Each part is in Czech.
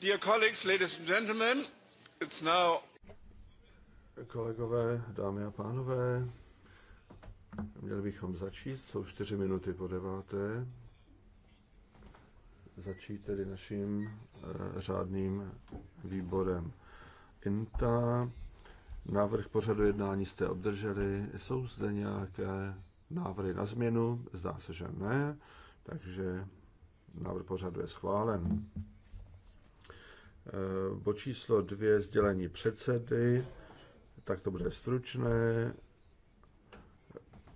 Dear colleagues, ladies and gentlemen, it's now... Kolegové, dámy a pánové, měli bychom začít, jsou čtyři minuty po deváté. Začít tedy naším uh, řádným výborem INTA. Návrh pořadu jednání jste obdrželi. Jsou zde nějaké návrhy na změnu? Zdá se, že ne, takže návrh pořadu je schválen. Eh, bod číslo dvě, sdělení předsedy, tak to bude stručné.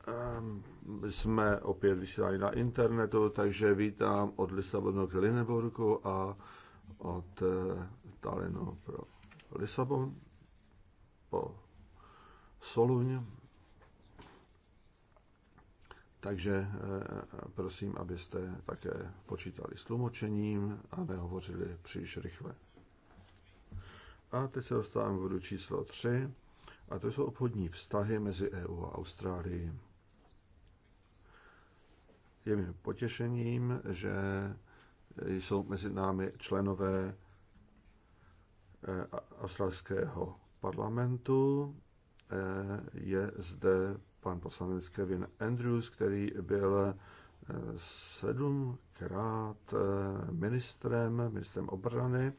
Ehm, jsme opět vysílali na internetu, takže vítám od Lisabonu k Lineborku a od eh, Talinu pro Lisabon po Soluň. Takže eh, prosím, abyste také počítali s tlumočením a nehovořili příliš rychle. A teď se dostáváme k bodu číslo 3, a to jsou obchodní vztahy mezi EU a Austrálií. Je mi potěšením, že jsou mezi námi členové eh, australského parlamentu. Eh, je zde pan poslanec Kevin Andrews, který byl eh, sedmkrát ministrem, ministrem obrany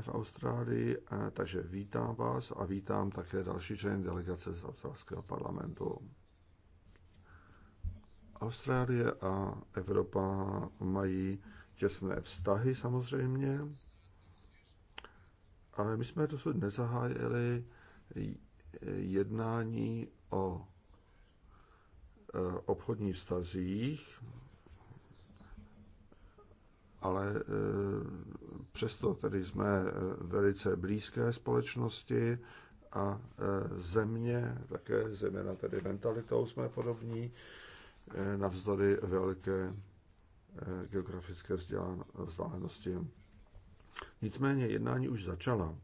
v Austrálii, eh, takže vítám vás a vítám také další členy delegace z australského parlamentu. Austrálie a Evropa mají těsné vztahy samozřejmě, ale my jsme dosud nezahájili jednání o eh, obchodních vztazích, ale eh, Přesto tedy jsme e, velice blízké společnosti a e, země, také zejména tedy mentalitou jsme podobní, e, navzdory velké geografické vzdálenosti. Nicméně jednání už začala.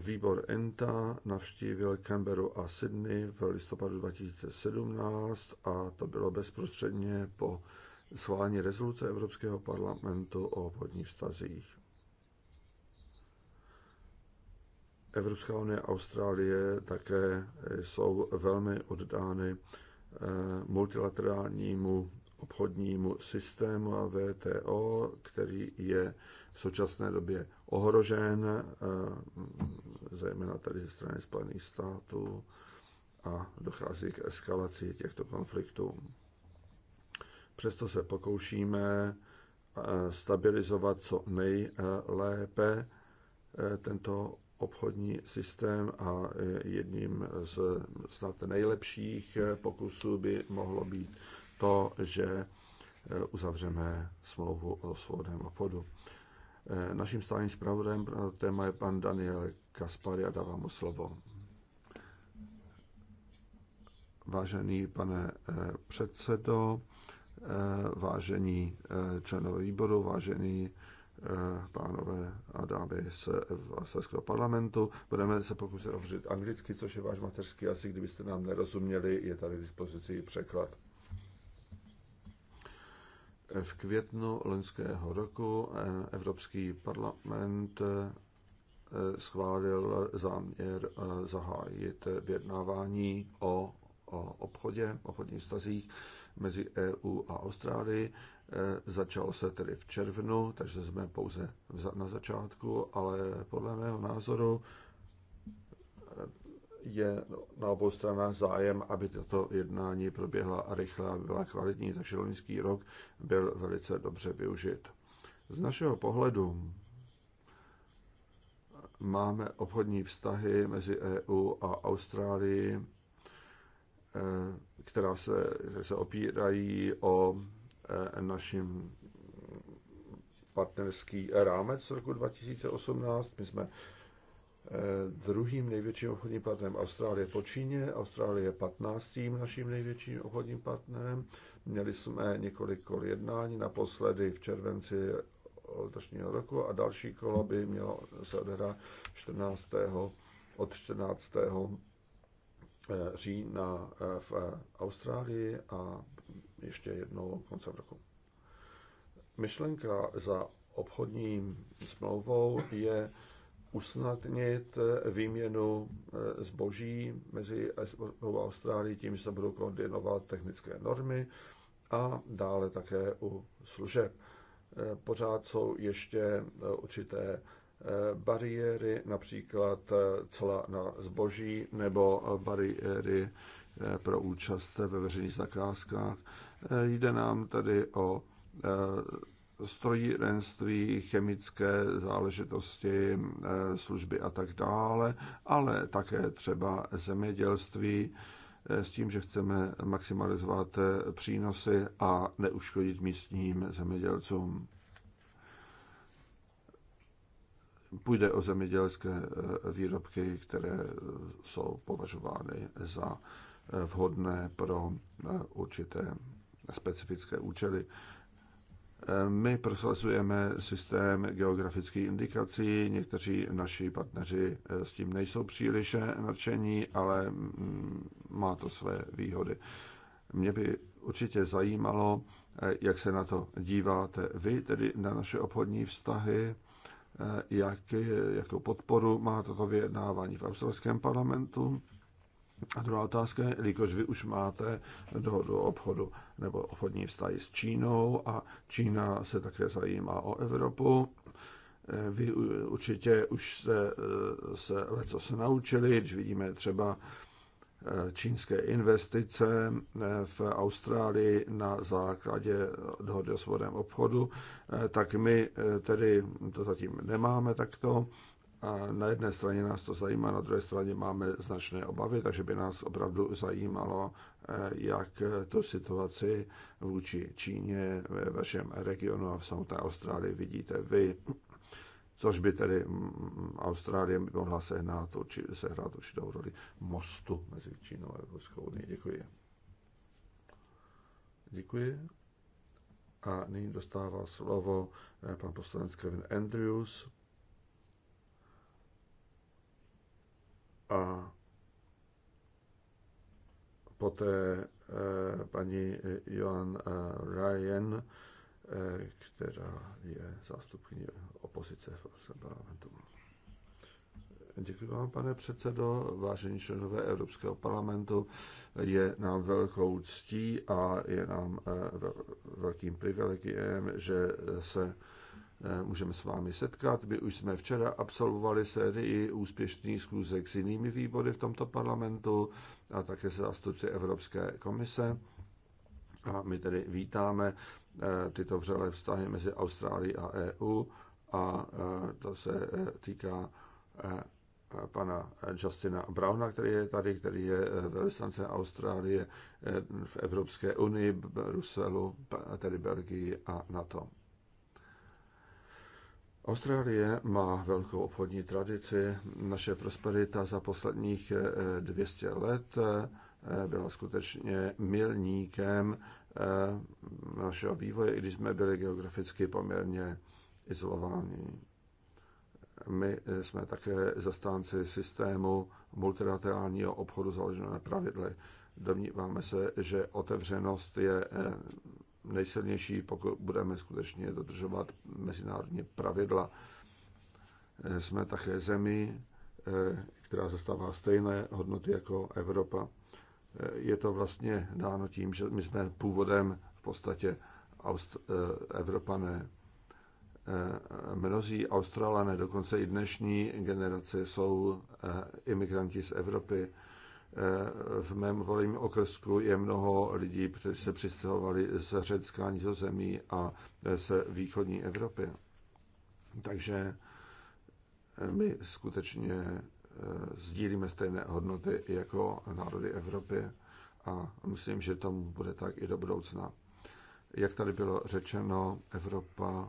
Výbor ENTA navštívil Canberu a Sydney v listopadu 2017 a to bylo bezprostředně po schválení rezoluce Evropského parlamentu o obchodních vztazích. Evropská unie a Austrálie také jsou velmi oddány eh, multilaterálnímu obchodnímu systému VTO, který je v současné době ohrožen, eh, zejména tady ze strany Spojených států, a dochází k eskalaci těchto konfliktů. Přesto se pokoušíme eh, stabilizovat co nejlépe eh, tento obchodní systém a eh, jedním z snad nejlepších pokusů by mohlo být to, že uzavřeme smlouvu o svobodném obchodu. Naším stálým zpravodajem pro téma je pan Daniel Kaspar a dávám mu slovo. Vážený pane předsedo, Eh, vážení eh, členové výboru, vážení eh, pánové a dámy z Evropského parlamentu. Budeme se pokusit hovořit anglicky, což je váš mateřský jazyk. Kdybyste nám nerozuměli, je tady k dispozici překlad. V květnu loňského roku Evropský parlament schválil záměr zahájit vyjednávání o, o obchodě, obchodních stazích mezi EU a Austrálií. E, začalo se tedy v červnu, takže jsme pouze na začátku, ale podle mého názoru e, je na obou stranách zájem, aby tato jednání proběhla a rychle a byla kvalitní, takže loňský rok byl velice dobře využit. Z našeho pohledu máme obchodní vztahy mezi EU a Austrálií Eh, která se, se opírají o eh, našim partnerský rámec z roku 2018. My jsme eh, druhým největším obchodním partnerem Austrálie po Číně. Austrálie je patnáctým naším největším obchodním partnerem. Měli jsme několik kol jednání, naposledy v červenci letošního roku a další kolo by mělo se odehrát 14. od 14. Eh, října eh, v eh, Austrálii a ještě jednou koncem roku. Myšlenka za obchodní smlouvou je usnadnit výměnu zboží mezi Evropou a Austrálií tím, že se budou koordinovat technické normy a dále také u služeb. Pořád jsou ještě určité Eh, bariéry, například eh, celá na zboží nebo eh, bariéry pro účast ve veřejných zakázkách. Jde nám tady o strojírenství, chemické záležitosti, služby a tak dále, ale také třeba zemědělství s tím, že chceme maximalizovat přínosy a neuškodit místním zemědělcům. Půjde o zemědělské eh, výrobky, které eh, jsou považovány za eh, vhodné pro určité specifické účely. My prosazujeme systém geografických indikací, někteří naši partneři s tím nejsou příliš nadšení, ale mm, má to své výhody. Mě by určitě zajímalo, jak se na to díváte vy, tedy na naše obchodní vztahy Eh, jak, jakou podporu má toto vyjednávání v australském parlamentu. A druhá otázka je, jelikož vy už máte do, do obchodu nebo obchodní vztahy s Čínou a Čína se také zajímá o Evropu, eh, vy určitě už se, eh, se leco se naučili, když vidíme třeba čínské investice eh, v Austrálii na základě dohody o svobodném obchodu, eh, tak my eh, tedy to zatím nemáme takto. A na jedné straně nás to zajímá, na druhé straně máme značné obavy, takže by nás opravdu zajímalo, jak tu situaci vůči Číně ve vašem regionu a v samotné Austrálii vidíte vy což by tedy mm, mm, Austrálie mohla sehnat, či, sehrát určitou roli mostu mezi Čínou a Evropskou unii. Děkuji. Děkuji. A nyní dostává slovo eh, pan poslanec Kevin Andrews. A poté eh, paní Joan eh, Ryan Eh, která je zástupkyní opozice v Evropském parlamentu. Děkuji vám, pane předsedo, vážení členové Evropského parlamentu. Je nám velkou ctí a je nám eh, velkým privilegiem, že se eh, můžeme s vámi setkat. My už jsme včera absolvovali sérii úspěšných zkůzek s jinými výbory v tomto parlamentu a také se zástupci Evropské komise. A my tedy vítáme Eh, tyto vřelé vztahy mezi Austrálií a EU a eh, to se eh, týká pana Justina Browna, který je tady, který je velestance Austrálie v Evropské unii, Bruselu, tedy Belgii a NATO. Austrálie má velkou obchodní tradici. Naše prosperita za posledních 200 let byla skutečně milníkem Eh, našeho vývoje, i když jsme byli geograficky poměrně izolováni. My eh, jsme také zastánci systému multilaterálního obchodu založeného na pravidly. Domníváme se, že otevřenost je eh, nejsilnější, pokud budeme skutečně dodržovat mezinárodní pravidla. Jsme také zemí, která zastává stejné hodnoty jako Evropa. Eh, je to vlastně dáno tím, že my jsme původem v podstatě Aust- eh, Evropané. Eh, mnozí Australané, dokonce i dnešní generace, jsou imigranti z Evropy. V mém volím okrsku je mnoho lidí, kteří se přistěhovali z Řecka, Nizozemí a z východní Evropy. Takže my skutečně sdílíme stejné hodnoty jako národy Evropy a myslím, že tomu bude tak i do budoucna. Jak tady bylo řečeno, Evropa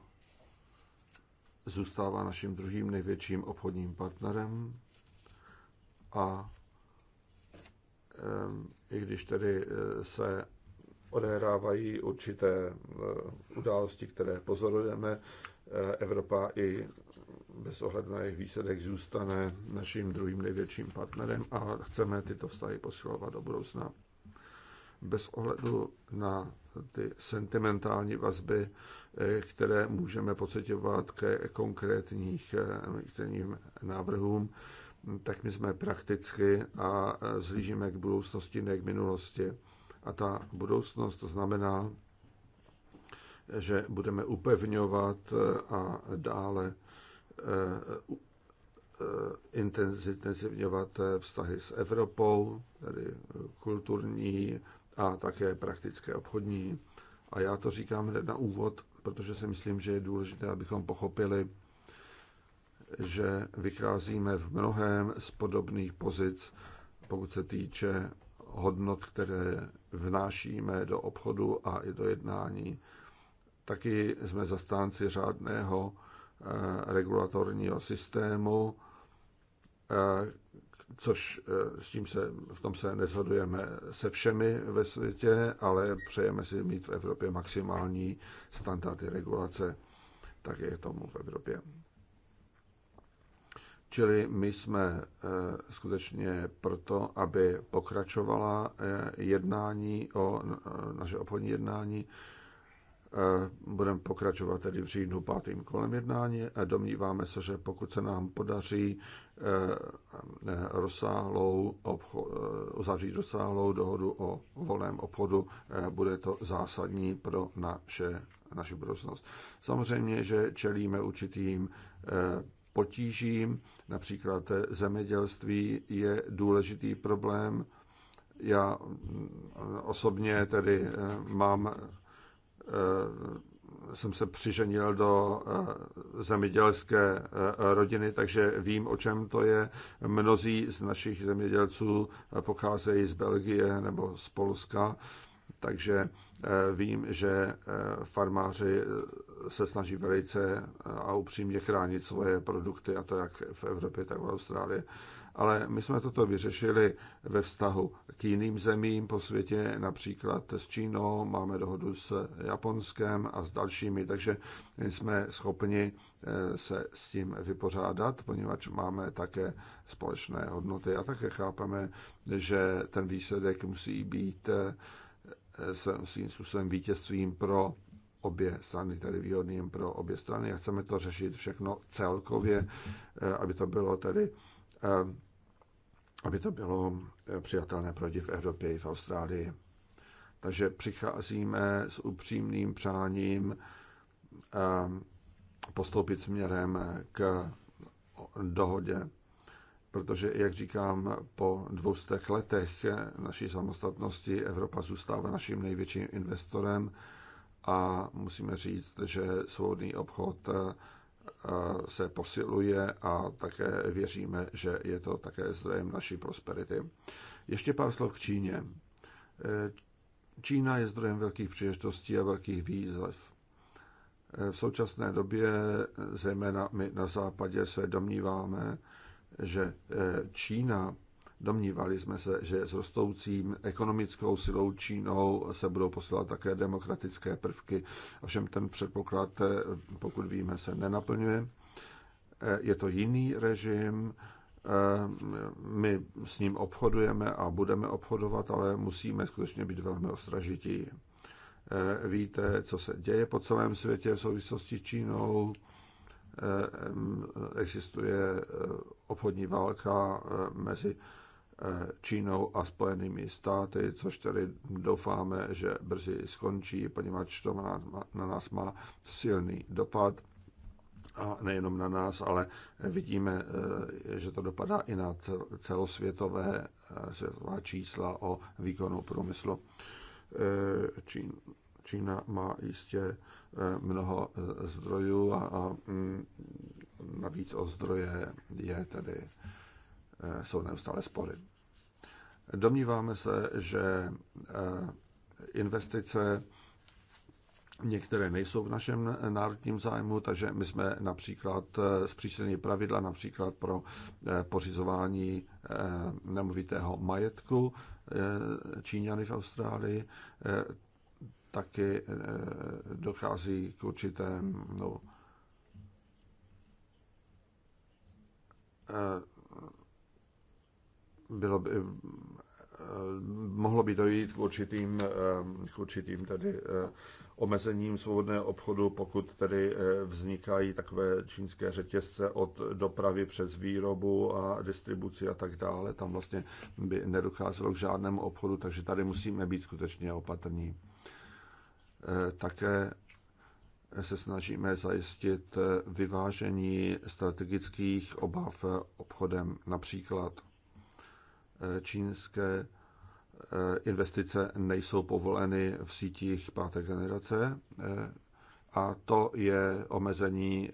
zůstává naším druhým největším obchodním partnerem a i když tedy eh, se odehrávají určité eh, události, které pozorujeme, eh, Evropa i bez ohledu na jejich výsledek zůstane naším druhým největším partnerem a chceme tyto vztahy posilovat do budoucna. Bez ohledu na ty sentimentální vazby, eh, které můžeme pocitovat ke konkrétních, eh, návrhům, tak my jsme prakticky a eh, zlížíme k budoucnosti, ne k minulosti. A ta budoucnost to znamená, že budeme upevňovat a dále Eh, eh, intenzivňovat eh, vztahy s Evropou, tedy kulturní a také praktické obchodní. A já to říkám hned na úvod, protože si myslím, že je důležité, abychom pochopili, že vycházíme v mnohem z podobných pozic, pokud se týče hodnot, které vnášíme do obchodu a i do jednání. Taky jsme zastánci řádného Eh, regulatorního systému, eh, což eh, s tím se, v tom se nezhodujeme se všemi ve světě, ale přejeme si mít v Evropě maximální standardy regulace, tak je tomu v Evropě. Čili my jsme skutečně proto, aby pokračovala jednání o naše obchodní jednání Eh, budeme pokračovat tedy v říjnu pátým kolem jednání. Domníváme se, že pokud se nám podaří eh, rozsáhlou obchod, eh, uzavřít rozsáhlou dohodu o volném obchodu, bude to zásadní pro naše, naši budoucnost. Samozřejmě, že čelíme určitým potížím, například zemědělství je důležitý problém. Já mm, osobně tedy mám Eh, jsem se přiženil do eh, zemědělské eh, rodiny, takže vím, o čem to je. Mnozí z našich zemědělců pocházejí z Belgie nebo z Polska, takže vím, že farmáři se snaží velice a upřímně chránit svoje produkty, a to jak v Evropě, tak v Austrálii ale my jsme toto vyřešili ve vztahu k jiným zemím po světě, například s Čínou, máme dohodu s Japonskem a s dalšími, takže jsme schopni eh, se s tím vypořádat, poněvadž máme také společné hodnoty a také chápeme, že ten výsledek musí být eh, svým způsobem vítězstvím pro obě strany, tedy výhodným pro obě strany a chceme to řešit všechno celkově, eh, aby to bylo tedy aby to bylo eh, přijatelné pro lidi v Evropě i v Austrálii. Takže přicházíme s upřímným přáním eh, postoupit směrem k dohodě, protože, jak říkám, po dvoustech letech eh, naší samostatnosti Evropa zůstává naším největším investorem a musíme říct, že svobodný obchod se posiluje a také věříme, že je to také zdrojem naší prosperity. Ještě pár slov k Číně. E, Čína je zdrojem velkých příležitostí a velkých výzev. E, v současné době, zejména my na západě, se domníváme, že e, Čína Domnívali jsme se, že s rostoucím ekonomickou silou Čínou se budou posílat také demokratické prvky, ovšem ten předpoklad, eh, pokud víme, se nenaplňuje. Eh, je to jiný režim, eh, my s ním obchodujeme a budeme obchodovat, ale musíme skutečně být velmi ostražití. Víte, co se děje po celém světě v souvislosti s Čínou. Existuje obchodní válka mezi Eh, Čínou a Spojenými státy, což tedy doufáme, že brzy skončí, poněvadž to na nás má silný dopad. A nejenom na nás, ale vidíme, eh, že to dopadá i na celosvětové eh, světová čísla o výkonu průmyslu. Čín, Čína má jistě mnoho zdrojů a, a mm, navíc o zdroje je tedy Eh, jsou neustále spory. Domníváme se, že eh, investice některé nejsou v našem národním zájmu, takže my jsme například eh, zpřísnili pravidla například pro pořizování nemovitého majetku Číňany v Austrálii. Taky dochází k určitému no, bylo by, eh, mohlo by dojít k určitým, eh, k určitým tedy eh, omezením svobodného obchodu, pokud tedy vznikají takové čínské řetězce od dopravy přes výrobu a distribuci a tak dále. Tam vlastně by nedocházelo k žádnému obchodu, takže tady musíme být skutečně opatrní. Také se snažíme zajistit vyvážení strategických obav obchodem. Například Eh, čínské eh, investice nejsou povoleny v sítích páté generace eh, a to je omezení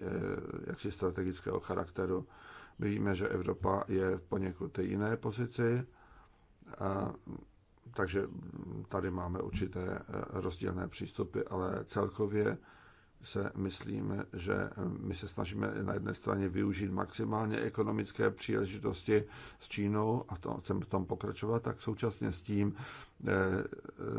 jaksi strategického charakteru. My víme, že Evropa je v poněkud jiné pozici, a, takže tady máme určité rozdílné přístupy, ale celkově se myslíme, že eh, my se snažíme na jedné straně využít maximálně ekonomické příležitosti s Čínou a to, chceme v tom pokračovat, tak současně s tím eh,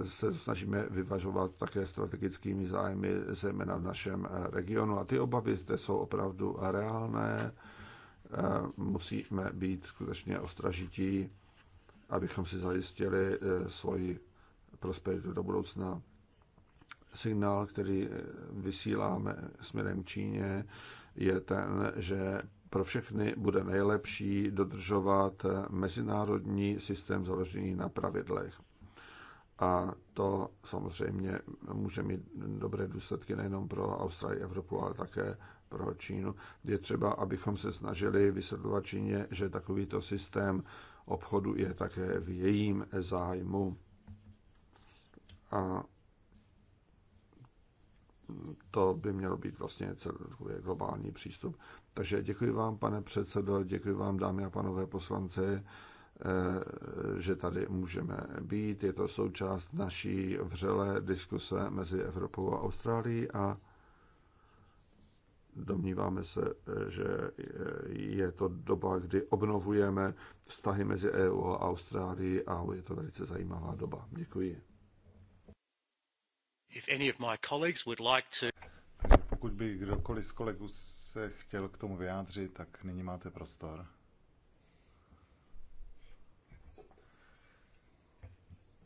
se snažíme vyvažovat také strategickými zájmy, zejména v našem eh, regionu. A ty obavy zde jsou opravdu reálné. Musíme být skutečně ostražití, abychom si zajistili svoji prosperitu do budoucna signál, který eh, vysíláme směrem Číně, je ten, že pro všechny bude nejlepší dodržovat eh, mezinárodní systém založený na pravidlech. A to samozřejmě může mít dobré důsledky nejenom pro Austrálii, Evropu, ale také pro Čínu. Je třeba, abychom se snažili vysvětlovat Číně, že takovýto systém obchodu je také v jejím zájmu. A to by mělo být vlastně celkově globální přístup. Takže děkuji vám, pane předsedo, děkuji vám, dámy a panové poslanci, eh, že tady můžeme být. Je to součást naší vřelé diskuse mezi Evropou a Austrálií a domníváme se, že je to doba, kdy obnovujeme vztahy mezi EU a Austrálií a je to velice zajímavá doba. Děkuji. Takže pokud by kdokoliv z kolegů se chtěl k tomu vyjádřit, tak nyní máte prostor.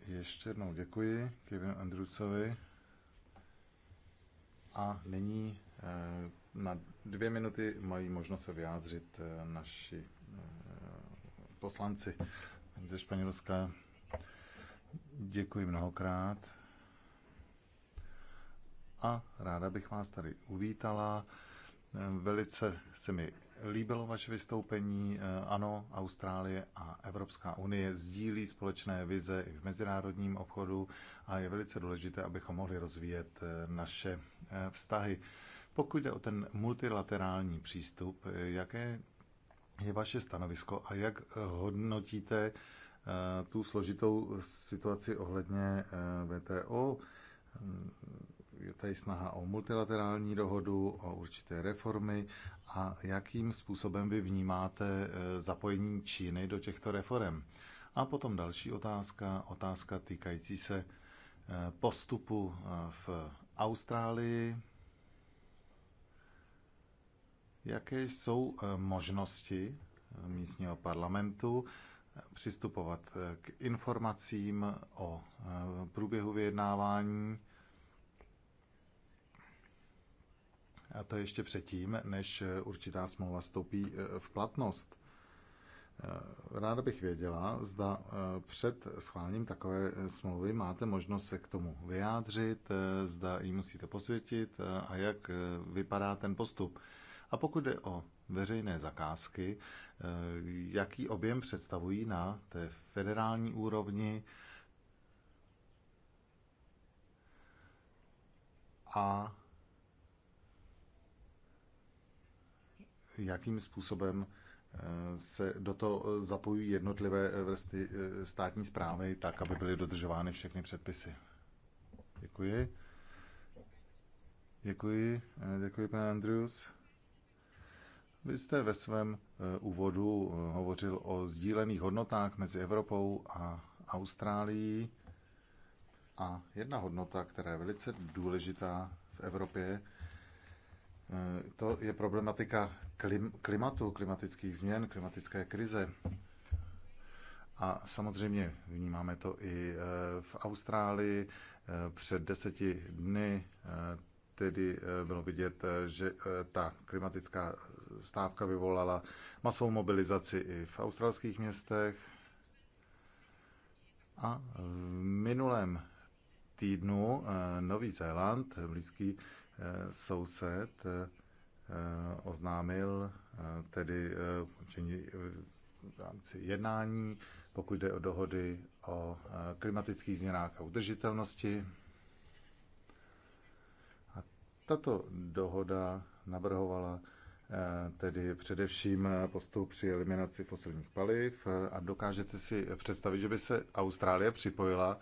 Ještě jednou děkuji Kevinu Andrewsovi. A nyní eh, na dvě minuty mají možnost se vyjádřit eh, naši eh, poslanci ze Španělska. Děkuji mnohokrát a ráda bych vás tady uvítala. Ehm, velice se mi líbilo vaše vystoupení. Ehm, ano, Austrálie a Evropská unie sdílí společné vize i v mezinárodním obchodu a je velice důležité, abychom mohli rozvíjet ehm, naše vztahy. Pokud jde o ten multilaterální přístup, jaké je vaše stanovisko a jak hodnotíte tu složitou situaci ohledně VTO? tady snaha o multilaterální dohodu, o určité reformy a jakým způsobem vy vnímáte eh, zapojení Číny do těchto reform. A potom další otázka, otázka týkající se eh, postupu eh, v Austrálii. Jaké jsou možnosti místního parlamentu přistupovat k informacím o průběhu vyjednávání a to ještě předtím, než eh, určitá smlouva stoupí eh, v platnost. Eh, ráda bych věděla, zda před schválením takové smlouvy máte možnost se k tomu vyjádřit, zda ji musíte posvětit a jak vypadá ten postup. A pokud jde o veřejné zakázky, jaký objem představují na té federální úrovni a jakým způsobem eh, se do toho eh, zapojují jednotlivé eh, vrsty státní zprávy, tak, aby byly dodržovány všechny předpisy. Děkuji. Děkuji, děkuji, pane Andrews. Vy jste ve svém úvodu hovořil o sdílených hodnotách mezi Evropou a Austrálií. A jedna hodnota, která je velice důležitá v Evropě, to je problematika klim, klimatu, klimatických změn, klimatické krize. A samozřejmě vnímáme to i eh, v Austrálii. Eh, před deseti dny eh, tedy bylo vidět, že ta klimatická stávka vyvolala masovou mobilizaci i v australských městech. A v minulém týdnu Nový Zéland, blízký soused, Eh, oznámil, eh, tedy eh, činí v rámci jednání, pokud jde o dohody o klimatických změnách a udržitelnosti. A tato dohoda navrhovala tedy především postup při eliminaci fosilních paliv a dokážete si představit, že by se Austrálie připojila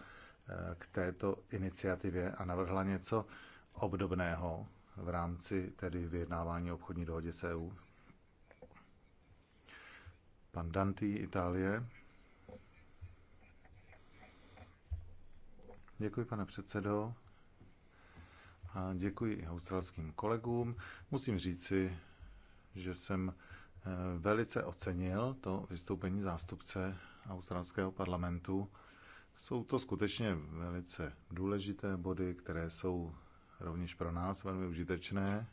k této iniciativě a navrhla něco obdobného v rámci tedy vyjednávání obchodní dohodě s EU. Pan Danti, Itálie. Děkuji, pane předsedo. A děkuji i australským kolegům. Musím říci, že jsem eh, velice ocenil to vystoupení zástupce australského parlamentu. Jsou to skutečně velice důležité body, které jsou rovněž pro nás velmi užitečné.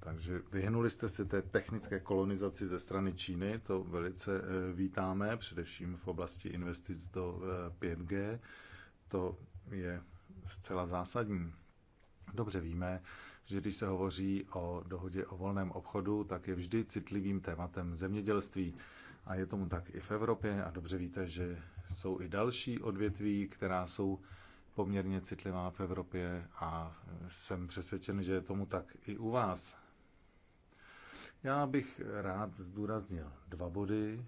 Takže vyhnuli jste se té technické kolonizaci ze strany Číny, to velice eh, vítáme, především v oblasti investic do 5G. Eh, to je zcela zásadní. Dobře víme, že když se hovoří o dohodě o volném obchodu, tak je vždy citlivým tématem zemědělství. A je tomu tak i v Evropě a dobře víte, že jsou i další odvětví, která jsou poměrně citlivá v Evropě a jsem přesvědčen, že je tomu tak i u vás. Já bych rád zdůraznil dva body.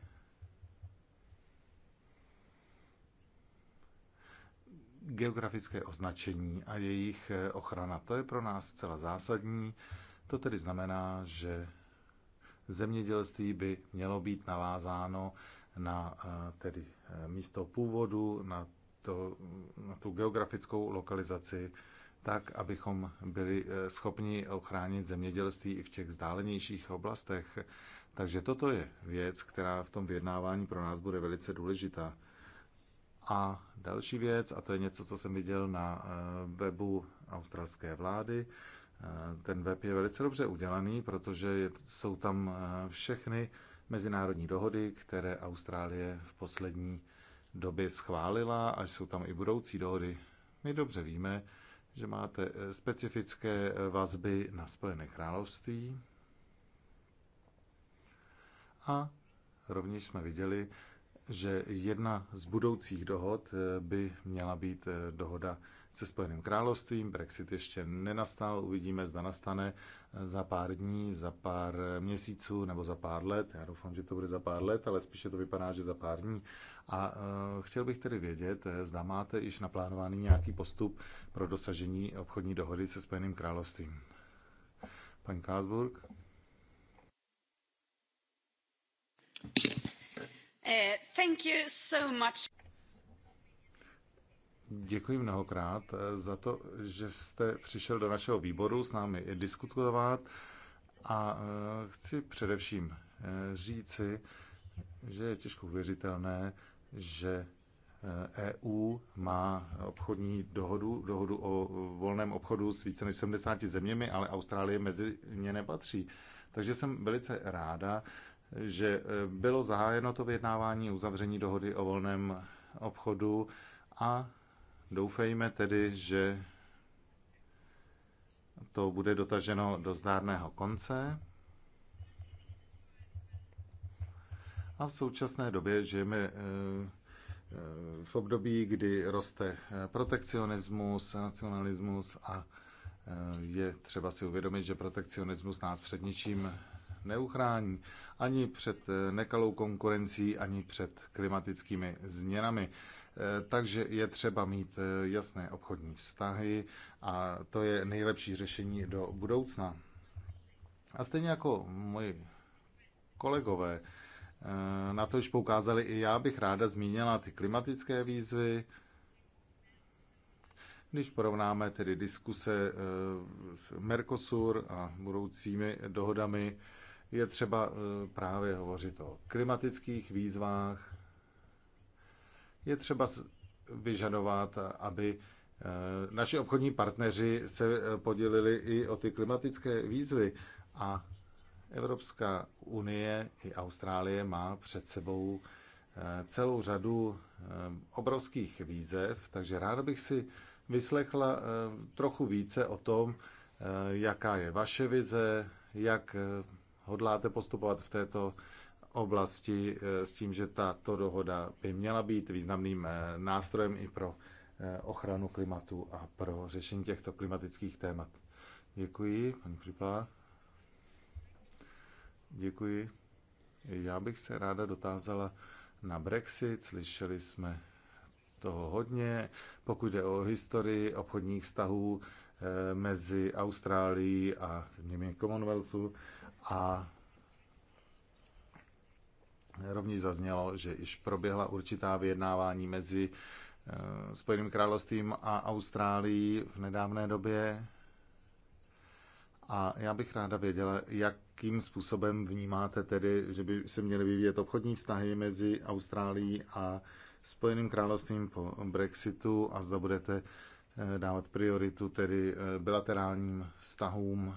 Geografické označení a jejich ochrana, to je pro nás zcela zásadní. To tedy znamená, že zemědělství by mělo být navázáno na eh, tedy eh, místo původu, na to, na tu geografickou lokalizaci, tak, abychom byli eh, schopni ochránit zemědělství i v těch vzdálenějších oblastech. Takže toto je věc, která v tom vyjednávání pro nás bude velice důležitá. A další věc, a to je něco, co jsem viděl na eh, webu australské vlády, eh, ten web je velice dobře udělaný, protože jsou tam všechny mezinárodní dohody, které Austrálie v poslední doby schválila a jsou tam i budoucí dohody. My dobře víme, že máte specifické vazby na Spojené království a rovněž jsme viděli, že jedna z budoucích dohod by měla být dohoda se Spojeným královstvím. Brexit ještě nenastal, uvidíme, zda nastane za pár dní, za pár měsíců nebo za pár let. Já doufám, že to bude za pár let, ale spíše to vypadá, že za pár dní. A uh, chtěl bych tedy vědět, eh, zda máte již naplánovaný nějaký postup pro dosažení obchodní dohody se Spojeným královstvím. Pan Kásburg? Uh, eh, thank you so much. Děkuji mnohokrát eh, za to, že jste přišel do našeho výboru s námi diskutovat a eh, chci především eh, říci, že je těžko uvěřitelné, že EU e má obchodní dohodu, dohodu o volném obchodu s více než 70 zeměmi, ale Austrálie mezi ně nepatří. Takže jsem velice ráda, že bylo zahájeno to vyjednávání uzavření dohody o volném obchodu a Doufejme tedy, že to bude dotaženo do zdárného konce. A v současné době žijeme eh, eh, v období, kdy roste eh, protekcionismus, nacionalismus a je třeba si uvědomit, že protekcionismus nás před ničím neuchrání. Ani před nekalou konkurencí, ani před klimatickými změnami. Eh, takže je třeba mít eh, jasné obchodní vztahy a to je nejlepší řešení do budoucna. A stejně jako moji kolegové, eh, na to již poukázali i já bych ráda zmínila ty klimatické výzvy, když porovnáme tedy diskuse s Mercosur a budoucími dohodami, je třeba právě hovořit o klimatických výzvách, je třeba vyžadovat, aby eh, naši obchodní partneři se eh, podělili i o ty klimatické výzvy a Evropská unie i Austrálie má před sebou eh, celou řadu obrovských výzev, takže ráda bych si vyslechla trochu více o tom, jaká je vaše vize, jak hodláte postupovat v této oblasti eh, s tím, že tato dohoda by měla být významným eh, nástrojem i pro eh, ochranu klimatu a pro řešení těchto klimatických témat. Děkuji, paní Kripá. Děkuji. Já bych se ráda dotázala na Brexit. Slyšeli jsme toho hodně. Pokud jde o historii obchodních vztahů mezi Austrálií a zeměmi Commonwealthu a Rovněž zaznělo, že již proběhla určitá vyjednávání mezi eh, Spojeným královstvím a Austrálií v nedávné době. A já bych ráda věděla, jakým způsobem vnímáte tedy, že by se měly vyvíjet obchodní vztahy mezi Austrálií a Spojeným královstvím po Brexitu a zda budete eh, dávat prioritu tedy eh, bilaterálním vztahům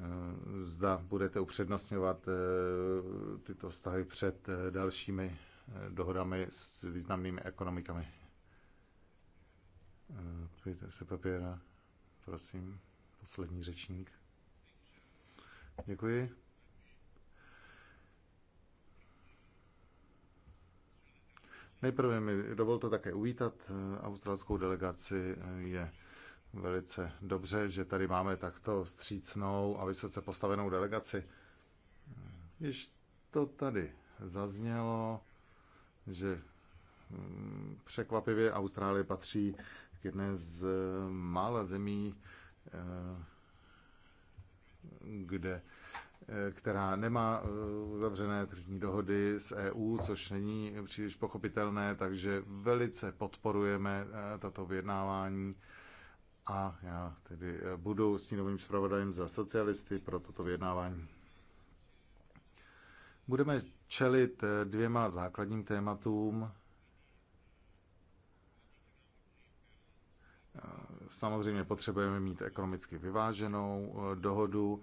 Eh, zda budete upřednostňovat eh, tyto vztahy před eh, dalšími dohodami s významnými ekonomikami. Pojďte se papíra, prosím, poslední řečník. Děkuji. Nejprve mi dovolte také uvítat australskou delegaci, je velice dobře, že tady máme takto střícnou a vysoce postavenou delegaci. Když to tady zaznělo, že mm, překvapivě Austrálie patří k jedné z mm, mála zemí, eh, kde, eh, která nemá eh, uzavřené tržní dohody s EU, což není příliš pochopitelné, takže velice podporujeme tato vyjednávání a já tedy eh, budu s novým zpravodajem za socialisty pro toto vyjednávání. Budeme čelit eh, dvěma základním tématům. Eh, samozřejmě potřebujeme mít ekonomicky vyváženou dohodu.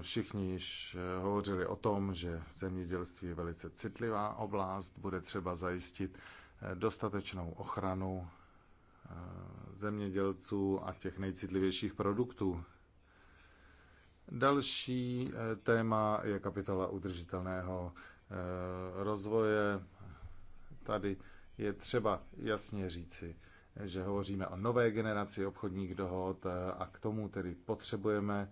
Všichni již hovořili o tom, že zemědělství je velice citlivá oblast, bude třeba zajistit dostatečnou ochranu Eh, zemědělců a těch nejcitlivějších produktů. Další eh, téma je kapitola udržitelného eh, rozvoje. Tady je třeba jasně říci, že hovoříme o nové generaci obchodních dohod a k tomu tedy potřebujeme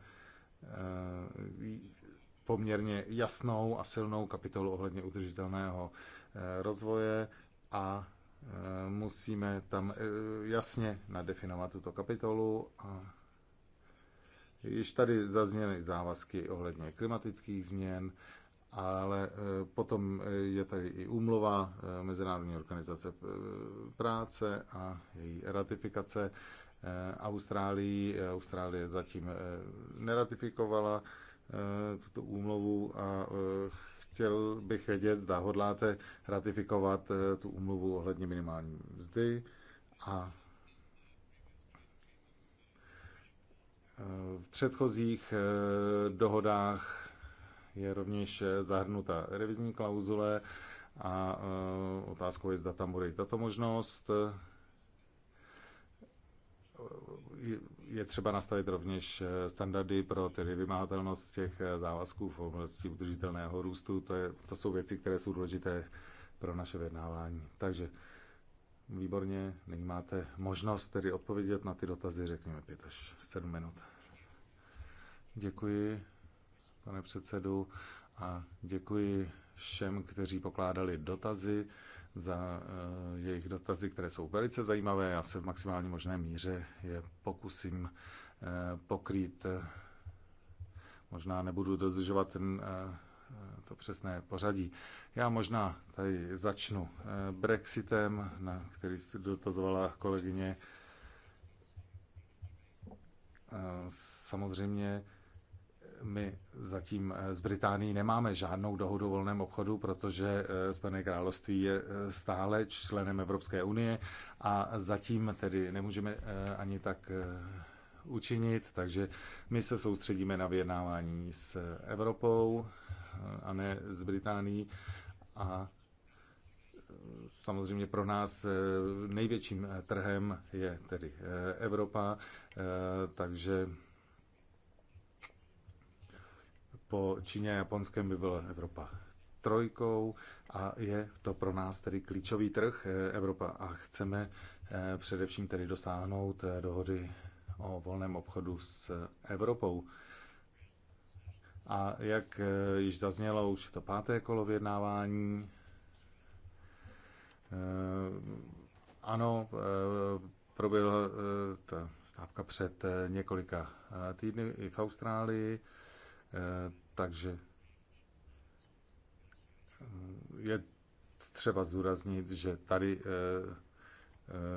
poměrně jasnou a silnou kapitolu ohledně udržitelného rozvoje a Eh, musíme tam eh, jasně nadefinovat tuto kapitolu a již tady zazněly závazky ohledně klimatických změn, ale eh, potom je tady i úmluva Mezinárodní organizace práce a její ratifikace Austrálii. Austrálie zatím neratifikovala tuto úmluvu a Chtěl bych vědět, zda hodláte ratifikovat eh, tu umluvu ohledně minimální mzdy a eh, v předchozích eh, dohodách je rovněž zahrnuta revizní klauzule a otázkou je, zda tam bude i tato možnost je třeba nastavit rovněž eh, standardy pro tedy vymahatelnost těch eh, závazků v oblasti udržitelného růstu. To, je, to jsou věci, které jsou důležité pro naše vyjednávání. Takže výborně, nyní máte možnost tedy odpovědět na ty dotazy, řekněme, pět až sedm minut. Děkuji, pane předsedu, a děkuji všem, kteří pokládali dotazy za eh, jejich dotazy, které jsou velice zajímavé. Já se v maximální možné míře je pokusím eh, pokrýt. Eh, možná nebudu dodržovat ten, to přesné pořadí. Já možná tady začnu Brexitem, na který se dotazovala kolegyně. Samozřejmě my zatím s eh, Británii nemáme žádnou dohodu o volném obchodu, protože eh, Spojené království je eh, stále členem Evropské unie a zatím tedy nemůžeme ani tak učinit, takže my se soustředíme na vyjednávání s Evropou a ne s Británií a samozřejmě pro nás největším trhem je tedy Evropa, takže po Číně a Japonském by byla Evropa trojkou a je to pro nás tedy klíčový trh eh, Evropa a chceme eh, především tedy dosáhnout eh, dohody o volném obchodu s Evropou. A jak již zaznělo, už je to páté kolo vyjednávání. Ano, proběhla ta stávka před několika týdny i v Austrálii. Takže eh, je třeba zúraznit, že tady eh,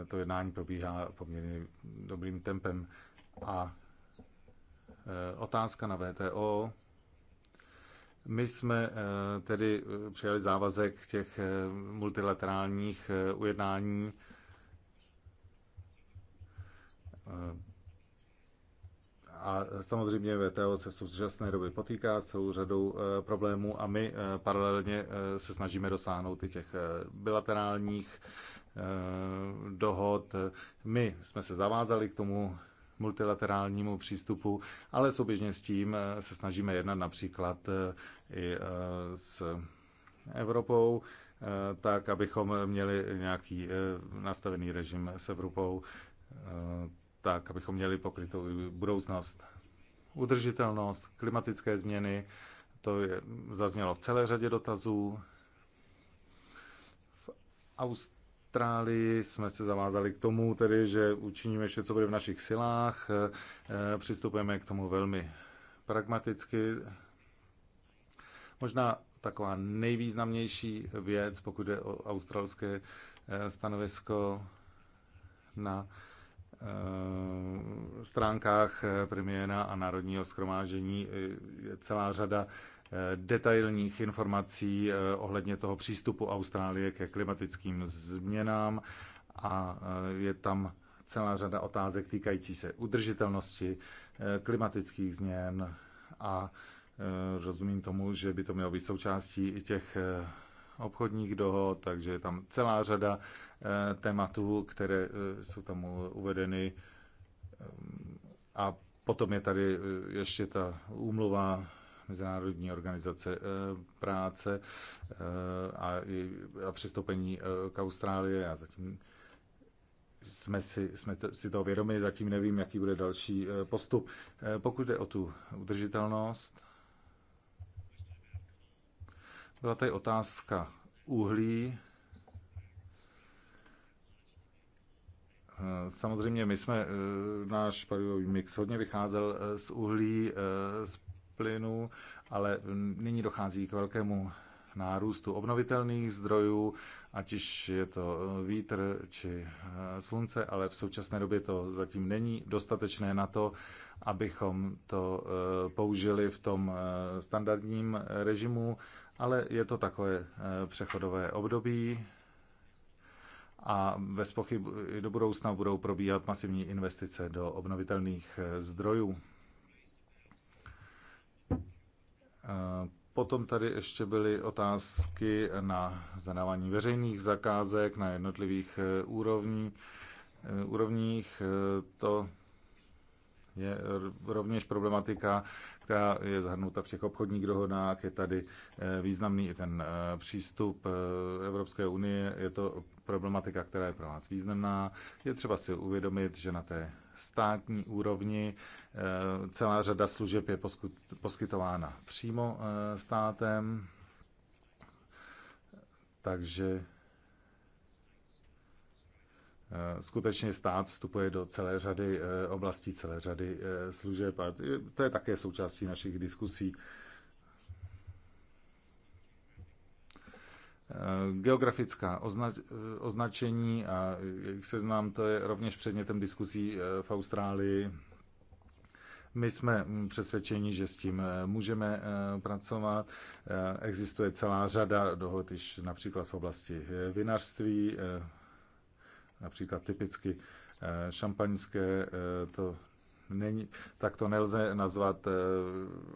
eh, to jednání probíhá poměrně dobrým tempem. A otázka na VTO. My jsme tedy přijali závazek těch multilaterálních ujednání a samozřejmě VTO se v současné době potýká s celou řadou eh, problémů a my eh, paralelně eh, se snažíme dosáhnout i těch bilaterálních dohod. My jsme se zavázali k tomu multilaterálnímu přístupu, ale souběžně s tím se snažíme jednat například i s Evropou, tak abychom měli nějaký nastavený režim s Evropou tak abychom měli pokrytou budoucnost. Udržitelnost, klimatické změny, to je, zaznělo v celé řadě dotazů. V Austrálii jsme se zavázali k tomu, tedy, že učiníme vše, co bude v našich silách. E, přistupujeme k tomu velmi pragmaticky. Možná taková nejvýznamnější věc, pokud je o australské e, stanovisko na Eh, stránkách eh, premiéra a Národního schromáždění eh, je celá řada detailních informací ohledně toho přístupu Austrálie ke klimatickým změnám a je tam celá řada otázek týkající se udržitelnosti, klimatických změn a rozumím tomu, že by to mělo být součástí i těch obchodních dohod, takže je tam celá řada Eh, tématů, které eh, jsou tam uvedeny. Eh, a potom je tady ještě ta úmluva Mezinárodní organizace práce a, a přistoupení k Austrálie. A zatím jsme si, jsme si to vědomi, zatím nevím, jaký bude další postup. Pokud jde o tu udržitelnost, byla tady otázka uhlí. Eh, samozřejmě my jsme, eh, náš palivový mix hodně vycházel eh, z uhlí, z plynu, ale nyní dochází k velkému nárůstu obnovitelných zdrojů, ať už je to vítr či slunce, ale v současné době to zatím není dostatečné na to, abychom to použili v tom standardním režimu, ale je to takové přechodové období, a bez pochyb do budoucna budou probíhat masivní investice do obnovitelných eh, zdrojů. Eh, potom tady ještě byly otázky na zadávání veřejných zakázek na jednotlivých eh, úrovních. To je rovněž problematika, která je zahrnuta v těch obchodních dohodách. Je tady eh, významný i ten eh, přístup eh, Evropské unie. Je to problematika, která je pro nás významná. Je třeba si uvědomit, že na té státní úrovni celá řada služeb je poskytována přímo státem. Takže Eh, skutečně stát vstupuje do celé řady eh, oblastí, celé řady eh, služeb a to je také součástí našich diskusí. Geografická označ, označení a jak se znám, to je rovněž předmětem diskusí v Austrálii. My jsme mm, přesvědčeni, že s tím můžeme pracovat. Existuje celá řada dohod již například v oblasti vinařství, Například typicky eh, šampaňské eh, to není, tak to nelze nazvat eh,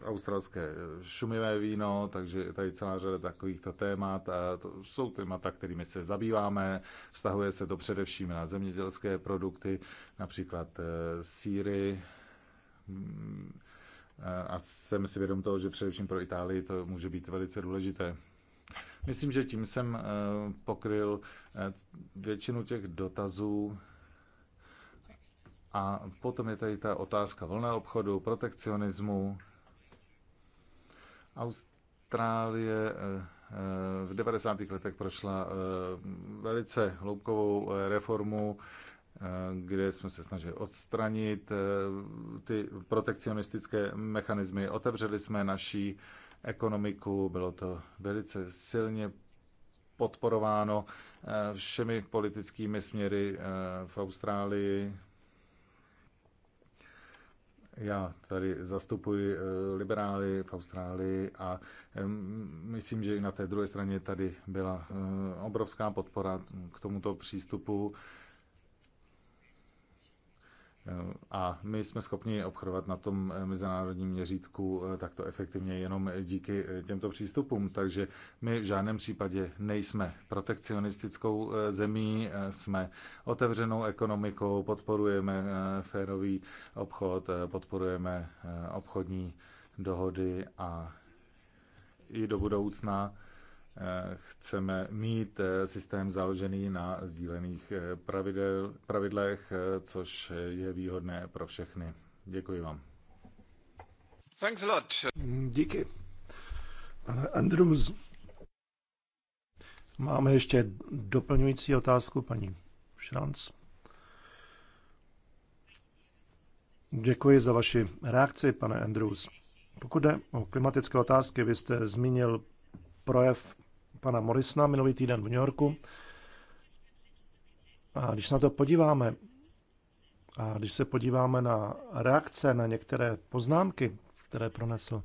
australské šumivé víno, takže tady celá řada takovýchto témat a to jsou témata, kterými se zabýváme. Vztahuje se to především na zemědělské produkty, například síry, mm, a jsem si vědom toho, že především pro Itálii to může být velice důležité. Myslím, že tím jsem eh, pokryl eh, většinu těch dotazů. A potom je tady ta otázka volného obchodu, protekcionismu. Austrálie eh, v 90. letech prošla velice hloubkovou reformu, kde jsme se snažili odstranit ty protekcionistické mechanismy. Otevřeli jsme naší ekonomiku. Bylo to velice silně podporováno eh, všemi politickými směry eh, v Austrálii. Já tady zastupuji eh, liberály v Austrálii a myslím, že i na té druhé straně tady byla obrovská podpora k tomuto přístupu. A my jsme schopni obchodovat na tom eh, mezinárodním měřítku eh, takto efektivně jenom díky eh, těmto přístupům. Takže my v žádném případě nejsme protekcionistickou zemí, jsme otevřenou ekonomikou, podporujeme férový obchod, podporujeme obchodní dohody a i do budoucna Eh, chceme mít eh, systém založený na sdílených eh, pravidel, pravidlech, což je výhodné pro všechny. Děkuji vám. Thanks a lot. Díky. Pane Andrews, máme ještě doplňující otázku paní Šranc. Děkuji za vaši reakci, pane Andrews. Pokud jde o klimatické otázky, vy jste zmínil projev pana Morisna minulý týden v New Yorku. A když se na to podíváme, a když se podíváme na reakce na některé poznámky, které pronesl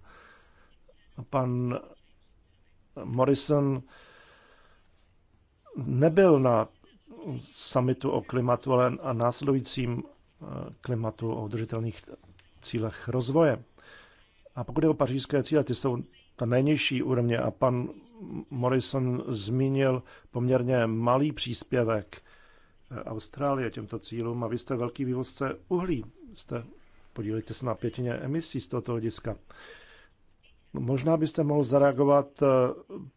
pan Morrison, nebyl na samitu o klimatu, ale a následujícím eh, klimatu o udržitelných cílech rozvoje. A pokud je o pařížské cíle, ty jsou ta nejnižší úrovně a pan Morrison zmínil poměrně malý příspěvek eh, Austrálie těmto cílům a vy jste velký vývozce uhlí. Jste, podílíte se na pětině emisí z tohoto hlediska. Možná byste mohl zareagovat eh,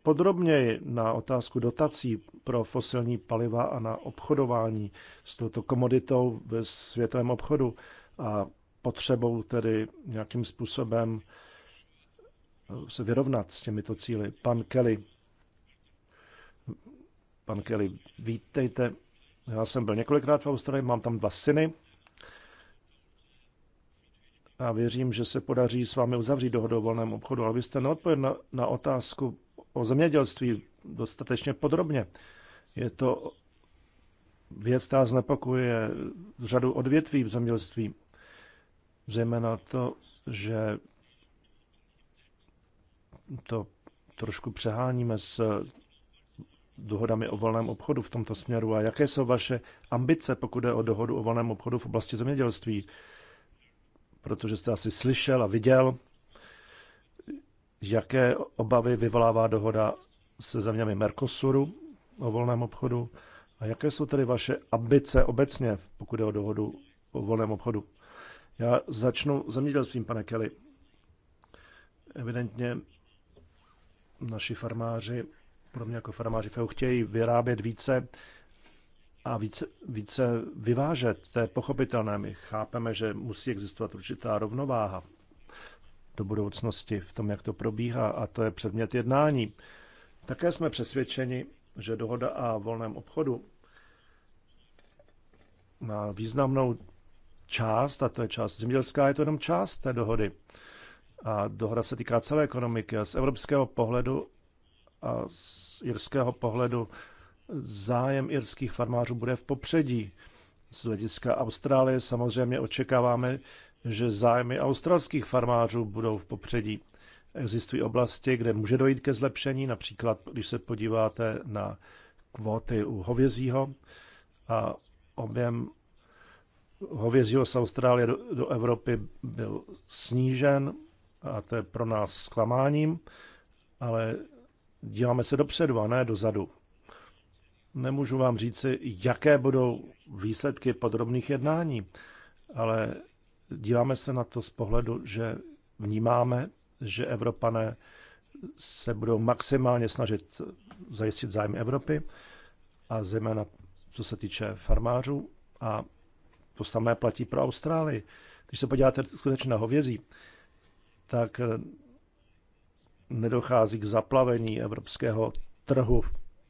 podrobněji na otázku dotací pro fosilní paliva a na obchodování s touto komoditou ve světovém obchodu a potřebou tedy nějakým způsobem se vyrovnat s těmito cíly. Pan Kelly, pan Kelly, vítejte. Já jsem byl několikrát v Austrálii, mám tam dva syny a věřím, že se podaří s vámi uzavřít dohodu o volném obchodu, ale vy jste neodpověděl na, na otázku o zemědělství dostatečně podrobně. Je to věc, která znepokuje řadu odvětví v zemědělství, zejména to, že to trošku přeháníme s dohodami o volném obchodu v tomto směru a jaké jsou vaše ambice, pokud jde o dohodu o volném obchodu v oblasti zemědělství? Protože jste asi slyšel a viděl, jaké obavy vyvolává dohoda se zeměmi Mercosuru o volném obchodu a jaké jsou tedy vaše ambice obecně, pokud jde o dohodu o volném obchodu. Já začnu zemědělstvím, pane Kelly. Evidentně naši farmáři, podobně jako farmáři FEU, chtějí vyrábět více a více, více vyvážet. To je pochopitelné. My chápeme, že musí existovat určitá rovnováha do budoucnosti v tom, jak to probíhá a to je předmět jednání. Také jsme přesvědčeni, že dohoda a volném obchodu má významnou část, a to je část zemědělská, je to jenom část té dohody a dohoda se týká celé ekonomiky. A z evropského pohledu a z irského pohledu zájem irských farmářů bude v popředí. Z hlediska Austrálie samozřejmě očekáváme, že zájmy australských farmářů budou v popředí. Existují oblasti, kde může dojít ke zlepšení, například když se podíváte na kvóty u hovězího a objem hovězího z Austrálie do, do Evropy byl snížen a to je pro nás zklamáním, ale díváme se dopředu a ne dozadu. Nemůžu vám říci, jaké budou výsledky podrobných jednání, ale díváme se na to z pohledu, že vnímáme, že Evropané se budou maximálně snažit zajistit zájmy Evropy a zejména co se týče farmářů a to samé platí pro Austrálii. Když se podíváte skutečně na hovězí, tak eh, nedochází k zaplavení evropského trhu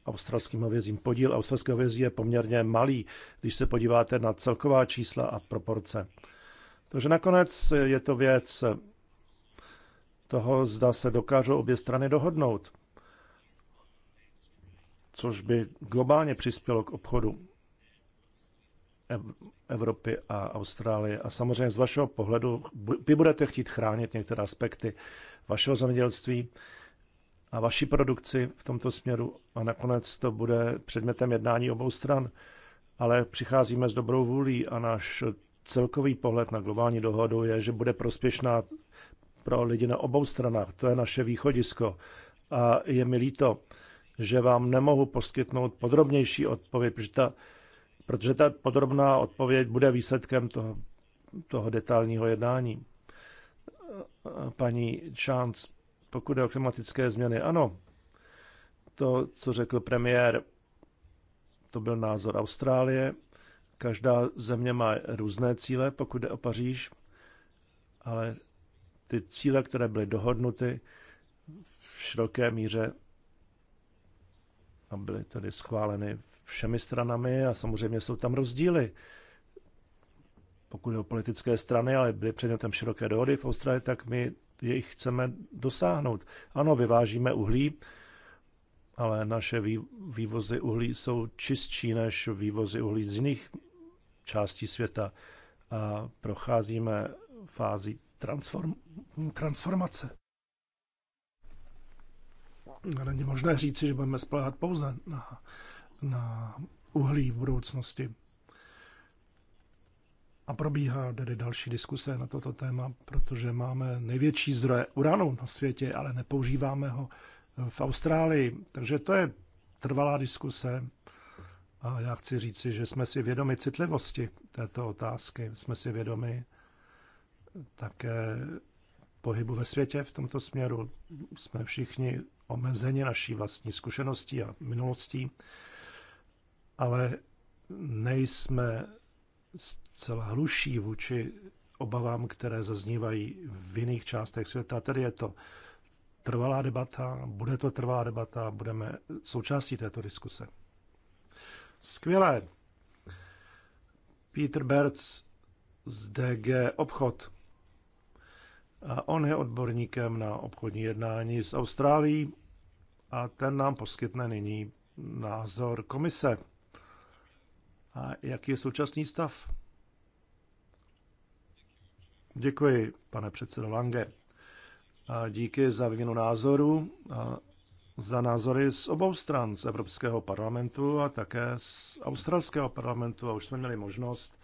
australským hovězím. Podíl australského hovězí je poměrně malý, když se podíváte na celková čísla a proporce. Takže nakonec eh, je to věc eh, toho, zda se dokážou obě strany dohodnout, což by globálně přispělo k obchodu. Evropy a Austrálie. A samozřejmě z vašeho pohledu, vy budete chtít chránit některé aspekty vašeho zemědělství a vaší produkci v tomto směru a nakonec to bude předmětem jednání obou stran. Ale přicházíme s dobrou vůlí a náš celkový pohled na globální dohodu je, že bude prospěšná pro lidi na obou stranách. To je naše východisko. A je mi líto, že vám nemohu poskytnout podrobnější odpověď, protože ta protože ta podrobná odpověď bude výsledkem toho, toho detailního jednání. Paní Chance, pokud je o klimatické změny, ano, to, co řekl premiér, to byl názor Austrálie. Každá země má různé cíle, pokud jde o Paříž, ale ty cíle, které byly dohodnuty v široké míře a byly tedy schváleny všemi stranami a samozřejmě jsou tam rozdíly. Pokud je o politické strany, ale byly předmětem široké dohody v Austrálii, tak my jejich chceme dosáhnout. Ano, vyvážíme uhlí, ale naše vývozy uhlí jsou čistší než vývozy uhlí z jiných částí světa a procházíme fázi transform, transformace. Není možné říci, že budeme spolehat pouze na na uhlí v budoucnosti. A probíhá tedy další diskuse na toto téma, protože máme největší zdroje uranu na světě, ale nepoužíváme ho v Austrálii. Takže to je trvalá diskuse. A já chci říci, že jsme si vědomi citlivosti této otázky. Jsme si vědomi také pohybu ve světě v tomto směru. Jsme všichni omezeni naší vlastní zkušeností a minulostí ale nejsme zcela hluší vůči obavám, které zaznívají v jiných částech světa. Tedy je to trvalá debata, bude to trvalá debata, budeme součástí této diskuse. Skvělé. Peter Berts z DG Obchod. A on je odborníkem na obchodní jednání z Austrálií a ten nám poskytne nyní názor komise a jaký je současný stav. Děkuji, pane předsedo Lange. A díky za výměnu názoru a za názory z obou stran, z Evropského parlamentu a také z Australského parlamentu. A už jsme měli možnost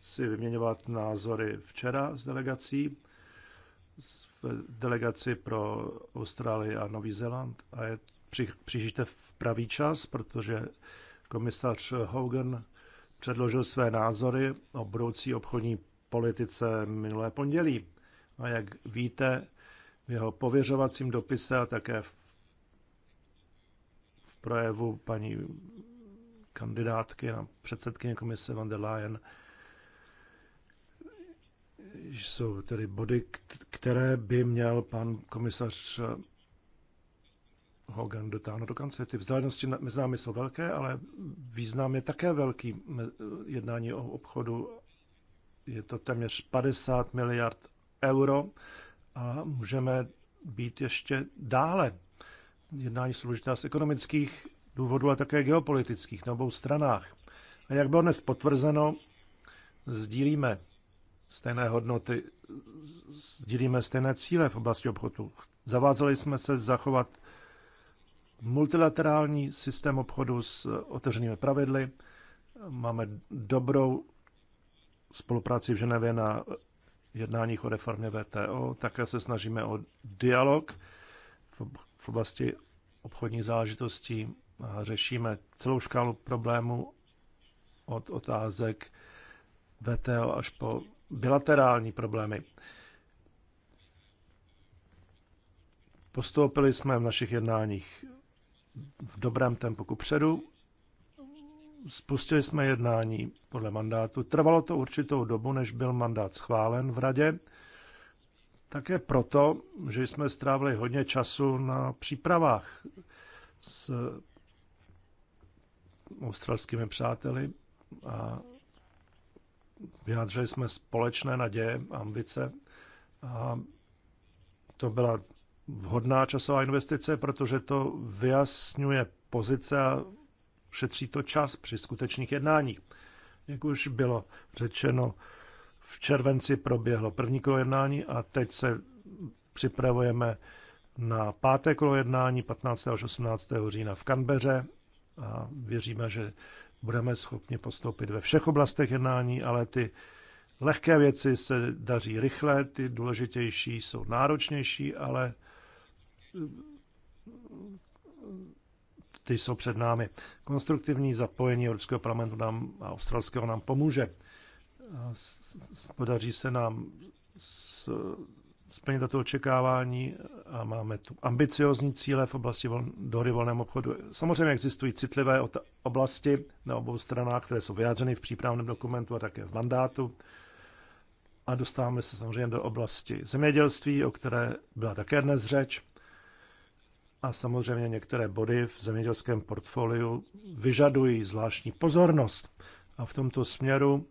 si vyměňovat názory včera s delegací, s delegaci pro Austrálii a Nový Zéland. A je, při, přijíždíte v pravý čas, protože komisař Hogan předložil své názory o budoucí obchodní politice minulé pondělí. A jak víte, v jeho pověřovacím dopise a také v projevu paní kandidátky na předsedkyně komise van der Leyen jsou tedy body, které by měl pan komisař Hogan dotáhnout do konce. Ty vzdálenosti mezi námi jsou velké, ale význam je také velký. Jednání o obchodu je to téměř 50 miliard euro a můžeme být ještě dále. Jednání důležitá z ekonomických důvodů a také geopolitických na obou stranách. A jak bylo dnes potvrzeno, sdílíme stejné hodnoty, sdílíme stejné cíle v oblasti obchodu. Zavázali jsme se zachovat multilaterální systém obchodu s eh, otevřenými pravidly. Máme dobrou spolupráci v Ženevě na eh, jednáních o reformě VTO. Také se snažíme o dialog v oblasti obchodní záležitostí. Řešíme celou škálu problémů od otázek VTO až po bilaterální problémy. Postoupili jsme v našich jednáních v dobrém tempu předu. Spustili jsme jednání podle mandátu. Trvalo to určitou dobu, než byl mandát schválen v radě. Také proto, že jsme strávili hodně času na přípravách s australskými přáteli a vyjádřili jsme společné naděje, ambice a to byla vhodná časová investice, protože to vyjasňuje pozice a šetří to čas při skutečných jednáních. Jak už bylo řečeno, v červenci proběhlo první kolo jednání a teď se připravujeme na páté kolo jednání 15. až 18. října v Kanbeře a věříme, že budeme schopni postoupit ve všech oblastech jednání, ale ty lehké věci se daří rychle, ty důležitější jsou náročnější, ale ty jsou před námi. Konstruktivní zapojení Evropského parlamentu nám a australského nám pomůže. Podaří se nám splnit tato očekávání a máme tu ambiciozní cíle v oblasti vol, dohody volného obchodu. Samozřejmě existují citlivé oblasti na obou stranách, které jsou vyjádřeny v přípravném dokumentu a také v mandátu. A dostáváme se samozřejmě do oblasti zemědělství, o které byla také dnes řeč. A samozřejmě některé body v zemědělském portfoliu vyžadují zvláštní pozornost. A v tomto směru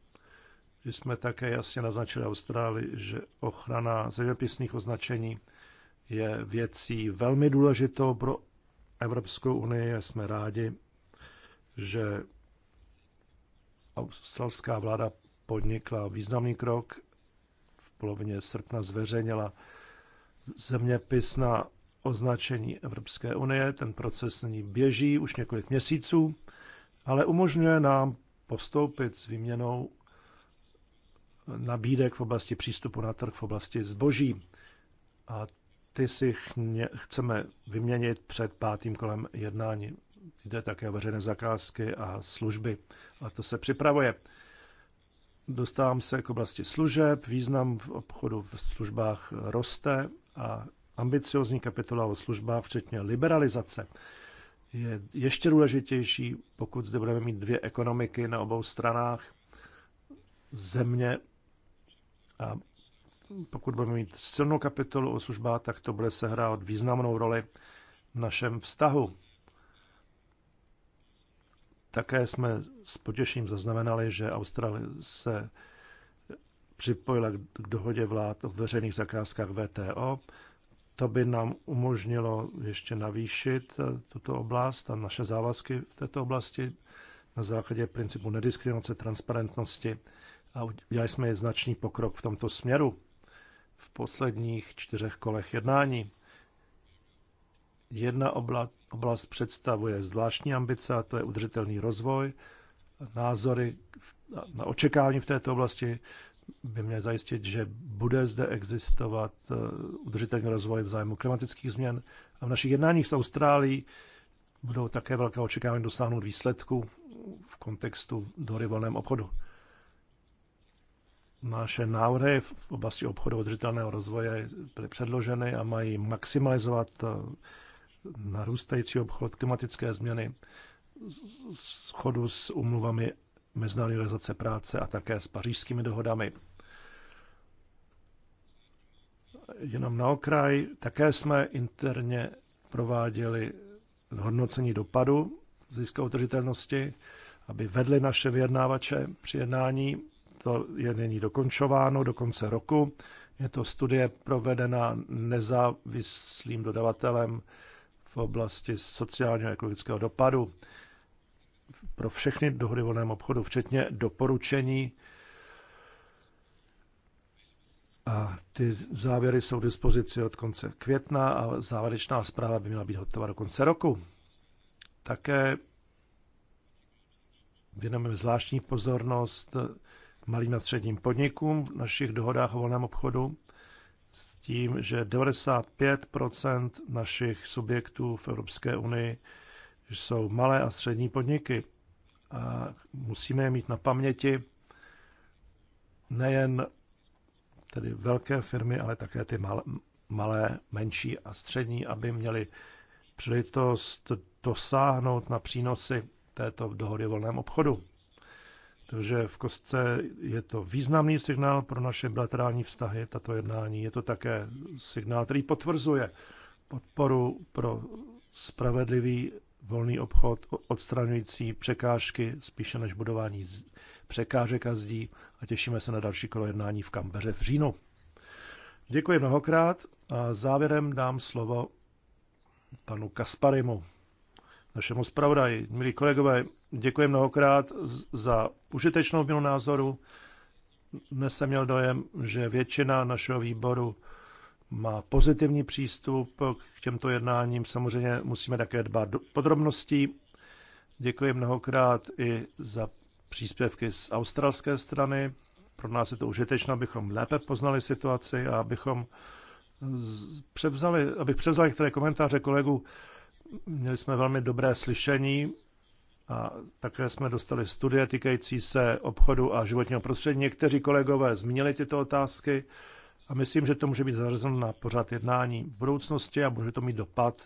jsme také jasně naznačili Austrálii, že ochrana zeměpisných označení je věcí velmi důležitou pro Evropskou unii. Jsme rádi, že australská vláda podnikla významný krok. V polovině srpna zveřejnila zeměpisná označení Evropské unie. Ten proces nyní běží už několik měsíců, ale umožňuje nám postoupit s výměnou nabídek v oblasti přístupu na trh v oblasti zboží. A ty si chceme vyměnit před pátým kolem jednání. Jde také o veřejné zakázky a služby. A to se připravuje. Dostávám se k oblasti služeb. Význam v obchodu v službách roste a ambiciozní kapitola o službách, včetně liberalizace, je ještě důležitější, pokud zde budeme mít dvě ekonomiky na obou stranách země a pokud budeme mít silnou kapitolu o službách, tak to bude sehrát významnou roli v našem vztahu. Také jsme s potěším zaznamenali, že Austrálie se připojila k dohodě vlád o veřejných zakázkách VTO to by nám umožnilo ještě navýšit eh, tuto oblast a naše závazky v této oblasti na základě principu nediskriminace, transparentnosti a udělali jsme je značný pokrok v tomto směru v posledních čtyřech kolech jednání. Jedna oblast, oblast představuje zvláštní ambice, a to je udržitelný rozvoj, názory na očekávání v této oblasti by měly zajistit, že bude zde existovat eh, udržitelný rozvoj v zájmu klimatických změn. A v našich jednáních s Austrálií budou také velká očekávání dosáhnout výsledku v kontextu dohody volném obchodu. Naše návrhy v oblasti obchodu udržitelného rozvoje byly předloženy a mají maximalizovat eh, narůstající obchod, klimatické změny, schodu s umluvami Mezinárodní organizace práce a také s pařížskými dohodami. Jenom na okraj, také jsme interně prováděli hodnocení dopadu získou udržitelnosti, aby vedli naše vyjednávače při jednání. To je nyní dokončováno do konce roku. Je to studie provedena nezávislým dodavatelem v oblasti sociálního a ekologického dopadu pro všechny dohody volném obchodu, včetně doporučení. A ty závěry jsou k dispozici od konce května a závěrečná zpráva by měla být hotová do konce roku. Také věnujeme zvláštní pozornost malým a středním podnikům v našich dohodách o volném obchodu s tím, že 95 našich subjektů v Evropské unii jsou malé a střední podniky. A musíme je mít na paměti nejen tedy velké firmy, ale také ty malé, menší a střední, aby měli příležitost dosáhnout na přínosy této dohody o volném obchodu. Takže v kostce je to významný signál pro naše bilaterální vztahy, tato jednání. Je to také signál, který potvrzuje podporu pro spravedlivý volný obchod odstraňující překážky spíše než budování překážek a zdí a těšíme se na další kolo jednání v Kambeře v říjnu. Děkuji mnohokrát a závěrem dám slovo panu Kasparimu, našemu zpravodaji. Milí kolegové, děkuji mnohokrát za užitečnou měnu názoru. Dnes jsem měl dojem, že většina našeho výboru má pozitivní přístup k těmto jednáním. Samozřejmě musíme také dbát do podrobností. Děkuji mnohokrát i za příspěvky z australské strany. Pro nás je to užitečné, abychom lépe poznali situaci a abychom převzali, abych převzal některé komentáře kolegů. Měli jsme velmi dobré slyšení a také jsme dostali studie týkající se obchodu a životního prostředí. Někteří kolegové zmínili tyto otázky. A myslím, že to může být zařazeno na pořád jednání v budoucnosti a může to mít dopad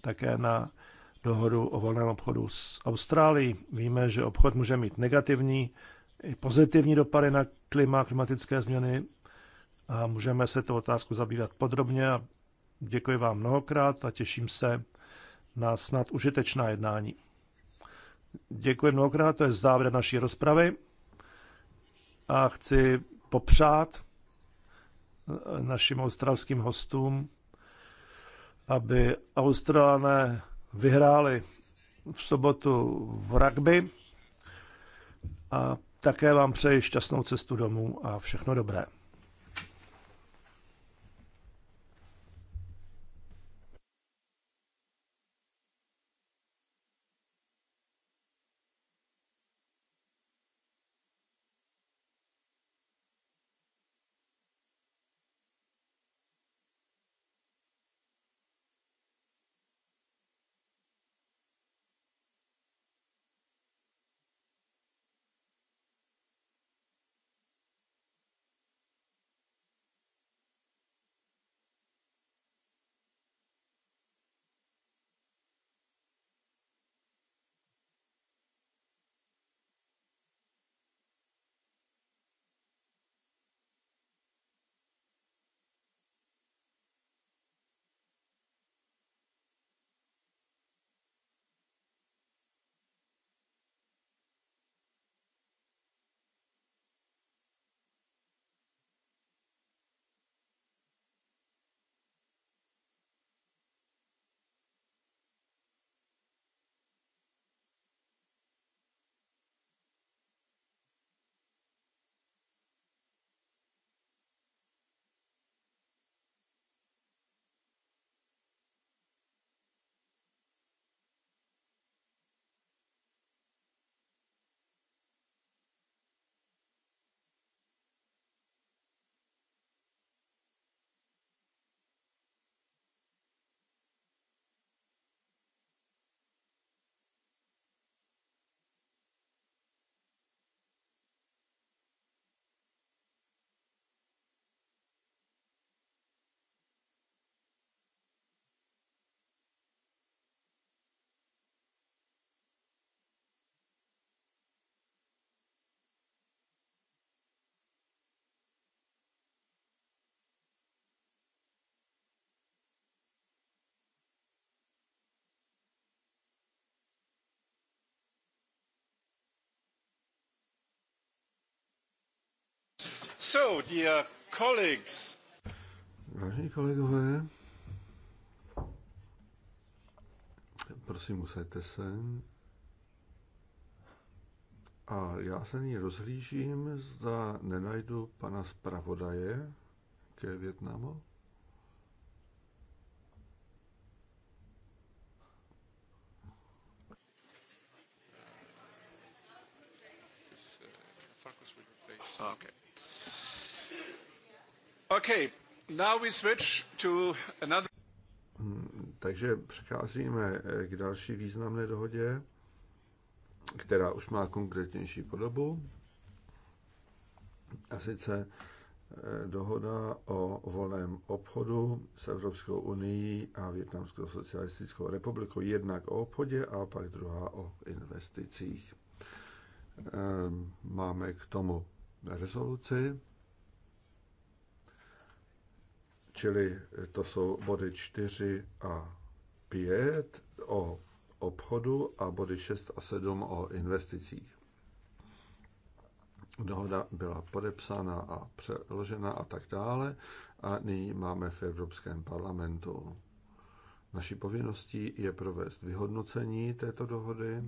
také na dohodu o volném obchodu s Austrálií. Víme, že obchod může mít negativní i pozitivní dopady na klima, klimatické změny a můžeme se tu otázku zabývat podrobně. děkuji vám mnohokrát a těším se na snad užitečná jednání. Děkuji mnohokrát, to je závěr naší rozpravy a chci popřát našim australským hostům, aby Australané vyhráli v sobotu v rugby a také vám přeji šťastnou cestu domů a všechno dobré. So, dear colleagues. Vážení kolegové, prosím, usaďte se. A já se ní rozhlížím, zda nenajdu pana zpravodaje ke Větnamu. Okay. Okay, now we switch to another... Takže přecházíme eh, k další významné dohodě, která už má konkrétnější podobu. A sice eh, dohoda o volném obchodu s Evropskou unii a Větnamskou socialistickou republikou. Jednak o obchodě a pak druhá o investicích. Eh, máme k tomu rezoluci. Čili to jsou body 4 a 5 o obchodu a body 6 a 7 o investicích. Dohoda byla podepsána a přeložena a tak dále. A nyní máme v Evropském parlamentu. Naší povinností je provést vyhodnocení této dohody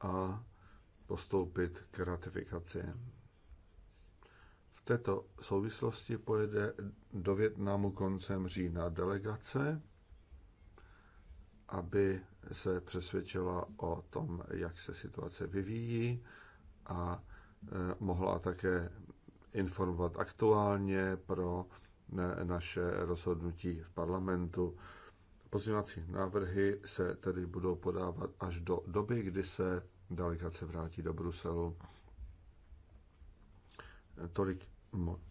a postoupit k ratifikaci této souvislosti pojede do Větnamu koncem října delegace, aby se přesvědčila o tom, jak se situace vyvíjí a e, mohla také informovat aktuálně pro e, naše rozhodnutí v parlamentu. Pozměňovací návrhy se tedy budou podávat až do doby, kdy se delegace vrátí do Bruselu. Tolik moje,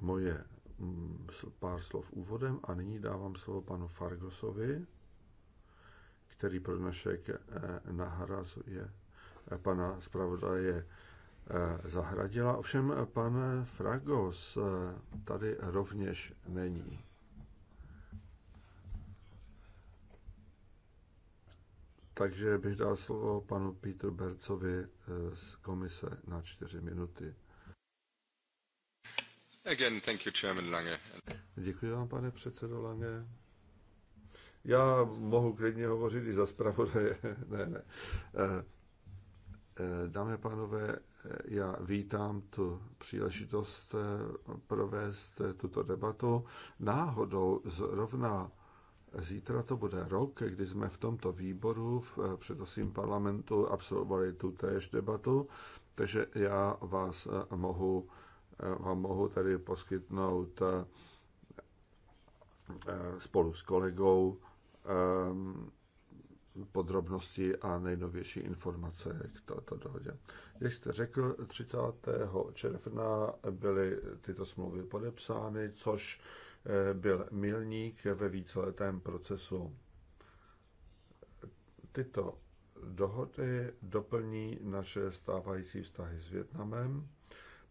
moje mm, pár slov úvodem a nyní dávám slovo panu Fargosovi, který pro dnešek eh, nahrazuje eh, pana zpravodaje eh, Zahradila. Ovšem pan Fragos tady rovněž není. Takže bych dal slovo panu Petru Bercovi z komise na čtyři minuty. Again, thank you, Chairman Lange. Děkuji vám, pane předsedo Lange. Já mohu klidně hovořit i za zpravodaje. ne, ne. Eh, eh, dámy a pánové, eh, já vítám tu příležitost provést tuto debatu. Náhodou zrovna zítra to bude rok, kdy jsme v tomto výboru v předosím parlamentu absolvovali tu též debatu, takže já vás mohu vám eh, mohu tady poskytnout eh, eh, spolu s kolegou podrobnosti a nejnovější informace k této dohodě. Jak jste řekl, 30. června byly tyto smlouvy podepsány, což byl milník ve víceletém procesu. Tyto dohody doplní naše stávající vztahy s Větnamem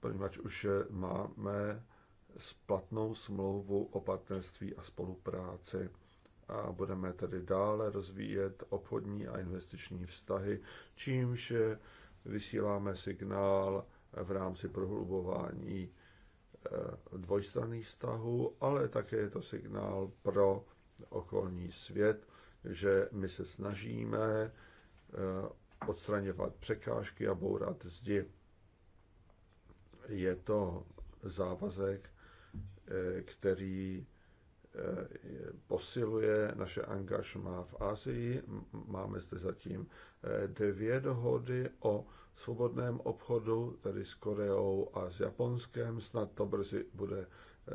poněvadž už máme splatnou smlouvu o partnerství a spolupráci a budeme tedy dále rozvíjet obchodní a investiční vztahy, čímž vysíláme signál v rámci prohlubování eh, dvojstranných vztahů, ale také je to signál pro okolní svět, že my se snažíme eh, odstraňovat překážky a bourat zdi je to závazek, eh, který eh, posiluje naše angažma v Asii. Máme zde zatím eh, dvě dohody o svobodném obchodu, tedy s Koreou a s Japonskem. Snad to brzy bude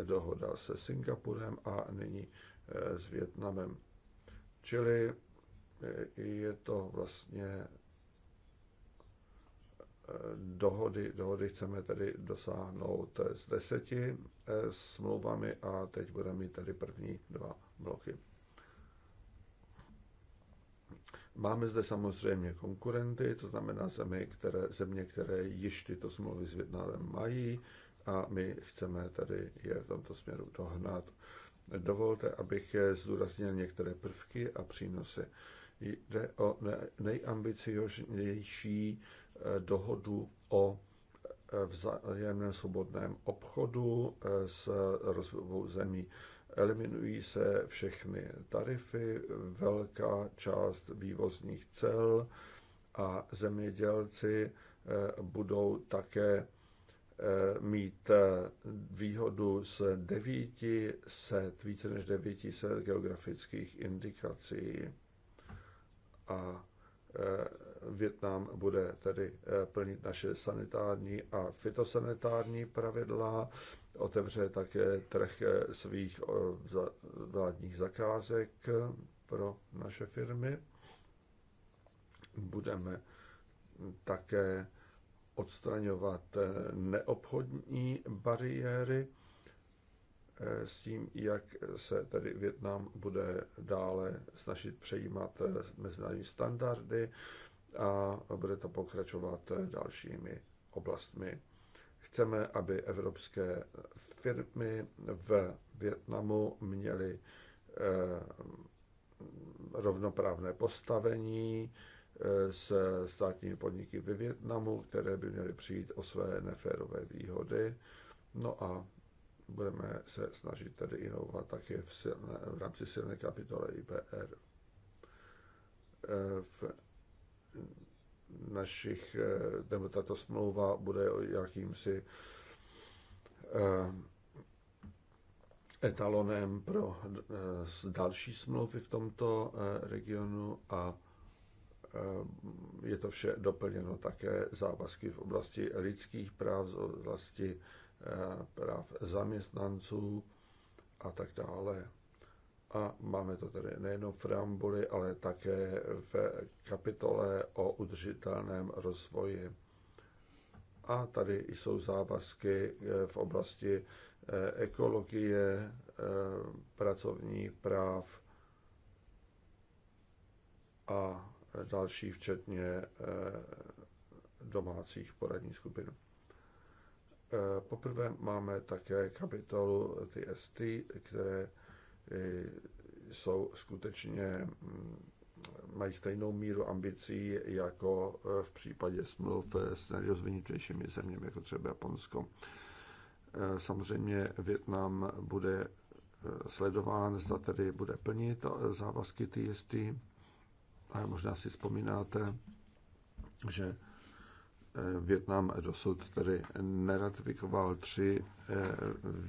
dohoda se Singapurem a nyní s Větnamem. Čili je to vlastně dohody, dohody chceme tedy dosáhnout s deseti eh, smlouvami a teď budeme mít tedy první dva bloky. Máme zde samozřejmě konkurenty, to znamená země, které, země, které již tyto smlouvy s Větnamem mají a my chceme tedy je v tomto směru dohnat. Dovolte, abych zdůraznil některé prvky a přínosy. Jde o nejambicioznější Eh, dohodu o eh, vzájemném svobodném obchodu eh, s rozvojovou zemí. Eliminují se všechny tarify, velká část vývozních cel a zemědělci budou také mít výhodu z 900, více než 900 geografických indikací. A Větnam bude tedy eh, plnit naše sanitární a fitosanitární pravidla, otevře také trh eh, svých vládních zakázek eh, pro naše firmy. Budeme hm, také odstraňovat neobchodní bariéry s tím, jak se tedy Větnam bude dále snažit přejímat mezinárodní standardy, a bude to pokračovat dalšími oblastmi. Chceme, aby evropské firmy v Větnamu měly eh, rovnoprávné postavení eh, s státními podniky ve Větnamu, které by měly přijít o své neférové výhody. No a budeme se snažit tedy inovovat také v, silné, v rámci silné kapitole IPR. Eh, v našich, eh, nebo tato smlouva bude jakýmsi eh, etalonem pro eh, další smlouvy v tomto regionu a je to vše doplněno také závazky v oblasti lidských práv, v oblasti práv zaměstnanců a tak dále. A máme to tady nejenom v preambuli, ale také v kapitole o udržitelném rozvoji. A tady jsou závazky eh, v oblasti eh, ekologie, eh, pracovních práv a další, včetně domácích poradních skupin. Poprvé máme také kapitolu TST, které E, jsou skutečně mm, mají stejnou míru ambicí jako e, v případě smluv e, s vnějšími zeměmi, jako třeba Japonsko. Samozřejmě Větnam bude sledován, zda tedy bude plnit závazky jistý. A možná si vzpomínáte, že Větnam dosud tedy neratifikoval tři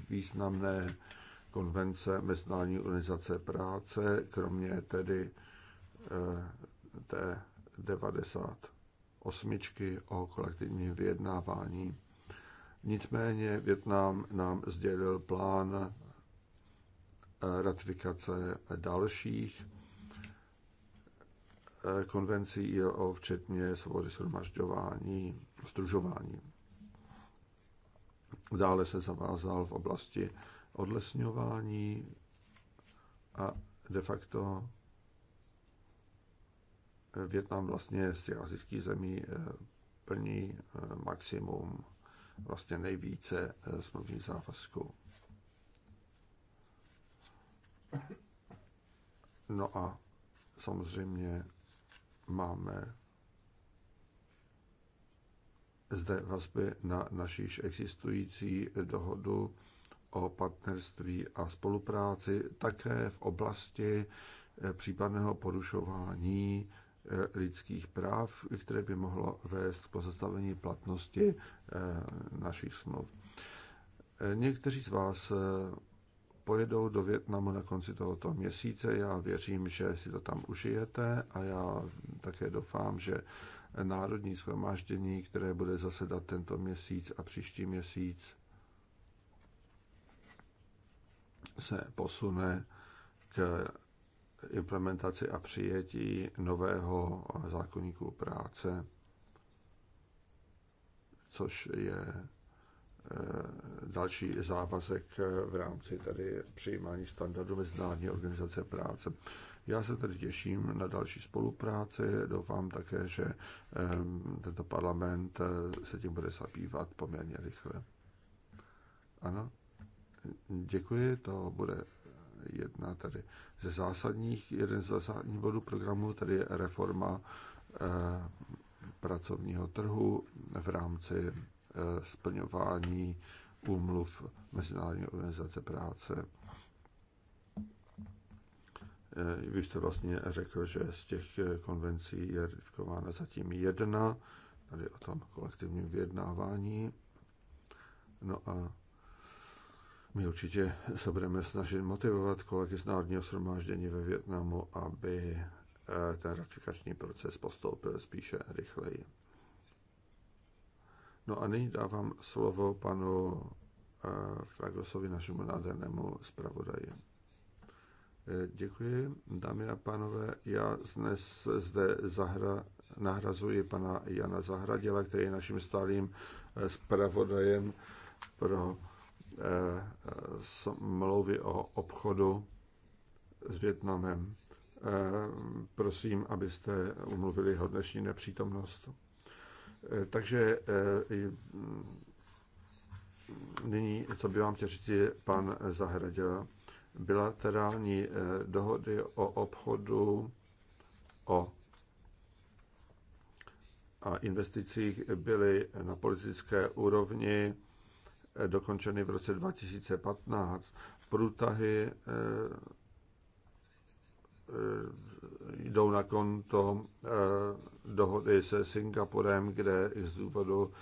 významné konvence Mezinárodní organizace práce, kromě tedy eh, té 98 o kolektivním vyjednávání. Nicméně Větnam nám sdělil plán eh, ratifikace dalších eh, konvencí ILO, včetně svobody shromažďování, združování. Dále se zavázal v oblasti odlesňování a de facto eh, Větnam vlastně z těch azijských zemí eh, plní eh, maximum, vlastně nejvíce smluvní závazků. No a samozřejmě máme zde vazby na naši existující dohodu o partnerství a spolupráci také v oblasti eh, případného porušování eh, lidských práv, které by mohlo vést k pozastavení platnosti eh, našich smluv. Někteří z vás pojedou do Větnamu na konci tohoto měsíce. Já věřím, že si to tam užijete a já také doufám, že Národní shromáždění, které bude zasedat tento měsíc a příští měsíc, se posune k implementaci a přijetí nového zákonníku práce, což je e, další závazek v rámci tady přijímání standardu Mezinárodní organizace práce. Já se tedy těším na další spolupráci. Doufám také, že e, tento parlament e, se tím bude zabývat poměrně rychle. Ano? Děkuji, to bude jedna tady ze zásadních, jeden z zásadních bodů programu, tady je reforma eh, pracovního trhu v rámci eh, splňování úmluv Mezinárodní organizace práce. Eh, vy jste vlastně řekl, že z těch konvencí je ratifikována zatím jedna, tady o tom kolektivním vyjednávání. No a my určitě se budeme snažit motivovat kolegy z Národního shromáždění ve Větnamu, aby eh, ten ratifikační proces postoupil spíše rychleji. No a nyní dávám slovo panu eh, Fragosovi, našemu nádhernému zpravodaji. Eh, děkuji, dámy a pánové. Já dnes zde zahra, nahrazuji pana Jana Zahradila, který je naším stálým zpravodajem pro Eh, smlouvy o obchodu s Větnamem. Eh, prosím, abyste umluvili jeho dnešní nepřítomnost. Eh, takže nyní, co by vám chtěl říct, pan Zahradil, bilaterální dohody o obchodu o a investicích byly na politické úrovni dokončeny v roce 2015. V průtahy eh, eh, jdou na konto eh, dohody se Singapurem, kde i z důvodu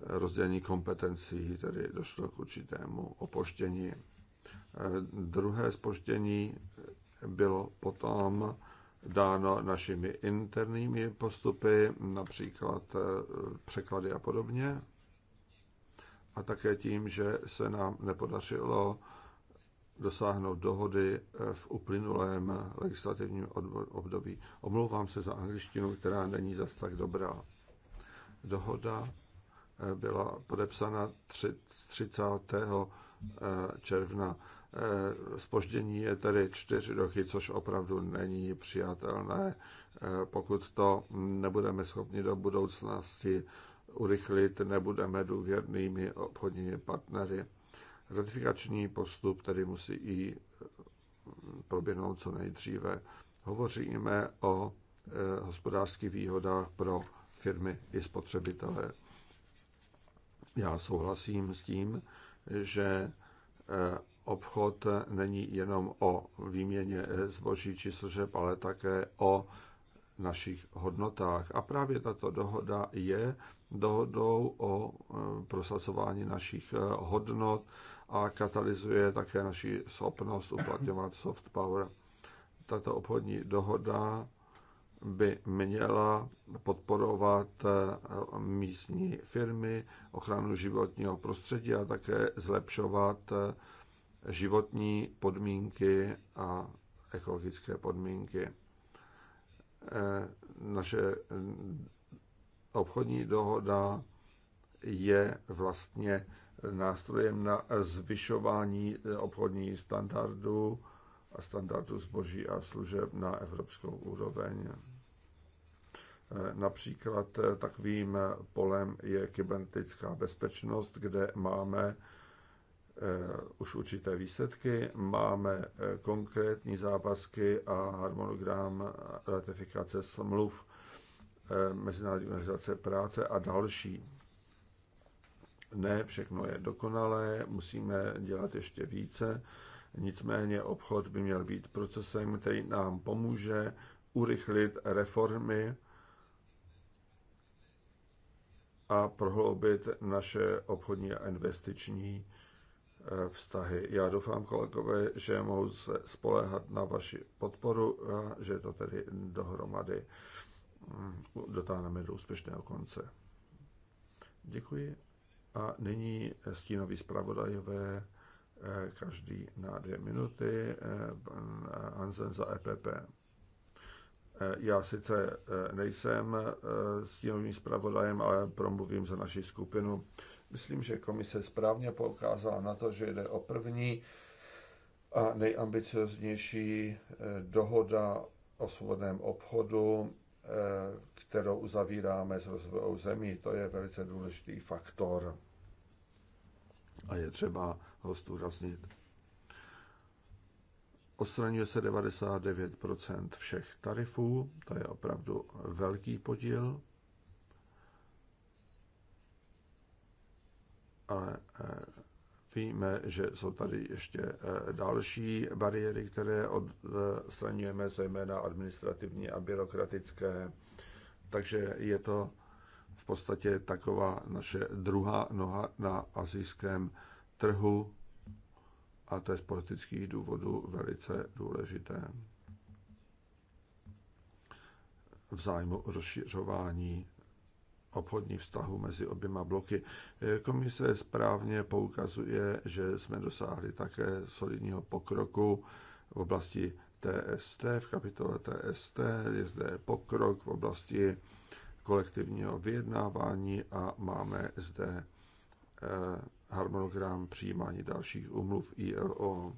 rozdělení kompetencí tedy došlo k určitému opoštění. Druhé spoštění bylo potom dáno našimi interními postupy, například překlady a podobně a také tím, že se nám nepodařilo dosáhnout dohody v uplynulém legislativním období. Omlouvám se za angličtinu, která není zas tak dobrá. Dohoda eh, byla podepsána 30. Eh, června. Spoždění eh, je tedy čtyři roky, což opravdu není přijatelné. Pokud to nebudeme schopni do budoucnosti urychlit, nebudeme důvěrnými obchodními partnery. Ratifikační postup tedy musí i e, proběhnout co nejdříve. Hovoříme o e, hospodářských výhodách pro firmy i spotřebitele. Já souhlasím s tím, že e, obchod není jenom o výměně zboží či služeb, ale také o našich hodnotách. A právě tato dohoda je dohodou o e, prosazování našich e, hodnot a katalyzuje také naši schopnost uplatňovat soft power. Tato obchodní dohoda by měla podporovat e, místní firmy, ochranu životního prostředí a také zlepšovat životní podmínky a ekologické podmínky. Naše obchodní dohoda je vlastně nástrojem na zvyšování obchodních standardů a standardů zboží a služeb na evropskou úroveň. Například takovým polem je kybernetická bezpečnost, kde máme eh, už určité výsledky, máme eh, konkrétní závazky a harmonogram ratifikace smluv. Eh, Mezinárodní organizace práce a další. Ne, všechno je dokonalé, musíme dělat ještě více, nicméně obchod by měl být procesem, který nám pomůže urychlit reformy a prohloubit naše obchodní a investiční eh, vztahy. Já doufám, kolegové, že mohu se spoléhat na vaši podporu a že to tedy dohromady Mm, dotáhneme do úspěšného konce. Děkuji. A nyní stínový zpravodajové, eh, každý na dvě minuty, eh, pan Hansen za EPP. Eh, já sice nejsem stínovým zpravodajem, ale promluvím za naši skupinu. Myslím, že komise správně poukázala na to, že jde o první a nejambicioznější dohoda o svobodném obchodu Eh, kterou uzavíráme s rozvojou zemí. To je velice důležitý faktor. A je třeba ho zdůraznit. Ostraňuje se 99 všech tarifů, to je opravdu velký podíl. Ale eh, Víme, že jsou tady ještě eh, další bariéry, které odstraňujeme, zejména administrativní a byrokratické. Takže je to v podstatě taková naše druhá noha na azijském trhu a to je z politických důvodů velice důležité. V zájmu rozšiřování obchodní vztahu mezi oběma bloky. Komise správně poukazuje, že jsme dosáhli také solidního pokroku v oblasti TST, v kapitole TST je zde pokrok v oblasti kolektivního vyjednávání a máme zde eh, harmonogram přijímání dalších umluv ILO.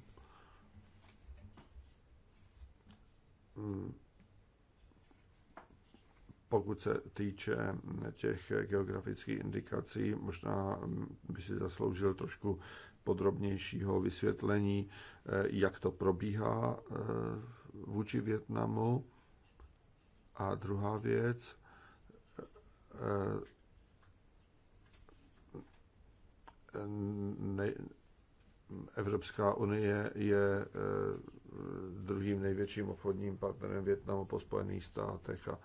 Hmm pokud se týče těch geografických indikací, možná by si zasloužil trošku podrobnějšího vysvětlení, jak to probíhá eh, vůči Větnamu. A druhá věc, eh, ne, Evropská unie je eh, druhým největším obchodním partnerem Větnamu po Spojených státech a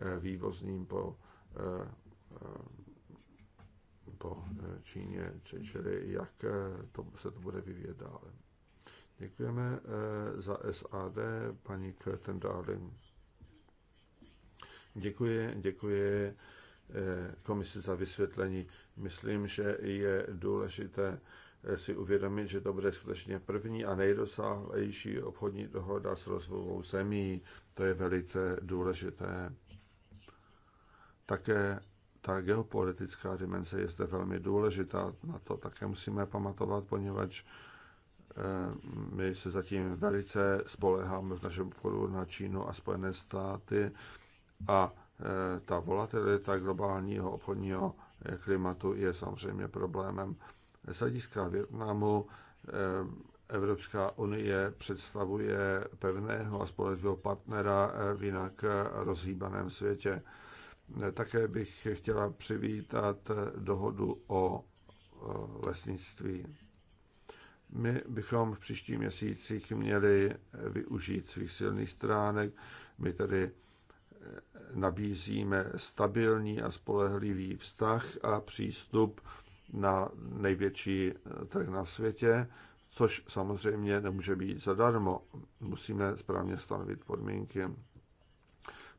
Eh, vývozním po, eh, eh, po Číně, čili jak to, se to bude vyvíjet dále. Děkujeme za SAD, paní Curtin Darling. Děkuji, děkuji komisi za vysvětlení. Myslím, že je důležité si uvědomit, že to bude skutečně první a nejdosáhlejší obchodní dohoda s rozvojovou zemí. To je velice důležité. Také ta geopolitická dimenze je zde velmi důležitá. Na to také musíme pamatovat, poněvadž eh, my se zatím velice spoleháme v našem obchodu na Čínu a Spojené státy a eh, ta volatilita globálního obchodního eh, klimatu je samozřejmě problémem. Z hlediska Větnamu Evropská unie představuje pevného a spolehlivého partnera v jinak rozhýbaném světě. Také bych chtěla přivítat dohodu o lesnictví. My bychom v příštích měsících měli využít svých silných stránek. My tedy e, nabízíme stabilní a spolehlivý vztah a přístup na největší e, trh na světě, což samozřejmě nemůže být zadarmo. Musíme správně stanovit podmínky.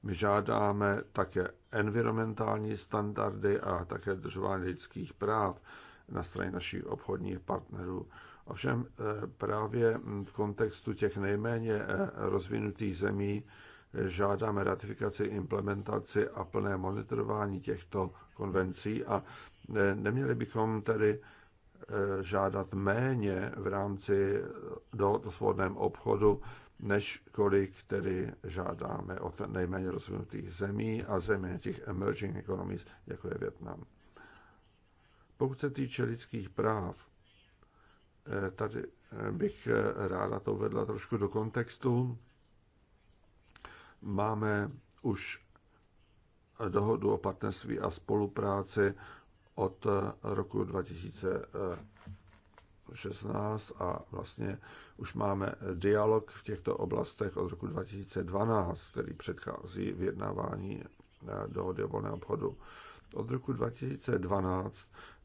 My žádáme také environmentální standardy a také držování lidských práv na straně našich obchodních partnerů. Ovšem eh, právě v kontextu těch nejméně eh, rozvinutých zemí eh, žádáme ratifikaci, implementaci a plné monitorování těchto konvencí a neměli bychom tedy žádat méně v rámci do svobodném obchodu než kolik tedy žádáme od nejméně rozvinutých zemí a země těch emerging economies, jako je Větnam. Pokud se týče lidských práv, eh, tady eh, bych eh, ráda to vedla trošku do kontextu. Máme už dohodu o partnerství a spolupráci od roku 2000 16 a vlastně už máme dialog v těchto oblastech od roku 2012, který předchází vyjednávání eh, dohody o volném obchodu. Od roku 2012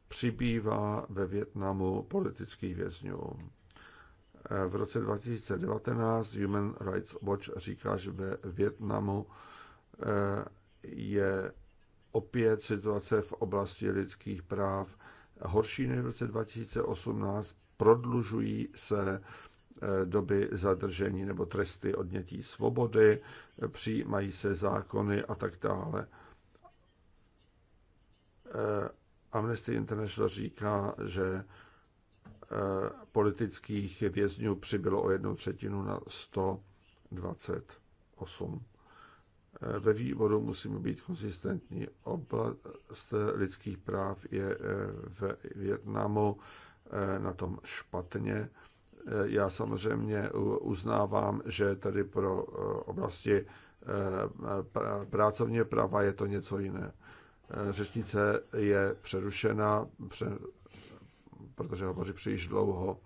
přibývá ve Větnamu politických vězňů. Eh, v roce 2019 Human Rights Watch říká, že ve Větnamu eh, je opět situace v oblasti lidských práv horší než v roce 2018, prodlužují se eh, doby zadržení nebo tresty odnětí svobody, eh, přijímají se zákony a tak dále. Eh, Amnesty International říká, že politických vězňů přibylo o jednu třetinu na 128. Eh, ve výboru musíme být konzistentní. Oblast eh, lidských práv je ve eh, Větnamu na tom špatně. Já samozřejmě uznávám, že tady pro oblasti pracovně práva je to něco jiné. Řečnice je přerušena, protože hovoří příliš dlouho.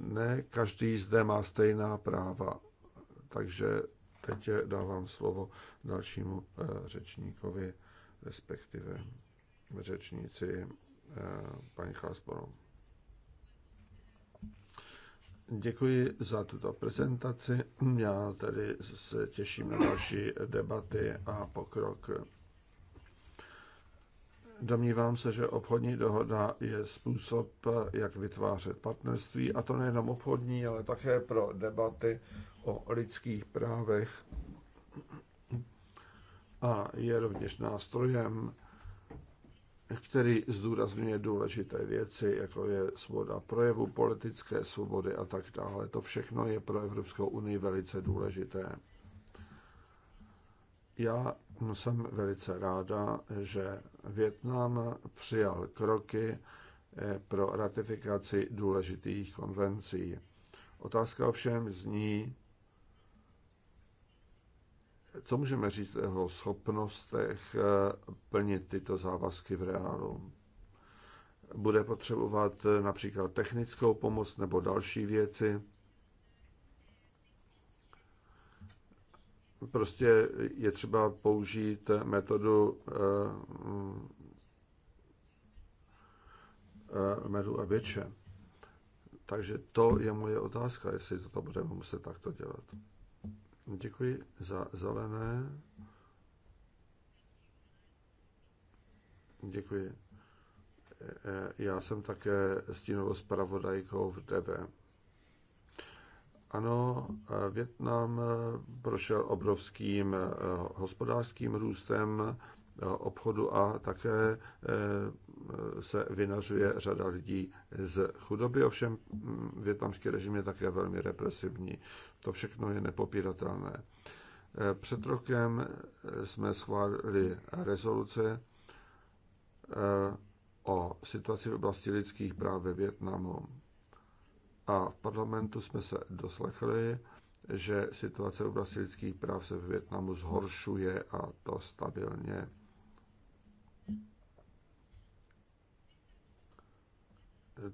Ne každý zde má stejná práva, takže teď dávám slovo dalšímu eh, řečníkovi, respektive řečníci eh, paní Chásporu. Děkuji za tuto prezentaci. Já tedy se těším na další debaty a pokrok Domnívám se, že obchodní dohoda je způsob, jak vytvářet partnerství, a to nejenom obchodní, ale také pro debaty o lidských právech. A je rovněž nástrojem, který zdůrazňuje důležité věci, jako je svoboda projevu, politické svobody a tak dále. To všechno je pro Evropskou unii velice důležité. Já No, jsem velice ráda, že Větnam přijal kroky eh, pro ratifikaci důležitých konvencí. Otázka ovšem zní, co můžeme říct o jeho schopnostech eh, plnit tyto závazky v reálu. Bude potřebovat eh, například technickou pomoc nebo další věci. prostě je třeba použít metodu, eh, eh, medu a větše. Takže to je moje otázka, jestli to budeme muset takto dělat. Děkuji za zelené. Děkuji. Eh, já jsem také stínovou zpravodajkou v DV. Ano, eh, Větnam eh, prošel obrovským eh, hospodářským růstem obchodu a také se vynařuje řada lidí z chudoby. Ovšem mm, větnamský režim je také velmi represivní. To všechno je nepopíratelné. Před rokem jsme schválili rezoluce o situaci v oblasti lidských práv ve Větnamu. A v parlamentu jsme se doslechli, že situace v oblasti lidských práv se v Větnamu zhoršuje a to stabilně.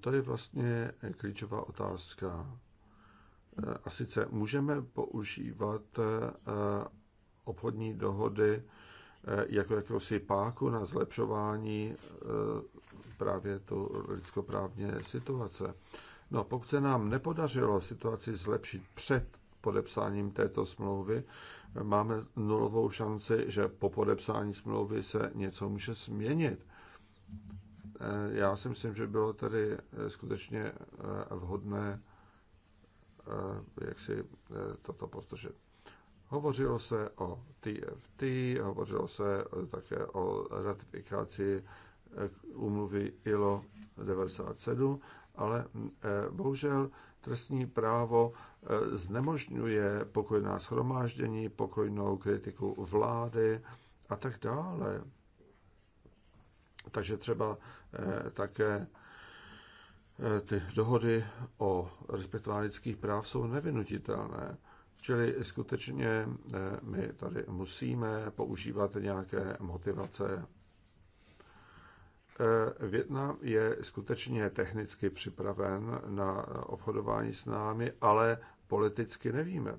To je vlastně klíčová otázka. A sice můžeme používat eh, obchodní dohody eh, jako jakousi páku na zlepšování eh, právě tu lidskoprávně situace. No, pokud se nám nepodařilo situaci zlepšit před podepsáním této smlouvy, máme nulovou šanci, že po podepsání smlouvy se něco může změnit. Eh, já si myslím, že bylo tady eh, skutečně eh, vhodné jak si toto podržet. Hovořilo se o TFT, hovořilo se také o ratifikaci úmluvy ILO 97 ale eh, bohužel trestní právo eh, znemožňuje pokojná shromáždění, pokojnou kritiku vlády a tak dále. Takže třeba eh, také ty dohody o respektování lidských práv jsou nevinutitelné. Čili skutečně my tady musíme používat nějaké motivace Eh, Větnam je skutečně technicky připraven na obchodování s námi, ale politicky nevíme.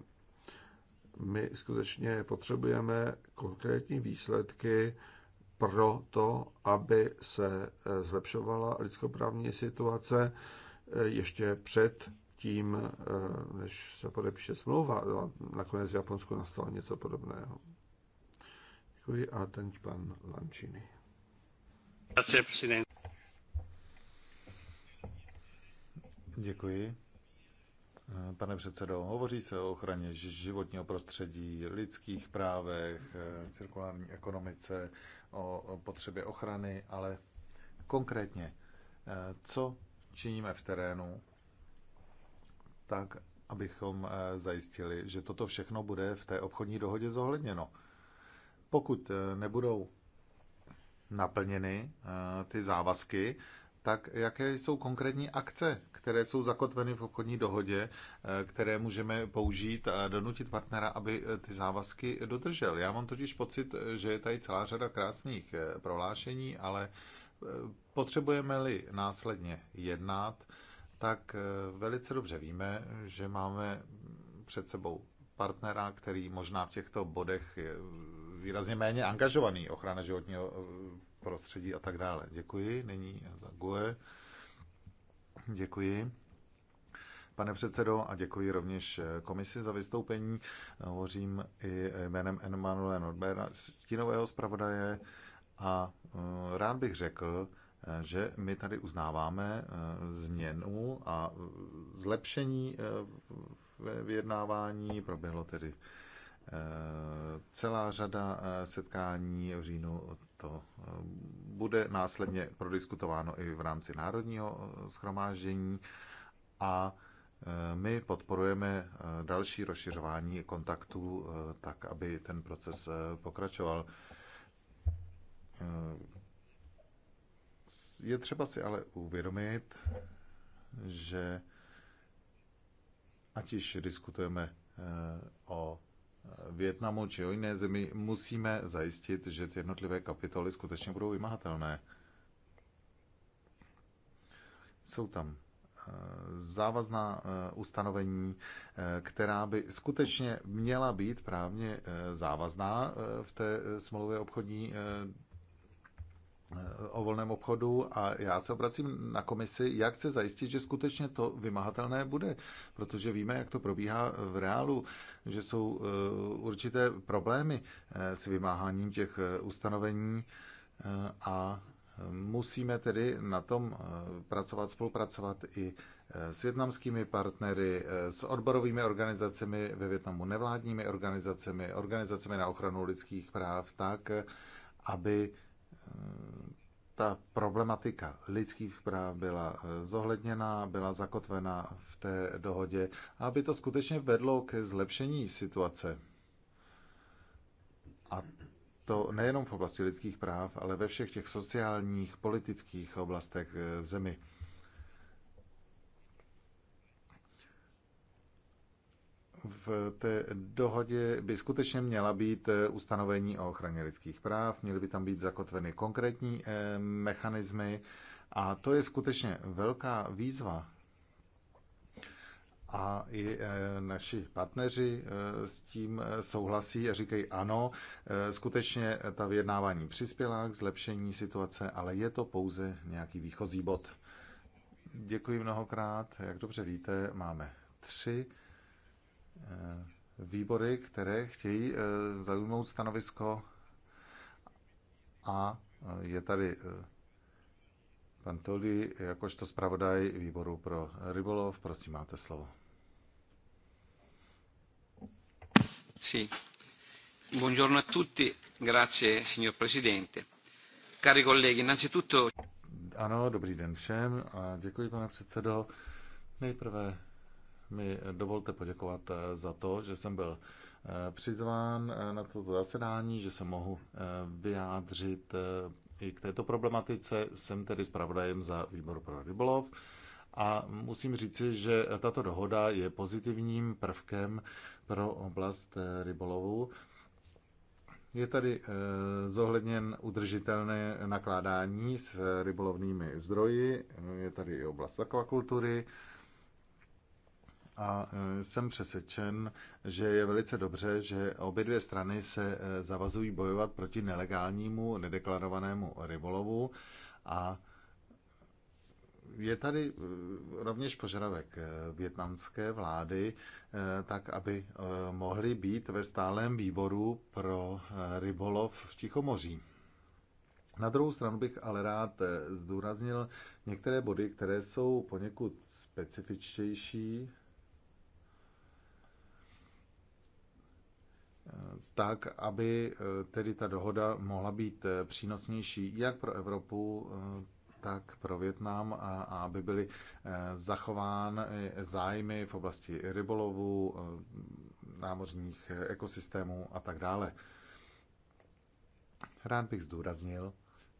My skutečně potřebujeme konkrétní výsledky pro to, aby se eh, zlepšovala lidskoprávní situace eh, ještě před tím, než se podepíše smlouva. Nakonec v Japonsku nastalo něco podobného. Děkuji a teď pan Lančiny. Děkuji. Pane předsedo, hovoří se o ochraně životního prostředí, lidských právech, cirkulární ekonomice, o potřebě ochrany, ale konkrétně, co činíme v terénu, tak abychom eh, zajistili, že toto všechno bude v té obchodní dohodě zohledněno. Pokud eh, nebudou naplněny eh, ty závazky, tak jaké jsou konkrétní akce, které jsou zakotveny v obchodní dohodě, eh, které můžeme použít a donutit partnera, aby eh, ty závazky dodržel. Já mám totiž pocit, že je tady celá řada krásných prohlášení, ale potřebujeme-li následně jednat, tak velice dobře víme, že máme před sebou partnera, který možná v těchto bodech výrazně méně angažovaný, ochrana životního eh, prostředí a tak dále. Děkuji, není za GUE. Děkuji. Pane předsedo, a děkuji rovněž eh, komisi za vystoupení. Hovořím i jménem Emmanuela Norbera, stínového zpravodaje, a eh, rád bych řekl, že my tady uznáváme změnu a zlepšení vyjednávání. Proběhlo tedy Eh, celá řada eh, setkání v říjnu to eh, bude následně prodiskutováno i v rámci Národního schromáždění a my podporujeme další rozšiřování kontaktů tak, aby ten proces pokračoval. Je třeba si ale uvědomit, že ať již diskutujeme o Větnamu či o jiné zemi, musíme zajistit, že ty jednotlivé kapitoly skutečně budou vymahatelné. Jsou tam eh, závazná eh, ustanovení, eh, která by skutečně měla být právně závazná v té smlouvě obchodní o volném obchodu a já se obracím na komisi, jak chce zajistit, že skutečně to vymahatelné bude, protože víme, jak to probíhá v reálu, že jsou e, určité problémy e, s vymáháním těch e, ustanovení a musíme tedy na tom pracovat, spolupracovat i s větnamskými partnery, s odborovými organizacemi ve Větnamu, nevládními organizacemi, organizacemi na ochranu lidských práv, tak, aby Eh, ta problematika lidských práv byla eh, zohledněna, byla zakotvena v té dohodě, aby to skutečně vedlo ke zlepšení situace. A to nejenom v oblasti lidských práv, ale ve všech těch sociálních, politických oblastech eh, v zemi. v té dohodě by skutečně měla být eh, ustanovení o ochraně lidských práv, měly by tam být zakotveny konkrétní eh, mechanismy a to je skutečně velká výzva. A i eh, naši partneři s tím souhlasí a říkají ano, skutečně ta vyjednávání přispěla k zlepšení situace, ale je to pouze nějaký výchozí bod. Děkuji mnohokrát. Jak dobře víte, máme tři Eh, výbory, které chtějí eh, zaujmout stanovisko a eh, je tady pan Toli, jakožto zpravodaj výboru pro rybolov. Prosím, máte slovo. Sí. Buongiorno a tutti. Grazie, signor Presidente. Cari colleghi, innanzitutto... Ano, dobrý den všem a děkuji, pane předsedo. Nejprve mi dovolte poděkovat eh, za to, že jsem byl eh, přizván eh, na toto zasedání, že se mohu vyjádřit i k této problematice. Jsem tedy zpravodajem za výbor pro rybolov a musím říci, že tato dohoda je pozitivním prvkem pro oblast rybolovu. Je tady zohledněn udržitelné nakládání s rybolovnými zdroji, je tady i oblast akvakultury, a e, jsem přesvědčen, že je velice dobře, že obě dvě strany se e, zavazují bojovat proti nelegálnímu, nedeklarovanému rybolovu a je tady e, rovněž požadavek větnamské vlády, tak aby mohly být ve stálem výboru pro rybolov v Tichomoří. Na druhou stranu bych ale rád zdůraznil některé body, které jsou poněkud specifičtější tak, aby eh, tedy ta dohoda mohla být eh, přínosnější jak pro Evropu, eh, tak pro Větnam a aby byly zachovány zájmy v oblasti rybolovu, námořních ekosystémů a tak dále. Rád bych zdůraznil,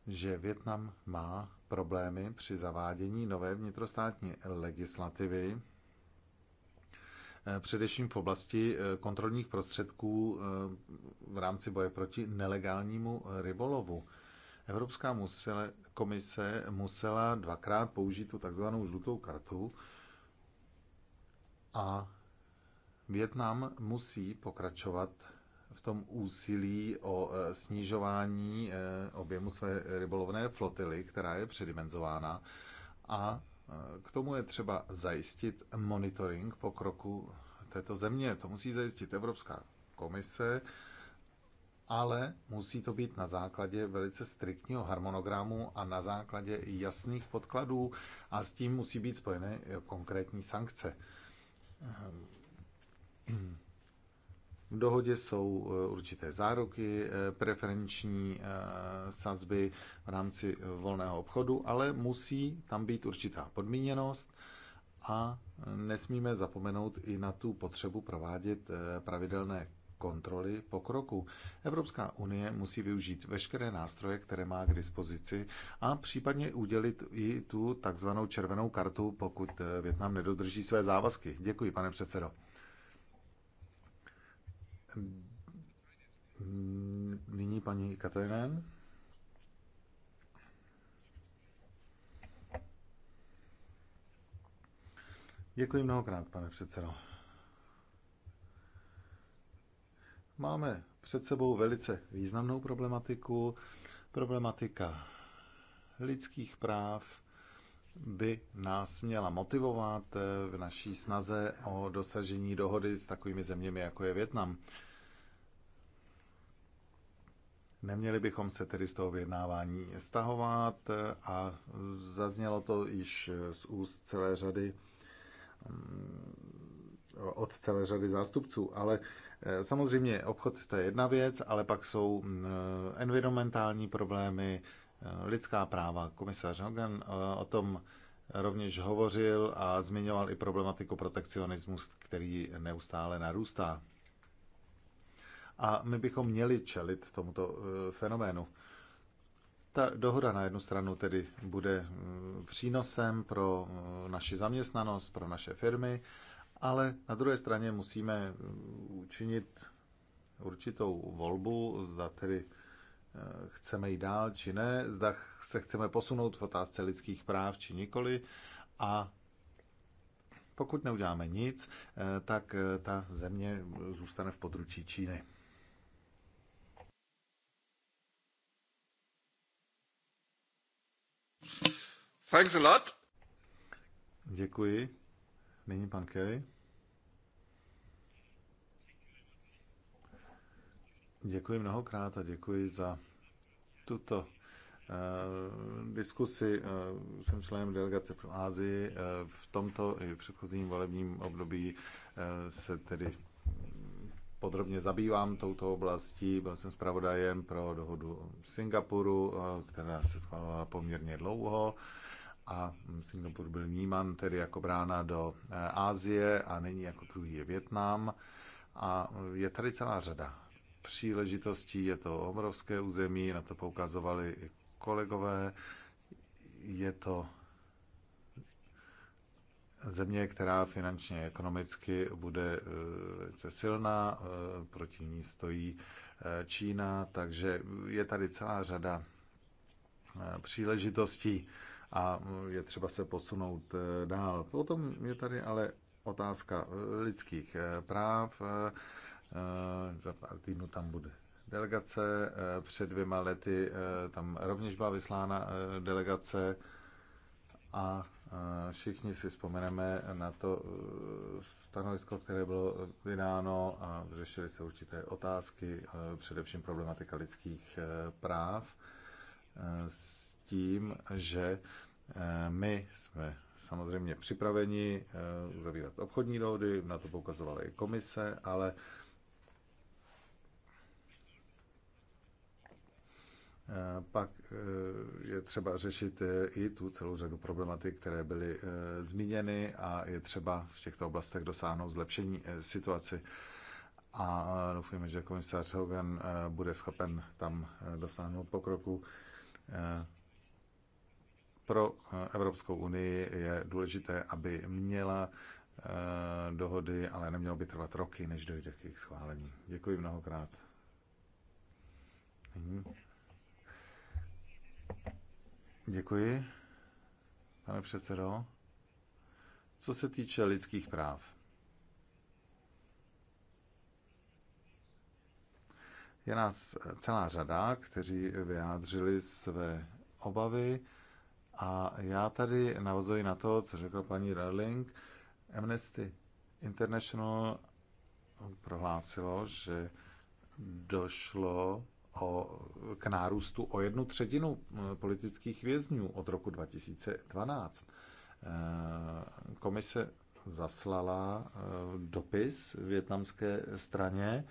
že Větnam má problémy při zavádění nové vnitrostátní legislativy Eh, především v oblasti eh, kontrolních prostředků eh, v rámci boje proti nelegálnímu rybolovu. Evropská musele, komise musela dvakrát použít tu takzvanou žlutou kartu a Větnam musí pokračovat v tom úsilí o snižování objemu své rybolovné flotily, která je předimenzována, a k tomu je třeba zajistit monitoring pokroku této země. To musí zajistit Evropská komise, ale musí to být na základě velice striktního harmonogramu a na základě jasných podkladů a s tím musí být spojeny konkrétní sankce. V dohodě jsou eh, určité záruky, eh, preferenční eh, sazby v rámci volného obchodu, ale musí tam být určitá podmíněnost a nesmíme zapomenout i na tu potřebu provádět pravidelné kontroly pokroku. Evropská unie musí využít veškeré nástroje, které má k dispozici a případně udělit i tu takzvanou červenou kartu, pokud Větnam nedodrží své závazky. Děkuji, pane předsedo. Mm, nyní paní Katerinen. Děkuji mnohokrát, pane předsedo. Máme před sebou velice významnou problematiku. Problematika lidských práv by nás měla motivovat v naší snaze o dosažení dohody s takovými zeměmi, jako je Větnam. Neměli bychom se tedy z toho vyjednávání stahovat a zaznělo to již z úst celé řady mm, od celé řady zástupců, ale eh, samozřejmě obchod to je jedna věc, ale pak jsou mm, environmentální problémy, eh, lidská práva. Komisař Hogan eh, o tom rovněž hovořil a zmiňoval i problematiku protekcionismu, který neustále narůstá a my bychom měli čelit tomuto eh, fenoménu. Ta dohoda na jednu stranu tedy bude mm, přínosem pro mm, naši zaměstnanost, pro naše firmy, ale na druhé straně musíme mm, učinit určitou volbu, zda tedy eh, chceme jít dál či ne, zda se chceme posunout v otázce lidských práv či nikoli a pokud neuděláme nic, eh, tak ta země zůstane v područí Číny. Thanks a lot. Děkuji. Nyní pan Kelly. Děkuji mnohokrát a děkuji za tuto eh, diskusi. Eh, jsem členem delegace pro Ázii. Eh, v tomto i v předchozím volebním období se tedy podrobně zabývám touto oblastí. Byl jsem zpravodajem pro dohodu Singapuru, eh, která se schvalovala poměrně dlouho a Singapur byl vnímán tedy jako brána do Ázie eh, a nyní jako druhý je Větnam. A je tady celá řada příležitostí, je to obrovské území, na to poukazovali i kolegové, je to země, která finančně ekonomicky bude e, velice silná, e, proti ní stojí e, Čína, takže je tady celá řada příležitostí a je třeba se posunout dál. Potom je tady ale otázka lidských práv. Za pár týdnů tam bude delegace. Před dvěma lety tam rovněž byla vyslána delegace a Všichni si vzpomeneme na to e, stanovisko, které bylo vydáno a řešily se určité otázky, e, především problematika lidských e, práv, s tím, že my jsme samozřejmě připraveni uzavírat obchodní dohody, na to poukazovala i komise, ale Pak e, je třeba řešit e, i tu celou řadu problematik, které byly e, zmíněny a je třeba v těchto oblastech dosáhnout zlepšení situaci. A doufujeme, že komisář Hogan bude schopen tam dosáhnout pokroku. Pro Evropskou unii je důležité, aby měla dohody, ale nemělo by trvat roky, než dojde k jejich schválení. Děkuji mnohokrát. Mm-hmm. Děkuji, pane předsedo. Co se týče lidských práv, je nás celá řada, kteří vyjádřili své obavy a já tady navazuji na to, co řekla paní Darling. Amnesty International prohlásilo, že došlo o, k nárůstu o jednu třetinu politických vězňů od roku 2012. E, komise zaslala e, dopis větnamské straně,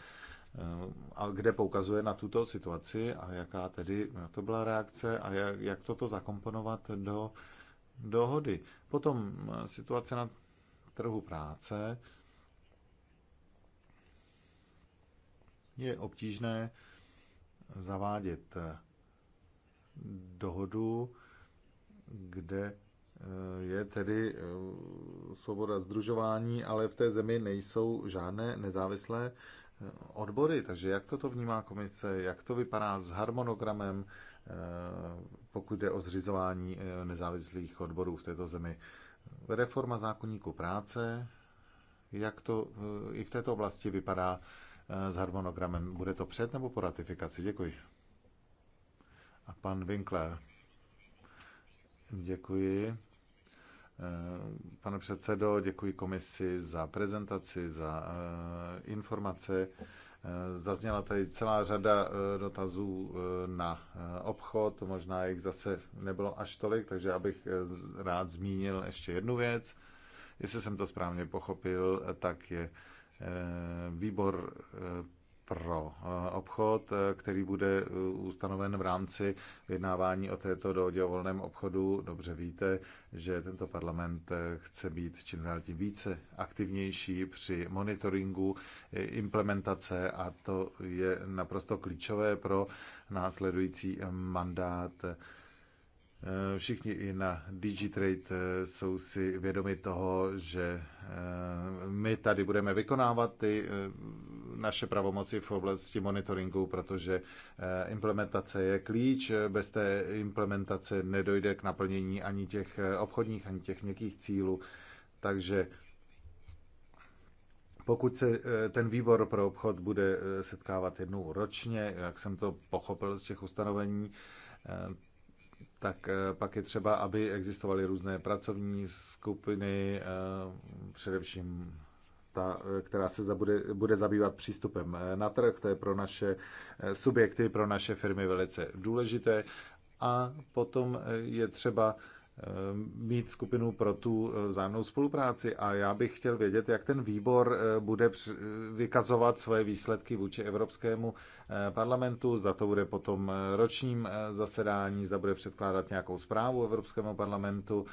e, kde poukazuje na tuto situaci a jaká tedy to byla reakce a jak, jak toto zakomponovat do dohody. Potom situace na trhu práce je obtížné zavádět eh, dohodu, kde eh, je tedy eh, svoboda združování, ale v té zemi nejsou žádné nezávislé odbory. Takže jak toto vnímá komise, jak to vypadá s harmonogramem, pokud jde o zřizování nezávislých odborů v této zemi? Reforma zákonníku práce, jak to i v této oblasti vypadá Eh, s harmonogramem. Bude to před nebo po ratifikaci? Děkuji. A pan Winkler. Děkuji. Eh, pane předsedo, děkuji komisi za prezentaci, za eh, informace. Zazněla tady celá řada dotazů na obchod, možná jich zase nebylo až tolik, takže abych rád zmínil ještě jednu věc. Jestli jsem to správně pochopil, tak je Eh, výbor eh, pro eh, obchod, který bude ustanoven v rámci vyjednávání o této dohodě o volném obchodu. Dobře víte, že tento parlament chce být čím dál tím více aktivnější při monitoringu implementace a to je naprosto klíčové pro následující mandát Eh, všichni i na Digitrade eh, jsou si vědomi toho, že eh, my tady budeme vykonávat ty naše pravomoci v oblasti monitoringu, protože implementace je klíč. Bez té implementace nedojde k naplnění ani těch obchodních, ani těch měkkých cílů. Takže pokud se ten výbor pro obchod bude setkávat jednou ročně, jak jsem to pochopil z těch ustanovení, tak eh, pak je třeba, aby existovaly různé pracovní skupiny, eh, především ta, eh, která se zabude, bude zabývat přístupem na trh. To je pro naše subjekty, pro naše firmy velice důležité. A potom je třeba Eh, mít skupinu pro tu eh, vzájemnou spolupráci a já bych chtěl vědět, jak ten výbor eh, bude vykazovat svoje výsledky vůči Evropskému parlamentu, zda to bude potom ročním zasedání, zda bude předkládat nějakou zprávu Evropskému parlamentu,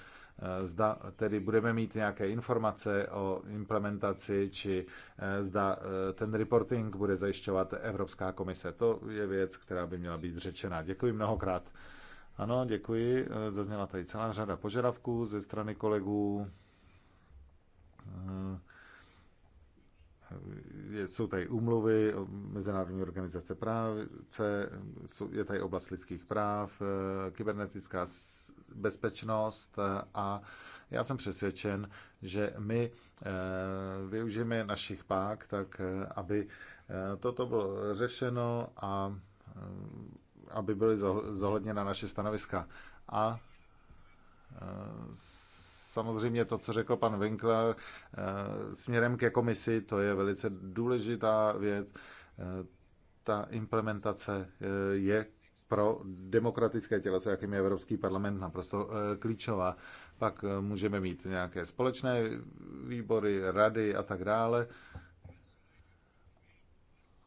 zda tedy budeme mít nějaké informace o implementaci, či zda ten reporting bude zajišťovat Evropská komise. To je věc, která by měla být řečena. Děkuji mnohokrát. Ano, děkuji. Eh, zazněla tady celá řada požadavků ze strany kolegů. Eh, jsou tady úmluvy Mezinárodní organizace práce, je tady oblast lidských práv, eh, kybernetická bezpečnost a já jsem přesvědčen, že my využijeme našich pák tak, aby toto bylo řešeno a aby byly zohledněna naše stanoviska. A e, samozřejmě to, co řekl pan Winkler, e, směrem ke komisi, to je velice důležitá věc. E, ta implementace je pro demokratické těleso, jakým je Evropský parlament, naprosto klíčová. Pak můžeme mít nějaké společné výbory, rady a tak dále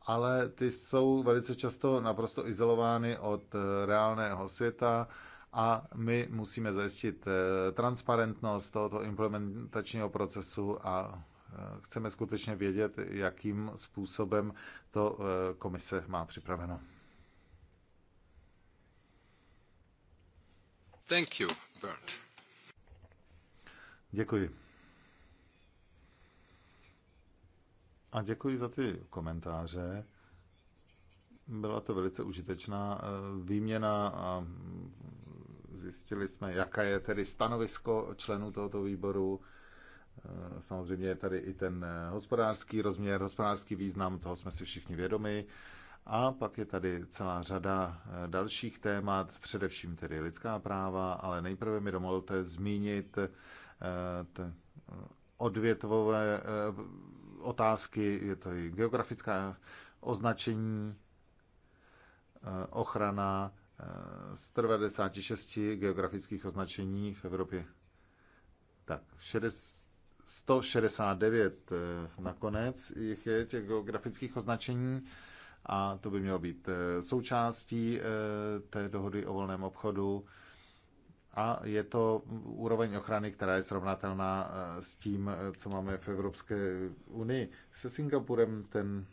ale ty jsou velice často naprosto izolovány od eh, reálného světa a my musíme zajistit eh, transparentnost tohoto implementačního procesu a eh, chceme skutečně vědět, jakým způsobem to komise má připraveno. Thank you, Bert. Děkuji. A děkuji za ty komentáře. Byla to velice užitečná eh, výměna a zjistili jsme, jaká je tedy stanovisko členů tohoto výboru. Eh, samozřejmě je tady i ten eh, hospodářský rozměr, hospodářský význam, toho jsme si všichni vědomi. A pak je tady celá řada dalších témat, především tedy lidská práva, ale nejprve mi dovolte zmínit odvětvové otázky, je to i geografická označení, eh, ochrana eh, z 96 geografických označení v Evropě. Tak, 169 eh, nakonec jich je těch geografických označení a to by mělo být součástí té dohody o volném obchodu a je to úroveň ochrany, která je srovnatelná eh, s tím, eh, co máme v Evropské unii. Se Singapurem ten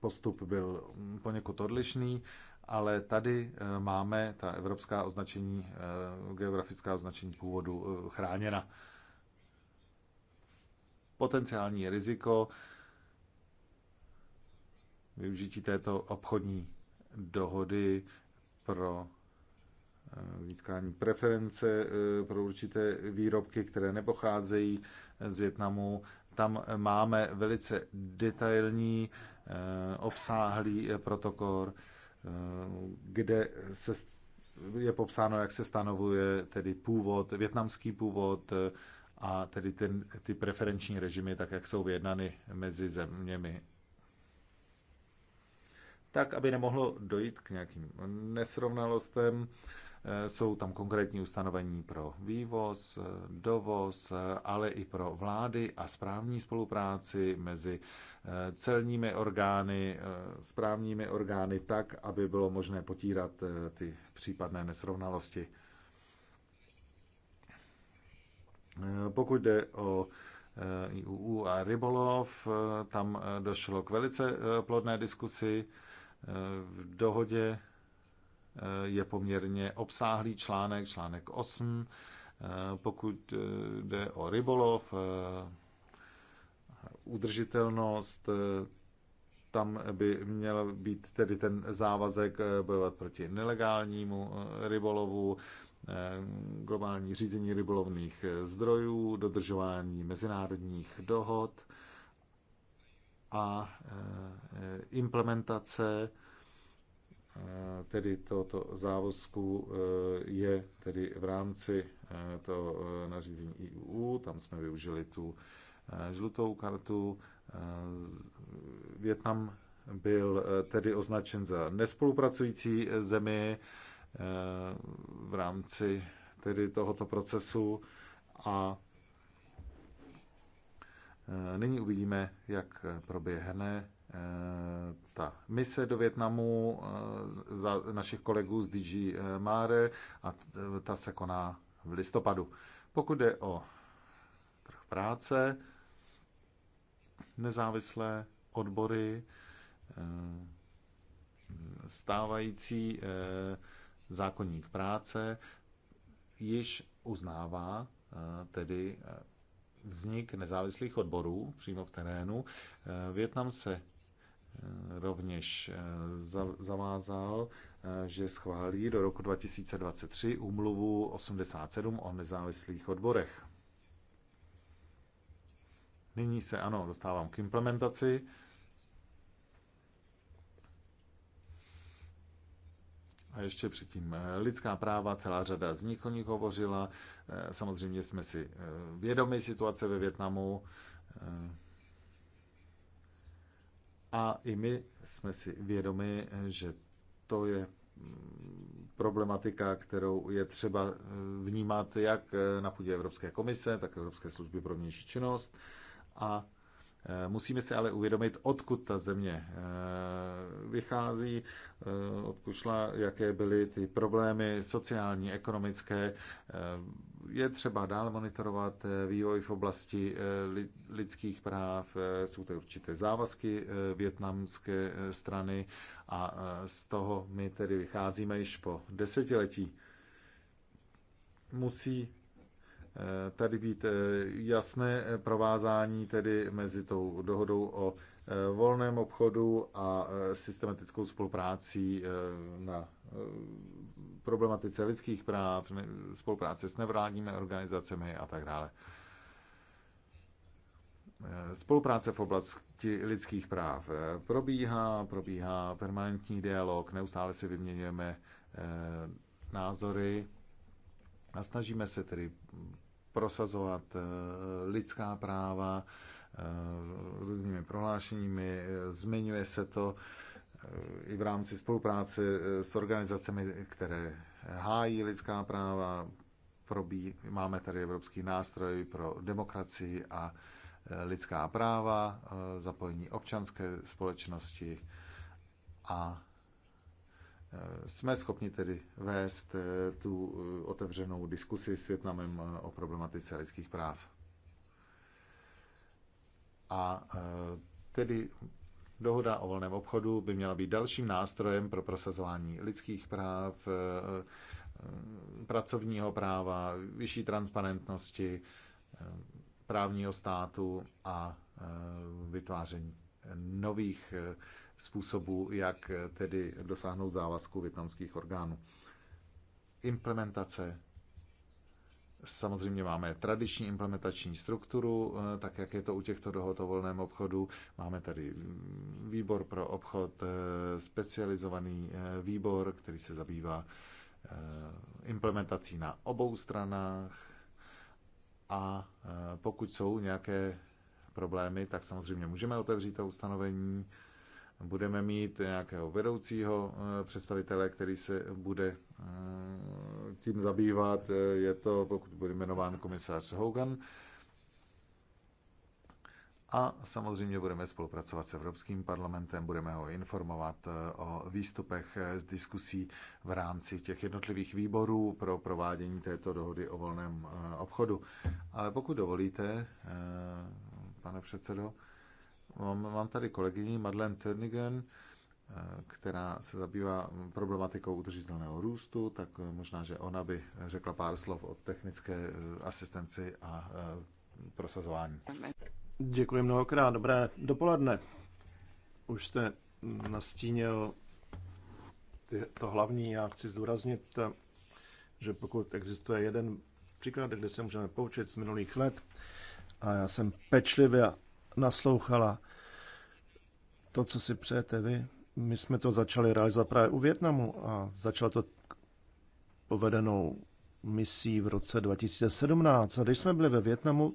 postup byl poněkud odlišný, ale tady eh, máme ta evropská označení, geografická označení původu chráněna. Potenciální riziko využití této obchodní dohody pro Eh, získání preference eh, pro určité výrobky, které nepocházejí z Větnamu. Tam máme velice detailní, eh, obsáhlý protokol, kde se je popsáno, jak se stanovuje tedy původ, větnamský původ a tedy ten, ty preferenční režimy, tak jak jsou vyjednany mezi zeměmi tak, aby nemohlo dojít k nějakým nesrovnalostem. Eh, jsou tam konkrétní ustanovení pro vývoz, eh, dovoz, eh, ale i pro vlády a správní spolupráci mezi celními orgány, správními orgány tak, aby bylo možné potírat ty případné nesrovnalosti. Pokud jde o EU a rybolov, tam došlo k velice plodné diskusi v dohodě je poměrně obsáhlý článek, článek 8. Pokud jde o rybolov, udržitelnost, tam by měl být tedy ten závazek bojovat proti nelegálnímu rybolovu, globální řízení rybolovných zdrojů, dodržování mezinárodních dohod a implementace tedy tohoto závazku e, je tedy v rámci e, toho e, nařízení EU, tam jsme využili tu žlutou kartu. Větnam byl tedy označen za nespolupracující zemi v rámci tedy tohoto procesu a nyní uvidíme, jak proběhne Eh, ta mise do Větnamu eh, za našich kolegů z DG eh, Mare a ta se koná v listopadu. Pokud jde o trh práce, nezávislé odbory, stávající zákonník práce již uznává tedy vznik nezávislých odborů přímo v terénu. Větnam se Eh, rovněž eh, zavázal, eh, že schválí do roku 2023 úmluvu 87 o nezávislých odborech. Nyní se ano, dostávám k implementaci. A ještě předtím lidská práva, celá řada z nich o nich hovořila. Samozřejmě jsme si vědomi situace ve Větnamu. A i my jsme si vědomi, že to je mm, problematika, kterou je třeba eh, vnímat jak na půdě Evropské komise, tak Evropské služby pro vnější činnost. A eh, musíme si ale uvědomit, odkud ta země eh, vychází, odkud šla, jaké byly ty problémy sociální, ekonomické, je třeba dál monitorovat eh, vývoj v oblasti eh, lidských práv, eh, jsou to určité závazky větnamské strany a z toho my tedy vycházíme již po desetiletí. Musí tady být jasné provázání tedy mezi tou dohodou o Eh, volném obchodu a eh, systematickou spoluprácí eh, na problematice lidských práv, spolupráce s nevládními organizacemi a tak dále. Spolupráce v oblasti lidských práv probíhá, probíhá permanentní dialog, neustále si vyměňujeme názory a snažíme se tedy prosazovat lidská práva, Eh, různými prohlášeními, eh, zmiňuje se to eh, i v rámci spolupráce s organizacemi, které hájí lidská práva. Probí, máme tady Evropský nástroj pro demokracii a lidská práva, zapojení občanské společnosti a jsme schopni tedy vést tu otevřenou diskusi s Větnamem o problematice lidských práv. A e, tedy dohoda o volném obchodu by měla být dalším nástrojem pro prosazování lidských práv, e, e, pracovního práva, vyšší transparentnosti, právního státu a vytváření nových způsobů, jak tedy dosáhnout závazku větnamských orgánů. Implementace Samozřejmě máme tradiční implementační strukturu, eh, tak jak je to u těchto dohod o volném obchodu. Máme tady mm, výbor pro obchod, eh, specializovaný eh, výbor, který se zabývá implementací na obou stranách. A pokud jsou nějaké problémy, tak samozřejmě můžeme otevřít to ustanovení budeme mít nějakého vedoucího eh, představitele, který se bude eh, tím zabývat. Je to, pokud bude jmenován komisář Hogan. A samozřejmě budeme spolupracovat s Evropským parlamentem, budeme ho informovat eh, o výstupech z diskusí v rámci těch jednotlivých výborů pro provádění této dohody o volném obchodu. Ale pokud dovolíte, pane předsedo, Mám, mám tady kolegyni Madeleine Turnigan, eh, která se zabývá problematikou udržitelného růstu, tak možná, že ona by řekla pár slov o technické eh, asistenci a eh, prosazování. Děkuji mnohokrát, dobré dopoledne. Už jste nastínil to hlavní, já chci zdůraznit, že pokud existuje jeden příklad, kde se můžeme poučit z minulých let, a já jsem pečlivě naslouchala to, co si přejete vy. My jsme to začali realizovat právě u Větnamu a začalo to povedenou misí v roce 2017. A když jsme byli ve Větnamu,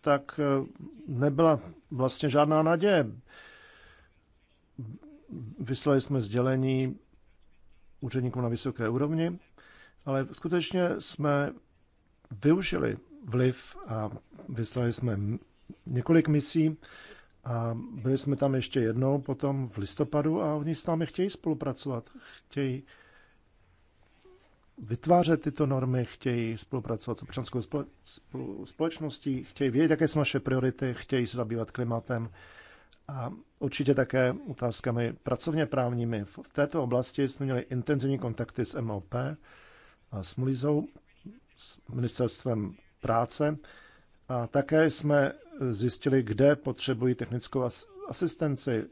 tak eh, nebyla vlastně žádná naděje. Vyslali jsme sdělení úředníkům na vysoké úrovni, ale skutečně jsme využili vliv a vyslali jsme několik misí a byli jsme tam ještě jednou potom v listopadu a oni s námi chtějí spolupracovat, chtějí vytvářet tyto normy, chtějí spolupracovat s občanskou společností, chtějí vědět, jaké jsou naše priority, chtějí se zabývat klimatem a určitě také otázkami pracovně právními. V této oblasti jsme měli intenzivní kontakty s MOP a s Mulizou, s ministerstvem práce a také jsme zjistili, kde potřebují technickou asistenci.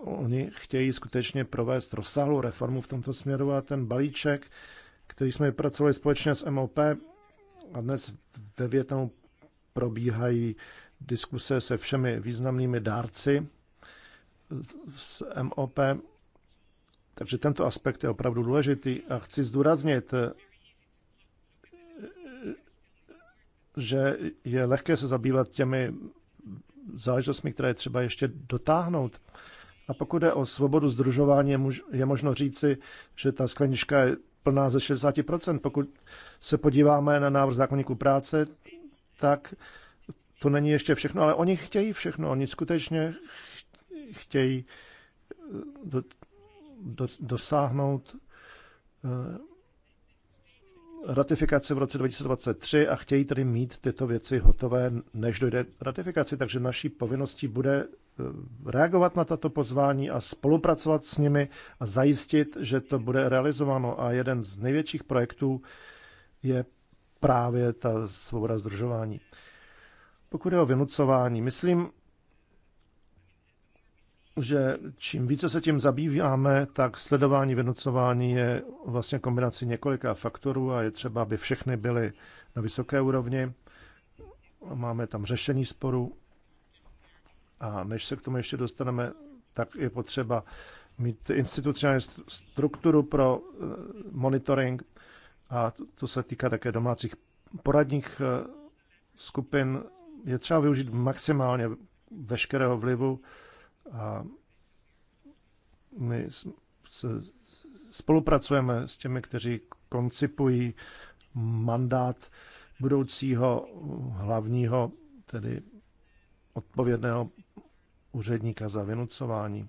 Oni chtějí skutečně provést rozsáhlou reformu v tomto směru a ten balíček, který jsme vypracovali společně s MOP, a dnes ve Větnamu probíhají diskuse se všemi významnými dárci z MOP. Takže tento aspekt je opravdu důležitý a chci zdůraznit, že je lehké se zabývat těmi záležitostmi, které je třeba ještě dotáhnout. A pokud jde o svobodu združování, je možno říci, že ta sklenička je plná ze 60%. Pokud se podíváme na návrh zákonníku práce, tak to není ještě všechno, ale oni chtějí všechno. Oni skutečně chtějí eh, do, do, dosáhnout eh, ratifikaci v roce 2023 a chtějí tedy mít tyto věci hotové, než dojde ratifikaci. Takže naší povinností bude eh, reagovat na tato pozvání a spolupracovat s nimi a zajistit, že to bude realizováno. A jeden z největších projektů je právě ta svoboda združování. Pokud je o vynucování, myslím, že čím více se tím zabýváme, tak sledování, vynucování je vlastně kombinací několika faktorů a je třeba, aby všechny byly na vysoké úrovni. Máme tam řešení sporů a než se k tomu ještě dostaneme, tak je potřeba mít institucionální strukturu pro eh, monitoring a to se týká také domácích poradních eh, skupin. Je třeba využít maximálně veškerého vlivu a my se spolupracujeme s těmi, kteří koncipují mandát budoucího hlavního, tedy odpovědného úředníka za vynucování.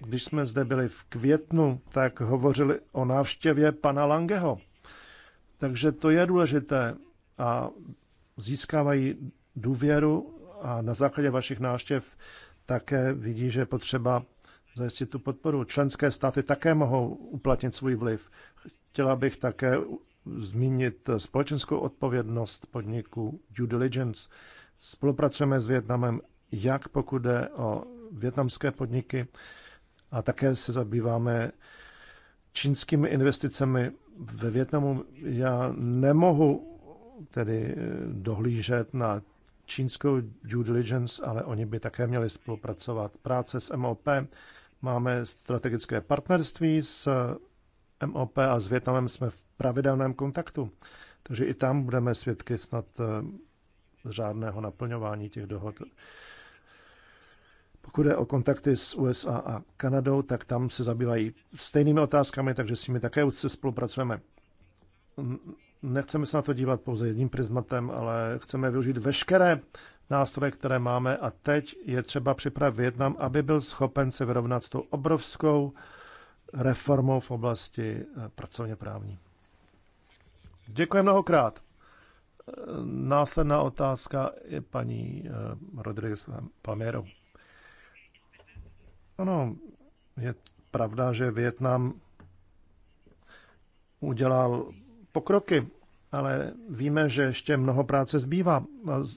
Když jsme zde byli v květnu, tak hovořili o návštěvě pana Langeho. Takže to je důležité a získávají důvěru a na základě vašich návštěv také vidí, že je potřeba zajistit tu podporu. Členské státy také mohou uplatnit svůj vliv. Chtěla bych také zmínit společenskou odpovědnost podniku due diligence. Spolupracujeme s Větnamem, jak pokud jde o větnamské podniky, a také se zabýváme čínskými investicemi ve Větnamu. Já nemohu tedy dohlížet na čínskou due diligence, ale oni by také měli spolupracovat. Práce s MOP, máme strategické partnerství s MOP a s Větnamem jsme v pravidelném kontaktu. Takže i tam budeme svědky snad eh, řádného naplňování těch dohod. Pokud je o kontakty s USA a Kanadou, tak tam se zabývají stejnými otázkami, takže s nimi také už se spolupracujeme nechceme se na to dívat pouze jedním prismatem, ale chceme využít veškeré nástroje, které máme a teď je třeba připravit Větnam, aby byl schopen se vyrovnat s tou obrovskou reformou v oblasti eh, pracovně právní. Děkuji mnohokrát. Následná otázka je paní eh, Rodriguez Pamero. Ano, je pravda, že Větnam udělal pokroky, ale víme, že ještě mnoho práce zbývá.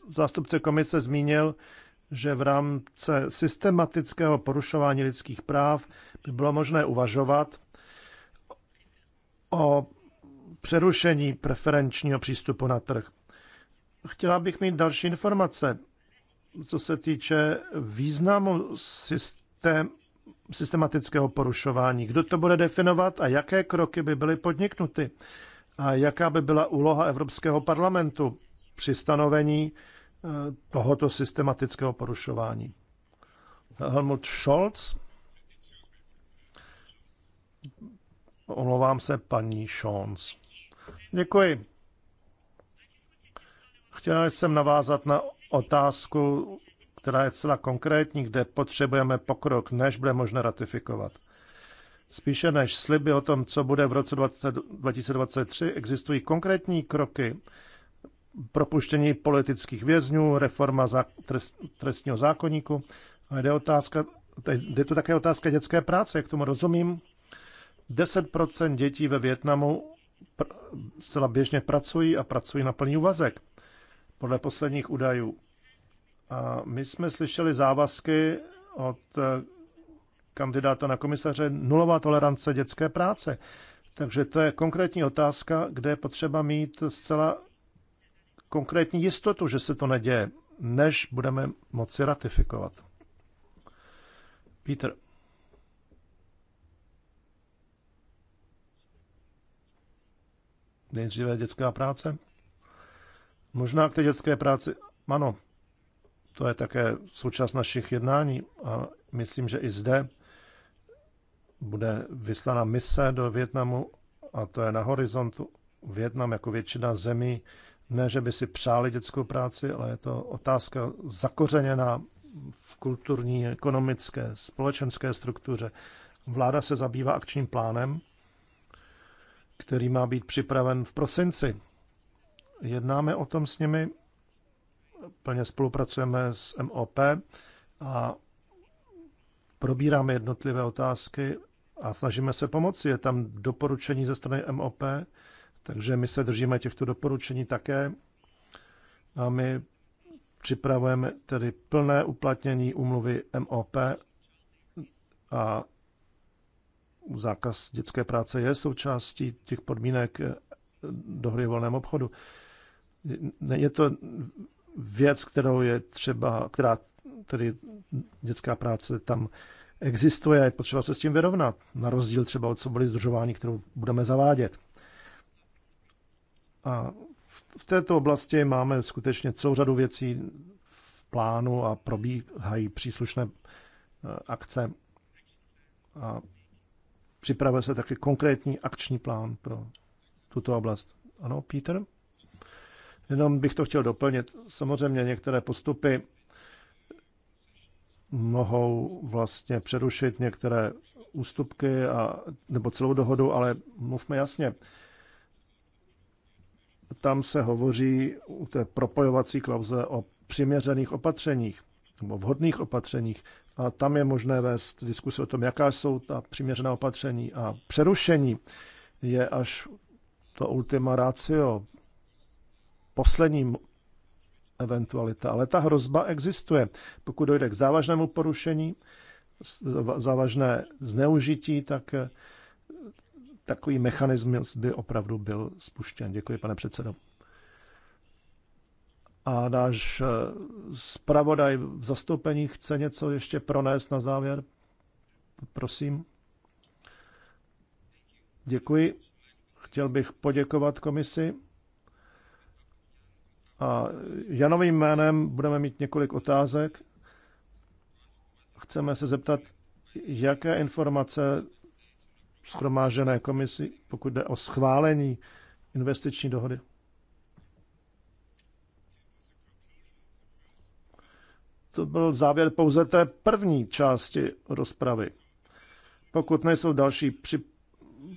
Zástupce komise zmínil, že v rámci systematického porušování lidských práv by bylo možné uvažovat o přerušení preferenčního přístupu na trh. Chtěla bych mít další informace, co se týče významu systém, systematického porušování. Kdo to bude definovat a jaké kroky by byly podniknuty? a jaká by byla úloha Evropského parlamentu při stanovení eh, tohoto systematického porušování. Helmut Scholz. Omlouvám se, paní Scholz. Děkuji. Chtěl jsem navázat na otázku, která je celá konkrétní, kde potřebujeme pokrok, než bude možné ratifikovat. Spíše než sliby o tom, co bude v roce 2023, existují konkrétní kroky. Propuštění politických vězňů, reforma trest, trestního zákonníku. A jde, otázka, jde tu také otázka dětské práce, jak tomu rozumím. 10% dětí ve Větnamu zcela běžně pracují a pracují na plný úvazek, podle posledních údajů. A my jsme slyšeli závazky od kandidáta na komisaře nulová tolerance dětské práce. Takže to je konkrétní otázka, kde je potřeba mít zcela konkrétní jistotu, že se to neděje, než budeme moci ratifikovat. Peter. Nejdříve dětská práce. Možná k té dětské práci, ano, to je také součást našich jednání a myslím, že i zde bude vyslána mise do Větnamu a to je na horizontu Větnam jako většina zemí. Ne, že by si přáli dětskou práci, ale je to otázka zakořeněná v kulturní, ekonomické, společenské struktuře. Vláda se zabývá akčním plánem, který má být připraven v prosinci. Jednáme o tom s nimi, plně spolupracujeme s MOP a probíráme jednotlivé otázky a snažíme se pomoci. Je tam doporučení ze strany MOP, takže my se držíme těchto doporučení také a my připravujeme tedy plné uplatnění umluvy MOP a zákaz dětské práce je součástí těch podmínek dohry o volném obchodu. Je to věc, kterou je třeba, která tedy dětská práce tam existuje, je potřeba se s tím vyrovnat, na rozdíl třeba od svobody združování, kterou budeme zavádět. A v této oblasti máme skutečně celou řadu věcí v plánu a probíhají příslušné eh, akce. A připravuje se taky konkrétní akční plán pro tuto oblast. Ano, Peter? Jenom bych to chtěl doplnit. Samozřejmě některé postupy mohou vlastně přerušit některé ústupky a, nebo celou dohodu, ale mluvme jasně. Tam se hovoří u té propojovací klauze o přiměřených opatřeních nebo vhodných opatřeních. A tam je možné vést diskusi o tom, jaká jsou ta přiměřená opatření. A přerušení je až to ultima ratio, poslední eventualita. Ale ta hrozba existuje. Pokud dojde k závažnému porušení, závažné zneužití, tak eh, takový mechanismus by opravdu byl spuštěn. Děkuji, pane předsedo. A náš eh, zpravodaj v zastoupení chce něco ještě pronést na závěr? Prosím. Děkuji. Chtěl bych poděkovat komisi a Janovým jménem budeme mít několik otázek. Chceme se zeptat, jaké informace schromážené komisi, pokud jde o schválení investiční dohody. To byl závěr pouze té první části rozpravy. Pokud nejsou další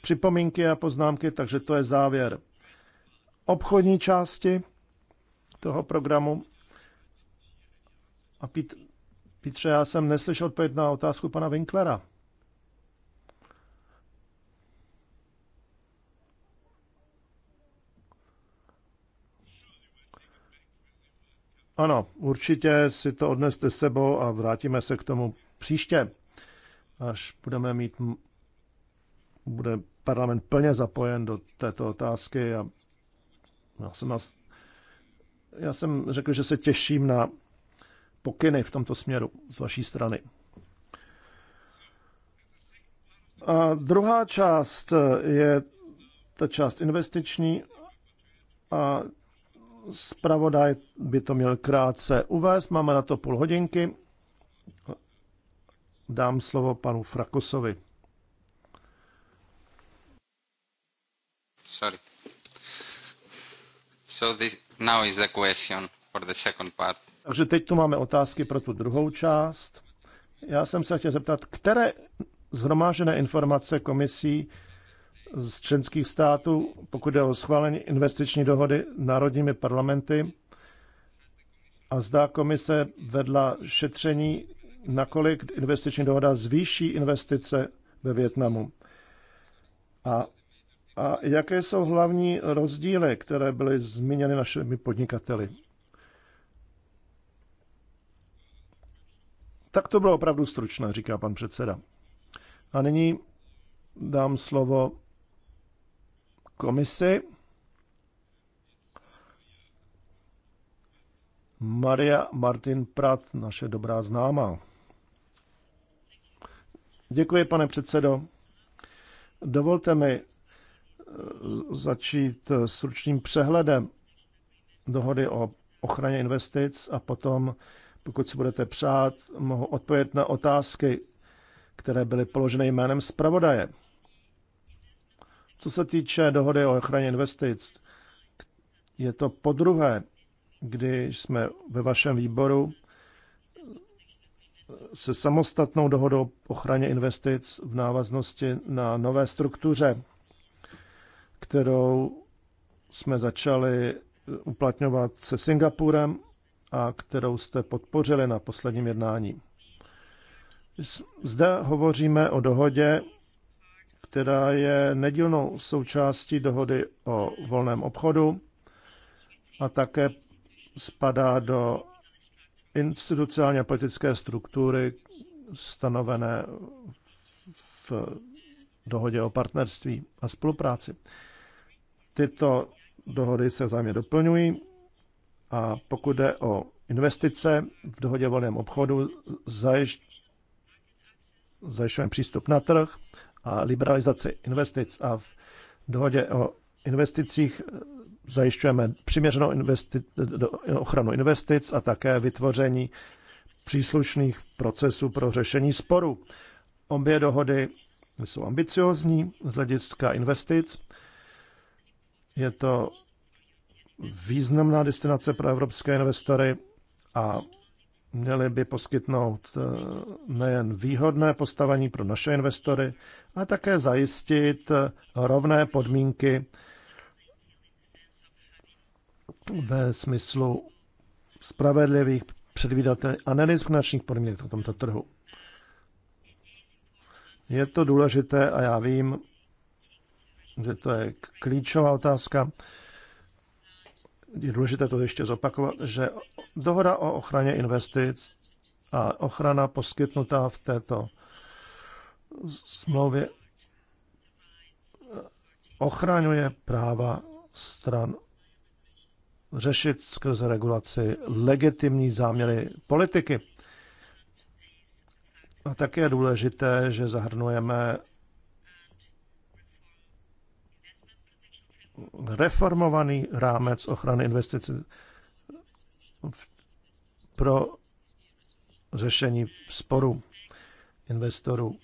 připomínky a poznámky, takže to je závěr obchodní části toho programu. A Pít, Pítře, já jsem neslyšel odpověď na otázku pana Winklera. Ano, určitě si to odneste sebou a vrátíme se k tomu příště, až budeme mít, bude parlament plně zapojen do této otázky a já jsem nás já jsem řekl, že se těším na pokyny v tomto směru z vaší strany. A druhá část je ta část investiční a zpravodaj by to měl krátce uvést. Máme na to půl hodinky. Dám slovo panu Frakosovi. Sorry. So this, Now is the question for the second part. Takže teď tu máme otázky pro tu druhou část. Já jsem se chtěl zeptat, které zhromážené informace komisí z členských států, pokud jde o schválení investiční dohody národními parlamenty, a zdá komise vedla šetření, nakolik investiční dohoda zvýší investice ve Větnamu. A a jaké jsou hlavní rozdíly, které byly zmíněny našimi podnikateli. Tak to bylo opravdu stručné, říká pan předseda. A nyní dám slovo komisi. Maria Martin Prat, naše dobrá známá. Děkuji, pane předsedo. Dovolte mi začít eh, s stručným přehledem dohody o ochraně investic a potom, pokud si budete přát, mohu odpovědět na otázky, které byly položeny jménem zpravodaje. Co se týče dohody o ochraně investic, je to podruhé, když jsme ve vašem výboru eh, se samostatnou dohodou o ochraně investic v návaznosti na nové struktuře kterou jsme začali uplatňovat se Singapurem a kterou jste podpořili na posledním jednání. Zde hovoříme o dohodě, která je nedílnou součástí dohody o volném obchodu a také spadá do institucionálně politické struktury stanovené v dohodě o partnerství a spolupráci. Tyto dohody se vzájemně doplňují a pokud jde o investice v dohodě o volném obchodu, zajiš, zajišťujeme přístup na trh a liberalizaci investic a v dohodě o investicích eh, zajišťujeme přiměřenou investi- ochranu investic a také vytvoření příslušných procesů pro řešení sporů. Obě dohody jsou ambiciozní z hlediska investic je to významná destinace pro evropské investory a měli by poskytnout eh, nejen výhodné postavení pro naše investory, ale také zajistit eh, rovné podmínky ve smyslu spravedlivých, předvídatelných a nediskriminačních podmínek na tomto trhu. Je to důležité a já vím, že to je klíčová otázka. Je důležité to ještě zopakovat, že dohoda o ochraně investic a ochrana poskytnutá v této smlouvě ochraňuje práva stran řešit skrze regulaci legitimní záměry politiky. A také je důležité, že zahrnujeme reformovaný rámec ochrany investic pro řešení sporů investorů.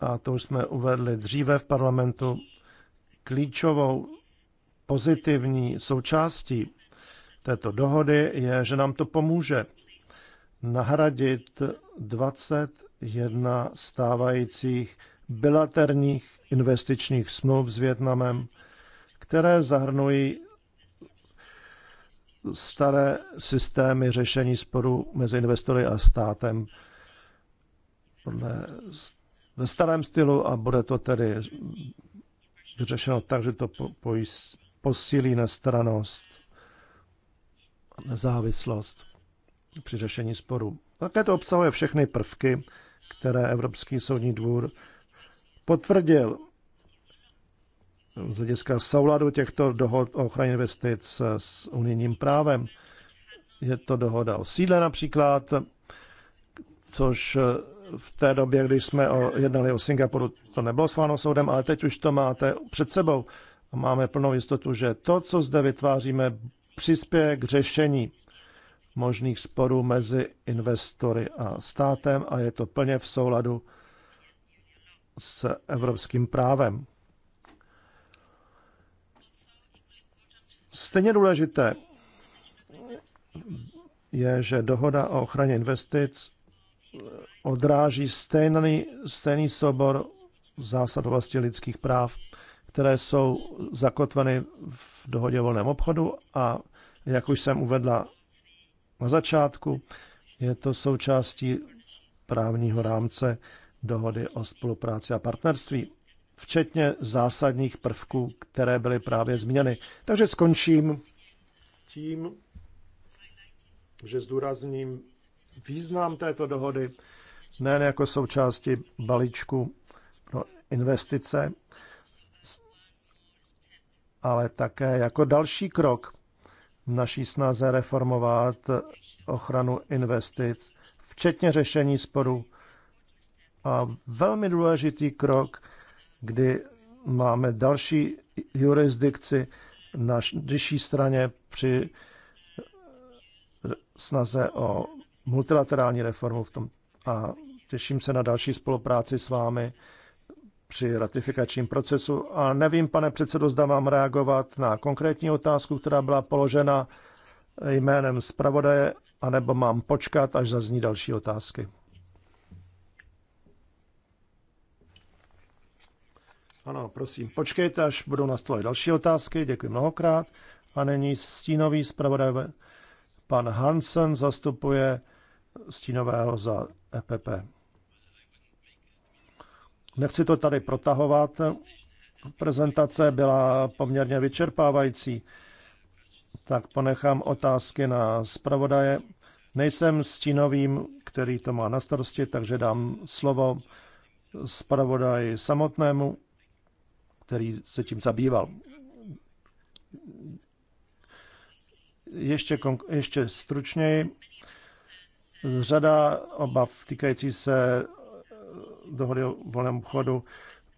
A to už jsme uvedli dříve v parlamentu. Klíčovou pozitivní součástí této dohody je, že nám to pomůže nahradit 21 stávajících bilaterních investičních smluv s Větnamem které zahrnují staré systémy řešení sporu mezi investory a státem podle, ve starém stylu a bude to tedy řešeno tak, že to po, po, posílí nestranost a nezávislost při řešení sporu. Také to obsahuje všechny prvky, které Evropský soudní dvůr potvrdil z hlediska souladu těchto dohod o ochraně investic s unijním právem. Je to dohoda o sídle například, což v té době, když jsme o, jednali o Singapuru, to nebylo sváno soudem, ale teď už to máte před sebou. A máme plnou jistotu, že to, co zde vytváříme, přispěje k řešení možných sporů mezi investory a státem a je to plně v souladu s evropským právem. Stejně důležité je, že dohoda o ochraně investic odráží stejný, stejný soubor zásad oblasti lidských práv, které jsou zakotveny v dohodě o volném obchodu a jak už jsem uvedla na začátku, je to součástí právního rámce dohody o spolupráci a partnerství včetně zásadních prvků, které byly právě změny. Takže skončím tím, že zdůrazním význam této dohody nejen jako součásti balíčku pro investice, ale také jako další krok v naší snaze reformovat ochranu investic, včetně řešení sporu. A velmi důležitý krok kdy máme další jurisdikci na vyšší straně při snaze o multilaterální reformu v tom a těším se na další spolupráci s vámi při ratifikačním procesu. A nevím, pane předsedo, zda mám reagovat na konkrétní otázku, která byla položena jménem zpravodaje, anebo mám počkat, až zazní další otázky. Ano, prosím, počkejte, až budou na stole další otázky. Děkuji mnohokrát. A není stínový zpravodaj pan Hansen zastupuje stínového za EPP. Nechci to tady protahovat. Prezentace byla poměrně vyčerpávající, tak ponechám otázky na zpravodaje. Nejsem stínovým, který to má na starosti, takže dám slovo zpravodaji samotnému který se tím zabýval. Ještě, ještě stručněji, řada obav týkající se eh, dohody o volném obchodu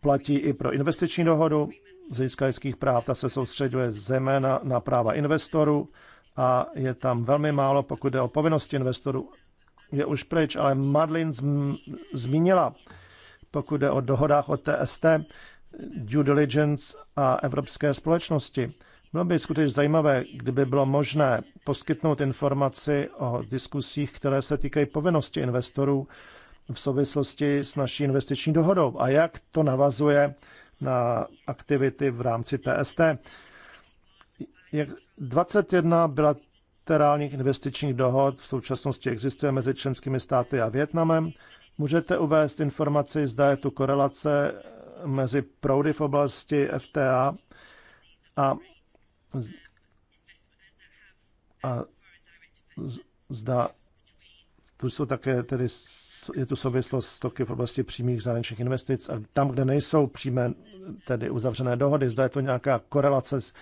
platí i pro investiční dohodu z hlediska lidských práv. Ta se soustředuje zejména na práva investorů a je tam velmi málo, pokud jde o povinnosti investorů. Je už pryč, ale Madlin zmínila, pokud jde o dohodách o TST, due diligence a evropské společnosti. Bylo by skutečně zajímavé, kdyby bylo možné poskytnout informaci o diskusích, které se týkají povinnosti investorů v souvislosti s naší investiční dohodou a jak to navazuje na aktivity v rámci TST. 21 bilaterálních investičních dohod v současnosti existuje mezi členskými státy a Větnamem. Můžete uvést informaci, zda je tu korelace mezi proudy v oblasti FTA a, a zda tu jsou také tedy je tu souvislost s toky v oblasti přímých zahraničních investic a tam, kde nejsou přímé tedy uzavřené dohody, zda je to nějaká korelace s,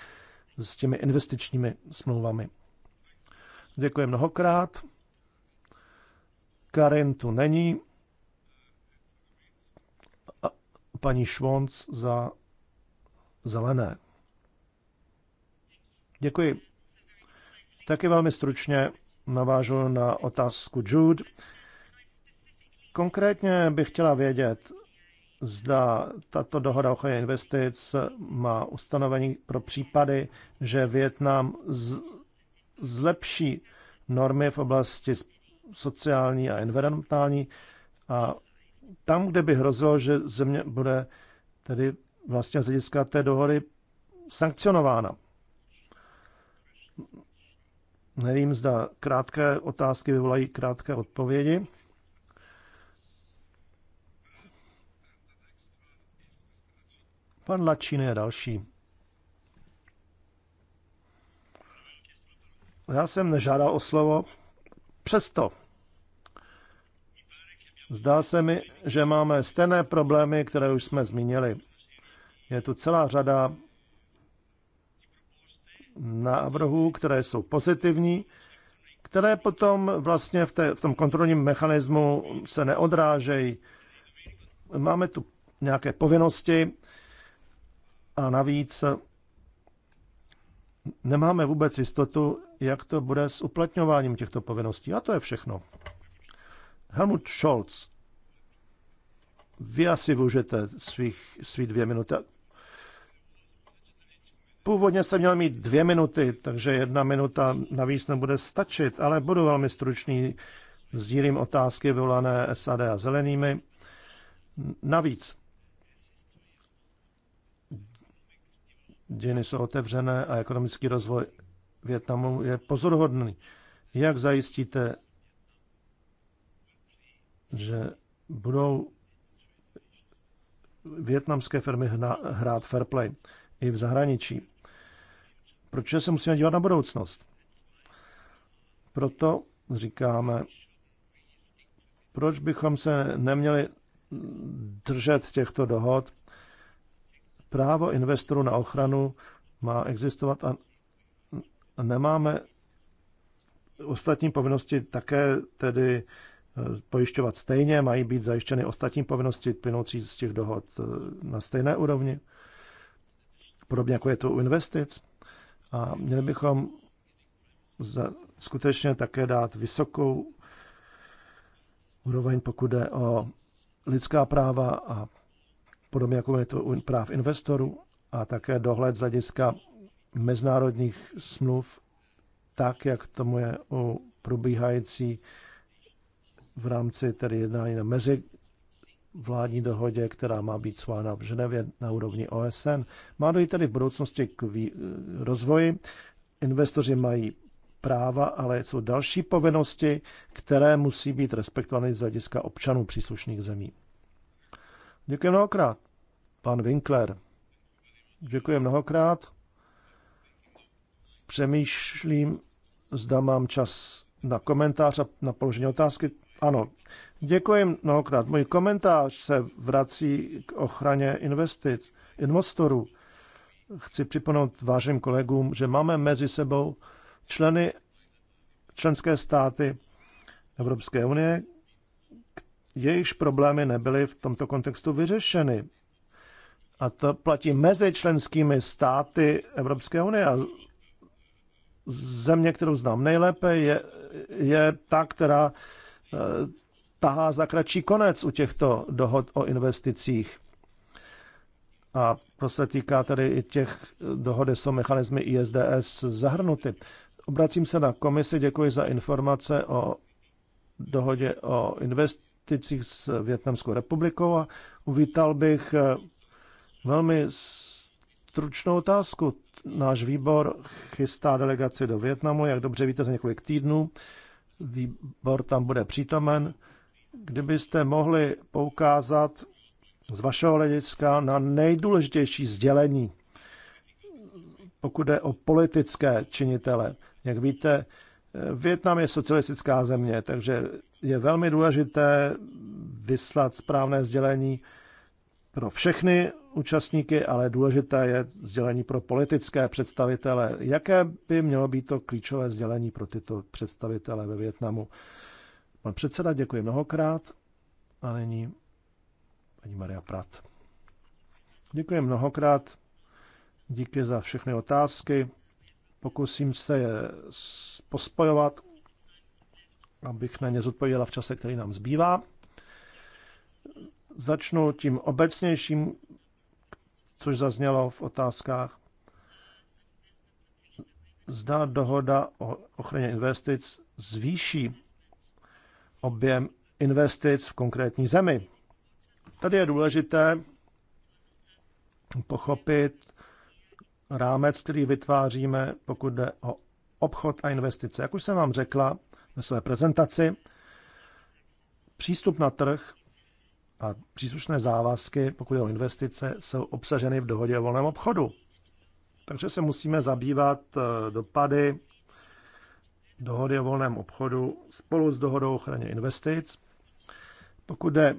s těmi investičními smlouvami. Děkuji mnohokrát. Karin tu není. paní Švonc za zelené. Děkuji. Taky velmi stručně navážu na otázku Jude. Konkrétně bych chtěla vědět, zda tato dohoda o ochraně investic má ustanovení pro případy, že Větnam zlepší normy v oblasti sociální a environmentální a tam, kde by hrozilo, že země bude tedy vlastně z hlediska té dohody sankcionována. Nevím, zda krátké otázky vyvolají krátké odpovědi. Pan Lačín je další. Já jsem nežádal o slovo, přesto Zdá se mi, že máme stejné problémy, které už jsme zmínili. Je tu celá řada návrhů, které jsou pozitivní, které potom vlastně v, té, v tom kontrolním mechanismu se neodrážejí. Máme tu nějaké povinnosti a navíc nemáme vůbec jistotu, jak to bude s uplatňováním těchto povinností. A to je všechno. Helmut Scholz, vy asi využijete svých, svých dvě minuty. Původně jsem měl mít dvě minuty, takže jedna minuta navíc nebude stačit, ale budu velmi stručný. Sdílím otázky vyvolané SAD a zelenými. Navíc, dějiny jsou otevřené a ekonomický rozvoj Větnamu je pozoruhodný. Jak zajistíte, že budou větnamské firmy hrát fair play i v zahraničí. Proč se musíme dívat na budoucnost. Proto říkáme, proč bychom se neměli držet těchto dohod. Právo investorů na ochranu má existovat a nemáme ostatní povinnosti také tedy Eh, pojišťovat stejně, mají být zajištěny ostatní povinnosti plynoucí z těch dohod eh, na stejné úrovni, podobně jako je to u investic. A měli bychom za, skutečně také dát vysokou úroveň, pokud jde o lidská práva a podobně jako je to u práv investorů a také dohled z hlediska mezinárodních smluv, tak jak tomu je u probíhající v rámci tedy jednání na mezi vládní dohodě, která má být svána v Ženevě na úrovni OSN. Má dojít tedy v budoucnosti k rozvoji. Investoři mají práva, ale jsou další povinnosti, které musí být respektovány z hlediska občanů příslušných zemí. Děkuji mnohokrát. Pan Winkler. Děkuji mnohokrát. Přemýšlím, zda mám čas na komentář a na položení otázky. Ano, děkuji mnohokrát. Můj komentář se vrací k ochraně investic, investorů. Chci připomenout vážným kolegům, že máme mezi sebou členy členské státy Evropské unie, jejichž problémy nebyly v tomto kontextu vyřešeny. A to platí mezi členskými státy Evropské unie. A země, kterou znám nejlépe, je, je ta, která tahá za kratší konec u těchto dohod o investicích. A to se týká tedy i těch dohody, jsou mechanismy ISDS zahrnuty. Obracím se na komisi, děkuji za informace o dohodě o investicích s Větnamskou republikou a uvítal bych eh, velmi stručnou otázku. Náš výbor chystá delegaci do Větnamu, jak dobře víte, za několik týdnů výbor tam bude přítomen. Kdybyste mohli poukázat z vašeho hlediska na nejdůležitější sdělení, pokud jde o politické činitele. Jak víte, Větnam je socialistická země, takže je velmi důležité vyslat správné sdělení pro všechny účastníky, ale důležité je sdělení pro politické představitele. Jaké by mělo být to klíčové sdělení pro tyto představitele ve Větnamu? Pan předseda, děkuji mnohokrát. A nyní paní Maria Prat. Děkuji mnohokrát. Díky za všechny otázky. Pokusím se je pospojovat, abych na ně zodpověděla v čase, který nám zbývá. Začnu tím obecnějším, což zaznělo v otázkách. Zda dohoda o ochraně investic zvýší objem investic v konkrétní zemi. Tady je důležité pochopit rámec, který vytváříme, pokud jde o obchod a investice. Jak už jsem vám řekla ve své prezentaci, přístup na trh a příslušné závazky, pokud je o investice, jsou obsaženy v dohodě o volném obchodu. Takže se musíme zabývat eh, dopady dohody o volném obchodu spolu s dohodou o ochraně investic. Pokud jde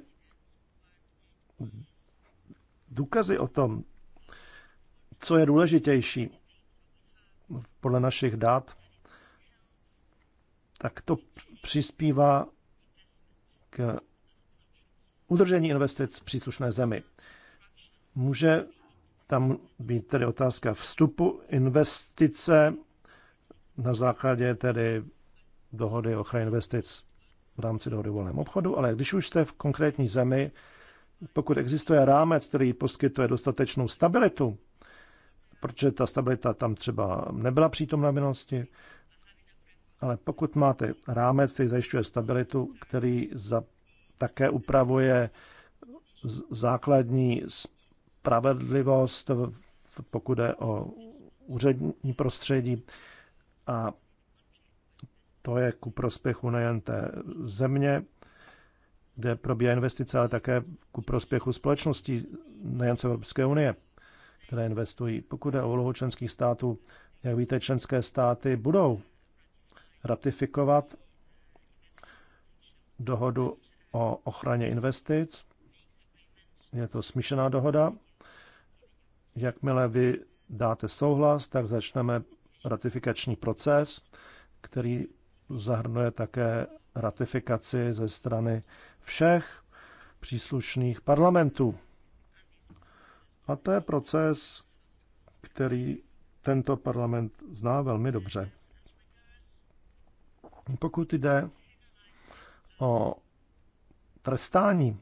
důkazy o tom, co je důležitější podle našich dat, tak to přispívá k udržení investic v příslušné zemi. Může tam být tedy otázka vstupu investice na základě tedy dohody o ochraně investic v rámci dohody o volném obchodu, ale když už jste v konkrétní zemi, pokud existuje rámec, který poskytuje dostatečnou stabilitu, protože ta stabilita tam třeba nebyla přítomna v minulosti, ale pokud máte rámec, který zajišťuje stabilitu, který za také upravuje základní spravedlivost, pokud je o úřední prostředí a to je ku prospěchu nejen té země, kde probíhá investice, ale také ku prospěchu společností, nejen z Evropské unie, které investují. Pokud je o úlohu členských států, jak víte, členské státy budou ratifikovat dohodu o ochraně investic. Je to smíšená dohoda. Jakmile vy dáte souhlas, tak začneme ratifikační proces, který zahrnuje také ratifikaci ze strany všech příslušných parlamentů. A to je proces, který tento parlament zná velmi dobře. Pokud jde o trestání,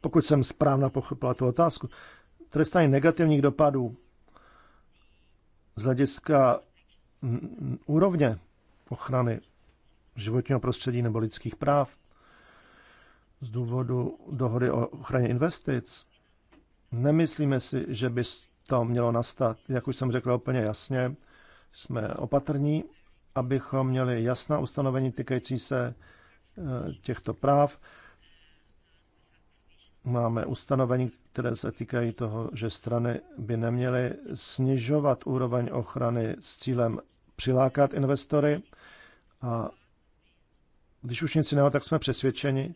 pokud jsem správně pochopila tu otázku, trestání negativních dopadů z hlediska úrovně ochrany životního prostředí nebo lidských práv z důvodu dohody o ochraně investic, nemyslíme si, že by to mělo nastat. Jak už jsem řekl úplně jasně, jsme opatrní, abychom měli jasná ustanovení týkající se těchto práv. Máme ustanovení, které se týkají toho, že strany by neměly snižovat úroveň ochrany s cílem přilákat investory. A když už nic jiného, tak jsme přesvědčeni,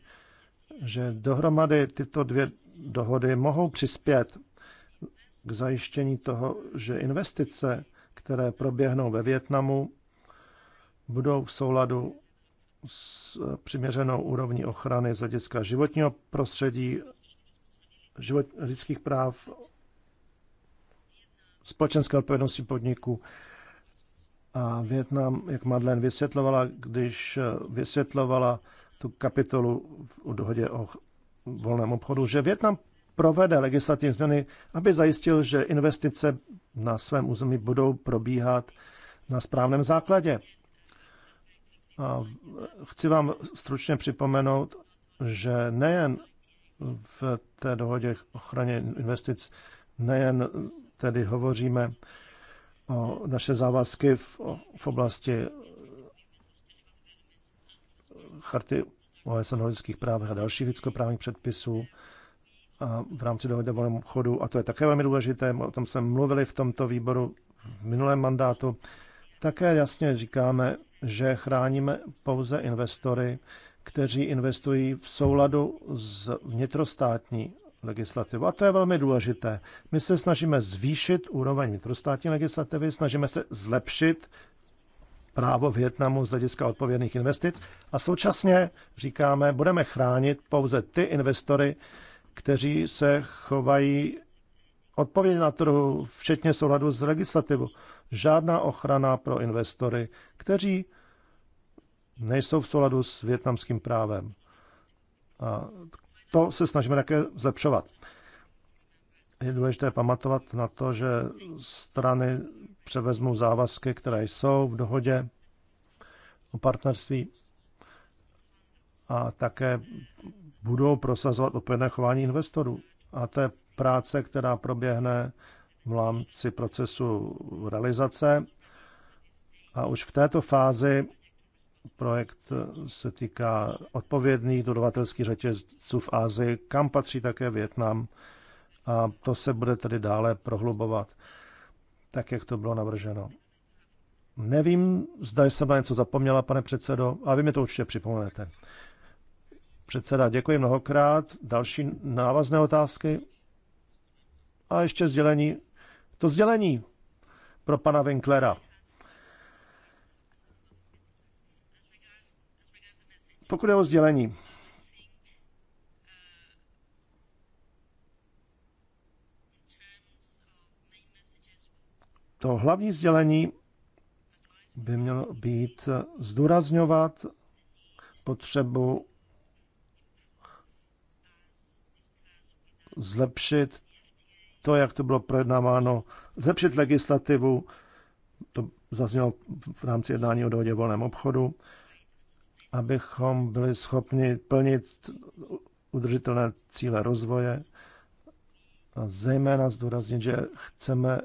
že dohromady tyto dvě dohody mohou přispět k zajištění toho, že investice, které proběhnou ve Větnamu, budou v souladu s přiměřenou úrovní ochrany z hlediska životního prostředí, život, lidských práv, společenské odpovědnosti podniku. A Větnam, jak Madlen vysvětlovala, když vysvětlovala tu kapitolu v dohodě o volném obchodu, že Větnam provede legislativní změny, aby zajistil, že investice na svém území budou probíhat na správném základě. A chci vám stručně připomenout, že nejen v té dohodě k ochraně investic, nejen tedy hovoříme o naše závazky v, v oblasti charty OSN o lidských právech a dalších lidskoprávních předpisů a v rámci dohody o volném obchodu, a to je také velmi důležité, o tom jsme mluvili v tomto výboru v minulém mandátu, také jasně říkáme, že chráníme pouze investory, kteří investují v souladu s vnitrostátní legislativou. A to je velmi důležité. My se snažíme zvýšit úroveň vnitrostátní legislativy, snažíme se zlepšit právo Větnamu z hlediska odpovědných investic a současně říkáme, budeme chránit pouze ty investory, kteří se chovají odpovědi na trhu, včetně souladu s legislativou. Žádná ochrana pro investory, kteří nejsou v souladu s větnamským právem. A to se snažíme také zlepšovat. Je důležité pamatovat na to, že strany převezmou závazky, které jsou v dohodě o partnerství a také budou prosazovat odpovědné chování investorů. A to je práce, která proběhne v rámci procesu realizace. A už v této fázi projekt se týká odpovědných dodavatelských řetězců v Ázii, kam patří také Větnam. A to se bude tedy dále prohlubovat, tak jak to bylo navrženo. Nevím, zda jsem na něco zapomněla, pane předsedo, a vy mi to určitě připomenete. Předseda, děkuji mnohokrát. Další návazné otázky? A ještě sdělení. To sdělení pro pana Winklera. Pokud je o sdělení, to hlavní sdělení by mělo být zdůrazňovat potřebu zlepšit to, jak to bylo projednáváno, zlepšit legislativu, to zaznělo v rámci jednání o dohodě volném obchodu, abychom byli schopni plnit udržitelné cíle rozvoje a zejména zdůraznit, že chceme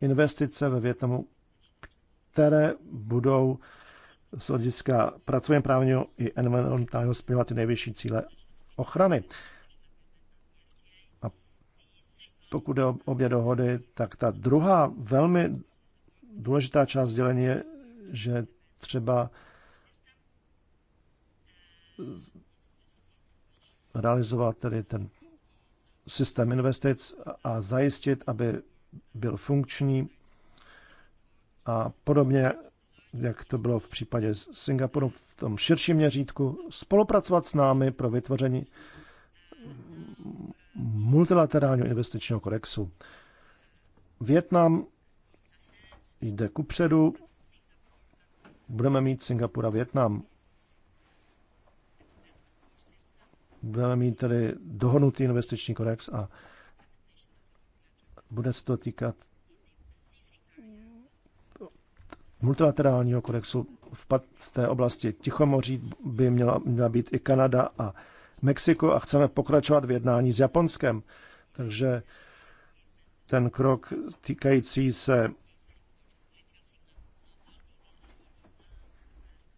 investice ve Větnamu, které budou z hlediska pracovně právního i environmentálního splňovat ty nejvyšší cíle ochrany. Pokud jde o obě dohody, tak ta druhá velmi důležitá část dělení je, že třeba realizovat tedy ten systém investic a zajistit, aby byl funkční a podobně, jak to bylo v případě Singapuru v tom širším měřítku, spolupracovat s námi pro vytvoření multilaterálního investičního kodexu. Větnam jde kupředu, budeme mít Singapura Větnam. Budeme mít tedy dohodnutý investiční kodex a bude se to týkat multilaterálního kodexu v té oblasti Tichomoří by měla, měla být i Kanada a Mexiko a chceme pokračovat v jednání s Japonskem. Takže ten krok týkající se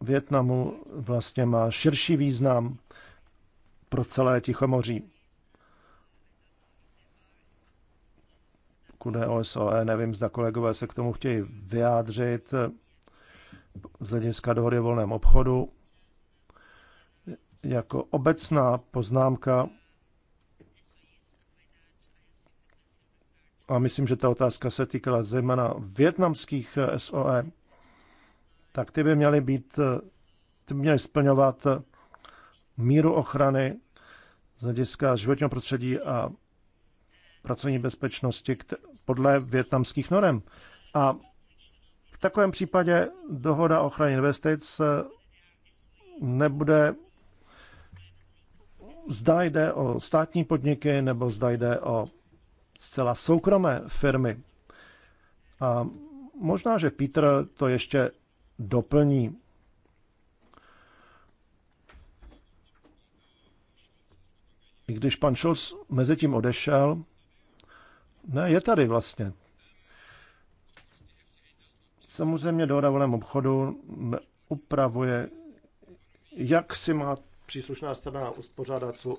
Větnamu vlastně má širší význam pro celé Tichomoří. Pokud OSOE, nevím, zda kolegové se k tomu chtějí vyjádřit z hlediska dohody o volném obchodu jako obecná poznámka. A myslím, že ta otázka se týkala zejména větnamských eh, SOE, tak ty by měly být, eh, ty by měly splňovat eh, míru ochrany z hlediska životního prostředí a pracovní bezpečnosti podle větnamských norem. A v takovém případě dohoda o ochraně investic nebude zda jde o státní podniky nebo zda jde o zcela soukromé firmy. A možná, že Peter to ještě doplní. I když pan Scholz mezi tím odešel, ne, je tady vlastně. Samozřejmě dohoda volném obchodu upravuje, jak si má příslušná strana uspořádat svou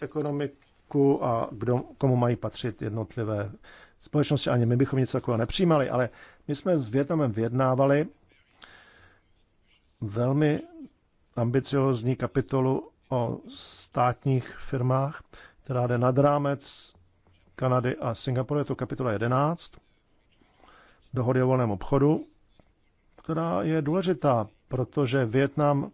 ekonomiku a kdo, komu mají patřit jednotlivé společnosti. Ani my bychom nic takového nepřijímali, ale my jsme s Větnamem vyjednávali velmi ambiciozní kapitolu o státních firmách, která jde nad rámec Kanady a Singapuru. Je to kapitola 11 dohody o volném obchodu, která je důležitá, protože Větnam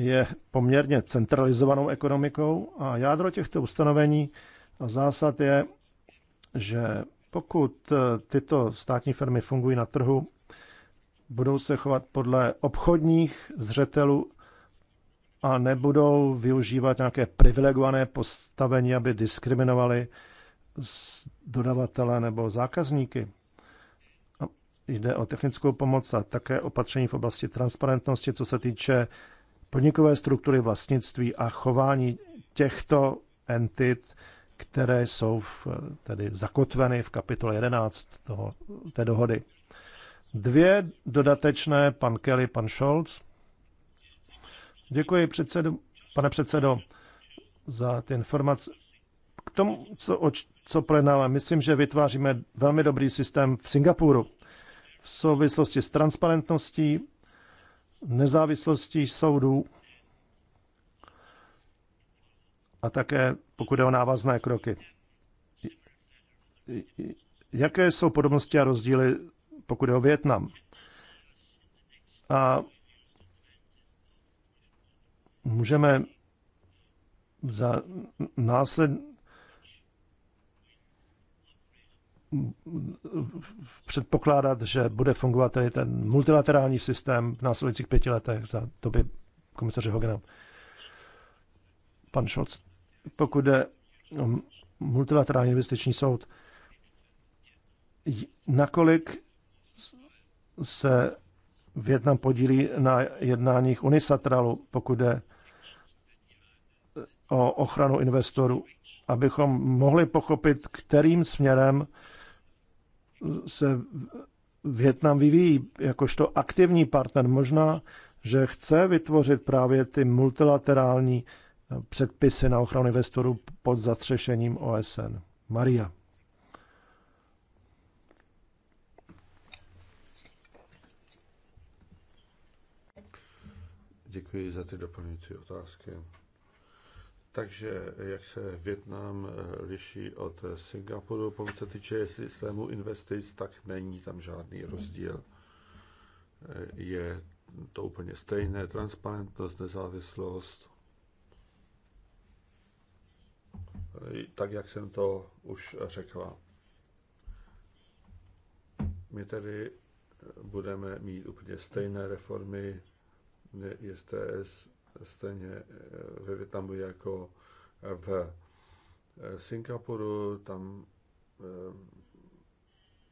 je poměrně centralizovanou ekonomikou a jádro těchto ustanovení a zásad je, že pokud eh, tyto státní firmy fungují na trhu, budou se chovat podle obchodních zřetelů a nebudou využívat nějaké privilegované postavení, aby diskriminovali dodavatele nebo zákazníky. Jde o technickou pomoc a také opatření v oblasti transparentnosti, co se týče podnikové struktury vlastnictví a chování těchto entit, které jsou v, tedy zakotveny v kapitole 11 toho, té dohody. Dvě dodatečné, pan Kelly, pan Scholz. Děkuji, předsedu, pane předsedo, za ty informace. K tomu, co, oč, co projednáváme, myslím, že vytváříme velmi dobrý systém v Singapuru v souvislosti s transparentností nezávislostí soudů a také pokud je o návazné kroky. Jaké jsou podobnosti a rozdíly, pokud je o Větnam? A můžeme za následně předpokládat, že bude fungovat tedy ten multilaterální systém v následujících pěti letech za doby komisaře Hogena. Pan Scholz, pokud je multilaterální investiční soud, nakolik se Větnam podílí na jednáních Unisatralu, pokud je o ochranu investorů, abychom mohli pochopit, kterým směrem se Větnam vyvíjí jakožto aktivní partner. Možná, že chce vytvořit právě ty multilaterální eh, předpisy na ochranu investorů pod zatřešením OSN. Maria. Děkuji za ty doplňující otázky. Takže jak se Větnam eh, liší od eh, Singapuru, pokud se týče systému investic, tak není tam žádný rozdíl. Eh, je to úplně stejné, transparentnost, nezávislost. Tak, jak jsem to už řekla. My tedy budeme mít úplně stejné reformy STS stejně eh, ve Větnamu jako eh, v eh, Singapuru. Tam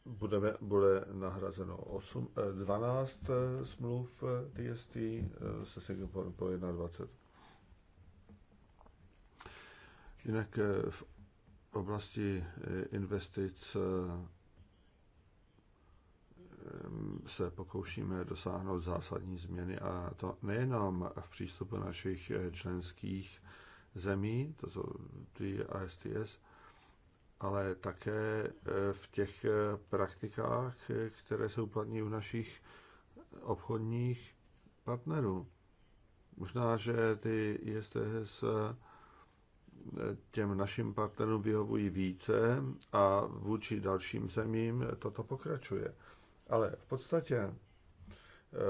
budeme, bude nahrazeno 8, 12 smluv TST se Singapurem po 21. Jinak v oblasti investic se pokoušíme dosáhnout zásadní změny a to nejenom v přístupu našich eh, členských zemí, to jsou ty ASTS, ale také eh, v těch eh, praktikách, které se uplatní u našich obchodních partnerů. Možná, že ty ISTS těm našim partnerům vyhovují více a vůči dalším zemím toto pokračuje. Ale v podstatě, eh,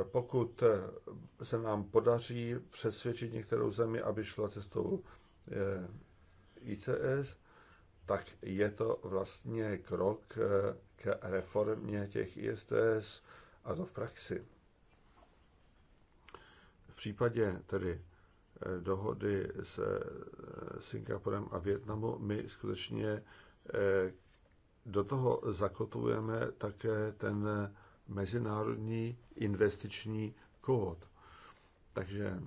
pokud eh, se nám podaří přesvědčit některou zemi, aby šla cestou eh, ICS, tak je to vlastně krok k reformě těch ISTS a to v praxi. V případě tedy dohody s Singapurem a Větnamu my skutečně do toho zakotujeme také ten mezinárodní investiční kód. Takže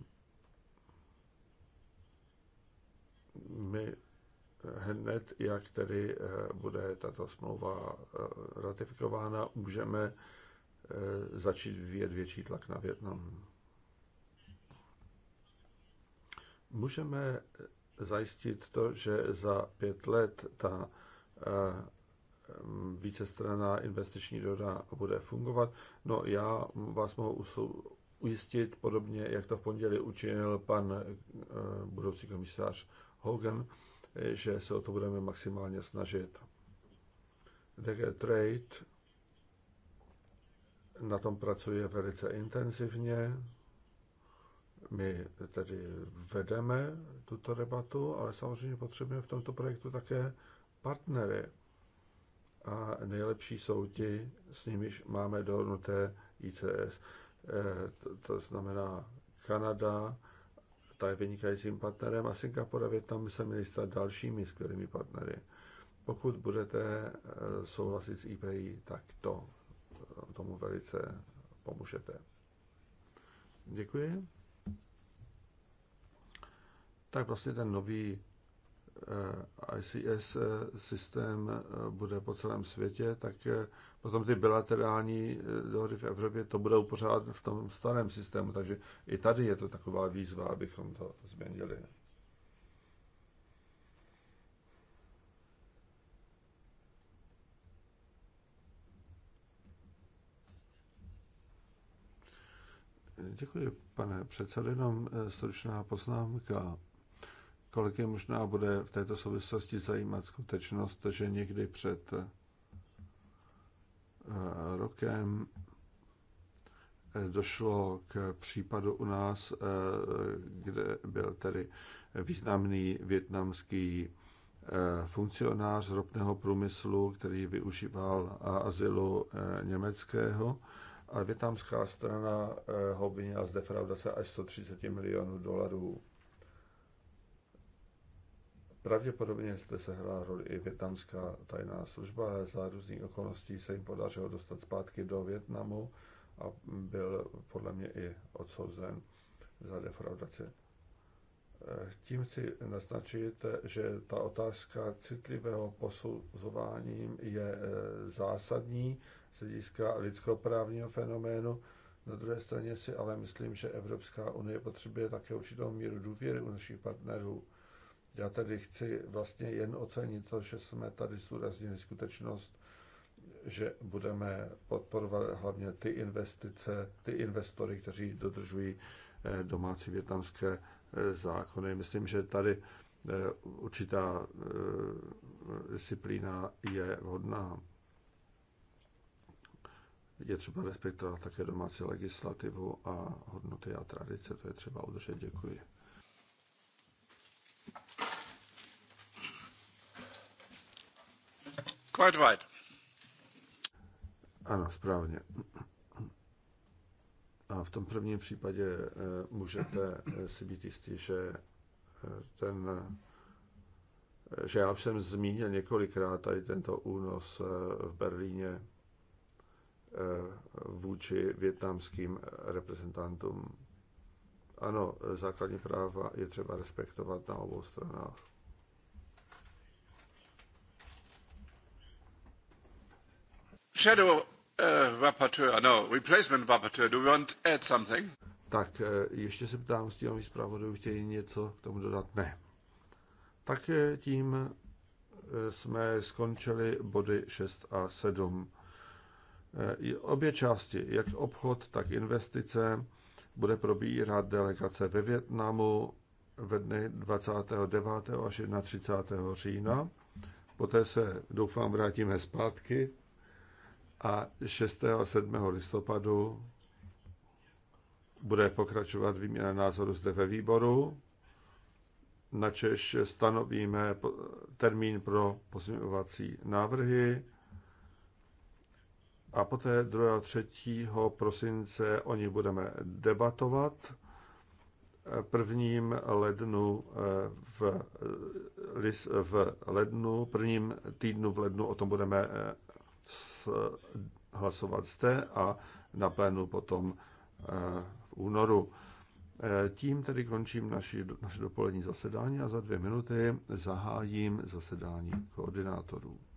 my hned, jak tedy eh, bude tato smlouva eh, ratifikována, můžeme eh, začít vyvíjet větší tlak na Větnam. Můžeme zajistit to, že za pět let ta vícestranná investiční dohoda bude fungovat. No já vás mohu ujistit, podobně jak to v pondělí učinil pan eh, budoucí komisář Hogan, že se o to budeme maximálně snažit. DG Trade na tom pracuje velice intenzivně. My tedy vedeme tuto debatu, ale samozřejmě potřebujeme v tomto projektu také partnery a nejlepší jsou ti, s nimiž máme dohodnuté ICS. Eh, to, to znamená Kanada, ta je vynikajícím partnerem a Singapur a Větnam se měli stát dalšími skvělými partnery. Pokud budete eh, souhlasit s IPI, tak to eh, tomu velice pomůžete. Děkuji. Tak vlastně ten nový Eh, ICS eh, systém eh, bude po celém světě, tak potom ty bilaterální dohody v Evropě, to budou pořád v tom starém systému, takže i tady je to taková výzva, abychom to změnili. Děkuji, pane předsedo. Jenom stručná poznámka je možná bude v této souvislosti zajímat skutečnost, že někdy před eh, rokem eh, došlo k případu u nás, eh, kde byl tedy významný větnamský funkcionář ropného průmyslu, který využíval azylu německého. A větnamská strana ho vinila z defraudace až 130 milionů dolarů. Pravděpodobně zde se hrá roli i větnamská tajná služba, ale za různých okolností se jim podařilo dostat zpátky do Větnamu a byl podle mě i odsouzen za defraudaci. Tím chci naznačit, že ta otázka citlivého posuzování je e, zásadní z hlediska lidskoprávního fenoménu. Na druhé straně si ale myslím, že Evropská unie potřebuje také určitou míru důvěry u našich partnerů. Já tady chci vlastně jen ocenit to, že jsme tady zúraznili skutečnost, že budeme podporovat hlavně ty investice, ty investory, kteří dodržují eh, domácí větnamské eh, zákony. Myslím, že tady eh, určitá disciplína je vhodná. Je třeba respektovat také domácí legislativu a hodnoty a tradice. To je třeba udržet. Děkuji. quite right. Ano, správně. A v tom prvním případě eh, můžete eh, si být jistý, že eh, ten že já už jsem zmínil několikrát tady tento únos v Berlíně vůči větnamským reprezentantům. Ano, základní práva je třeba respektovat na obou stranách. Shadow uh, rapporteur, no, replacement rapporteur, do you want to add something? Tak eh, ještě se ptám, tím zpravodajů chtějí něco k tomu dodat? Ne. Tak eh, tím eh, jsme skončili body 6 a 7. Obě části, jak obchod, tak investice, bude probírat delegace ve Větnamu ve dne 29. až 31. října. Poté se, doufám, vrátíme zpátky a 6. a 7. listopadu bude pokračovat výměna názoru zde ve výboru, načež stanovíme termín pro pozměňovací návrhy a poté 2. a 3. prosince o nich budeme debatovat. Prvním lednu eh, v, eh, v lednu, prvním týdnu v lednu o tom budeme eh, hlasovat zde a na plénu potom eh, v únoru. Eh, tím tedy končím naši, naše dopolední zasedání a za dvě minuty zahájím zasedání koordinátorů.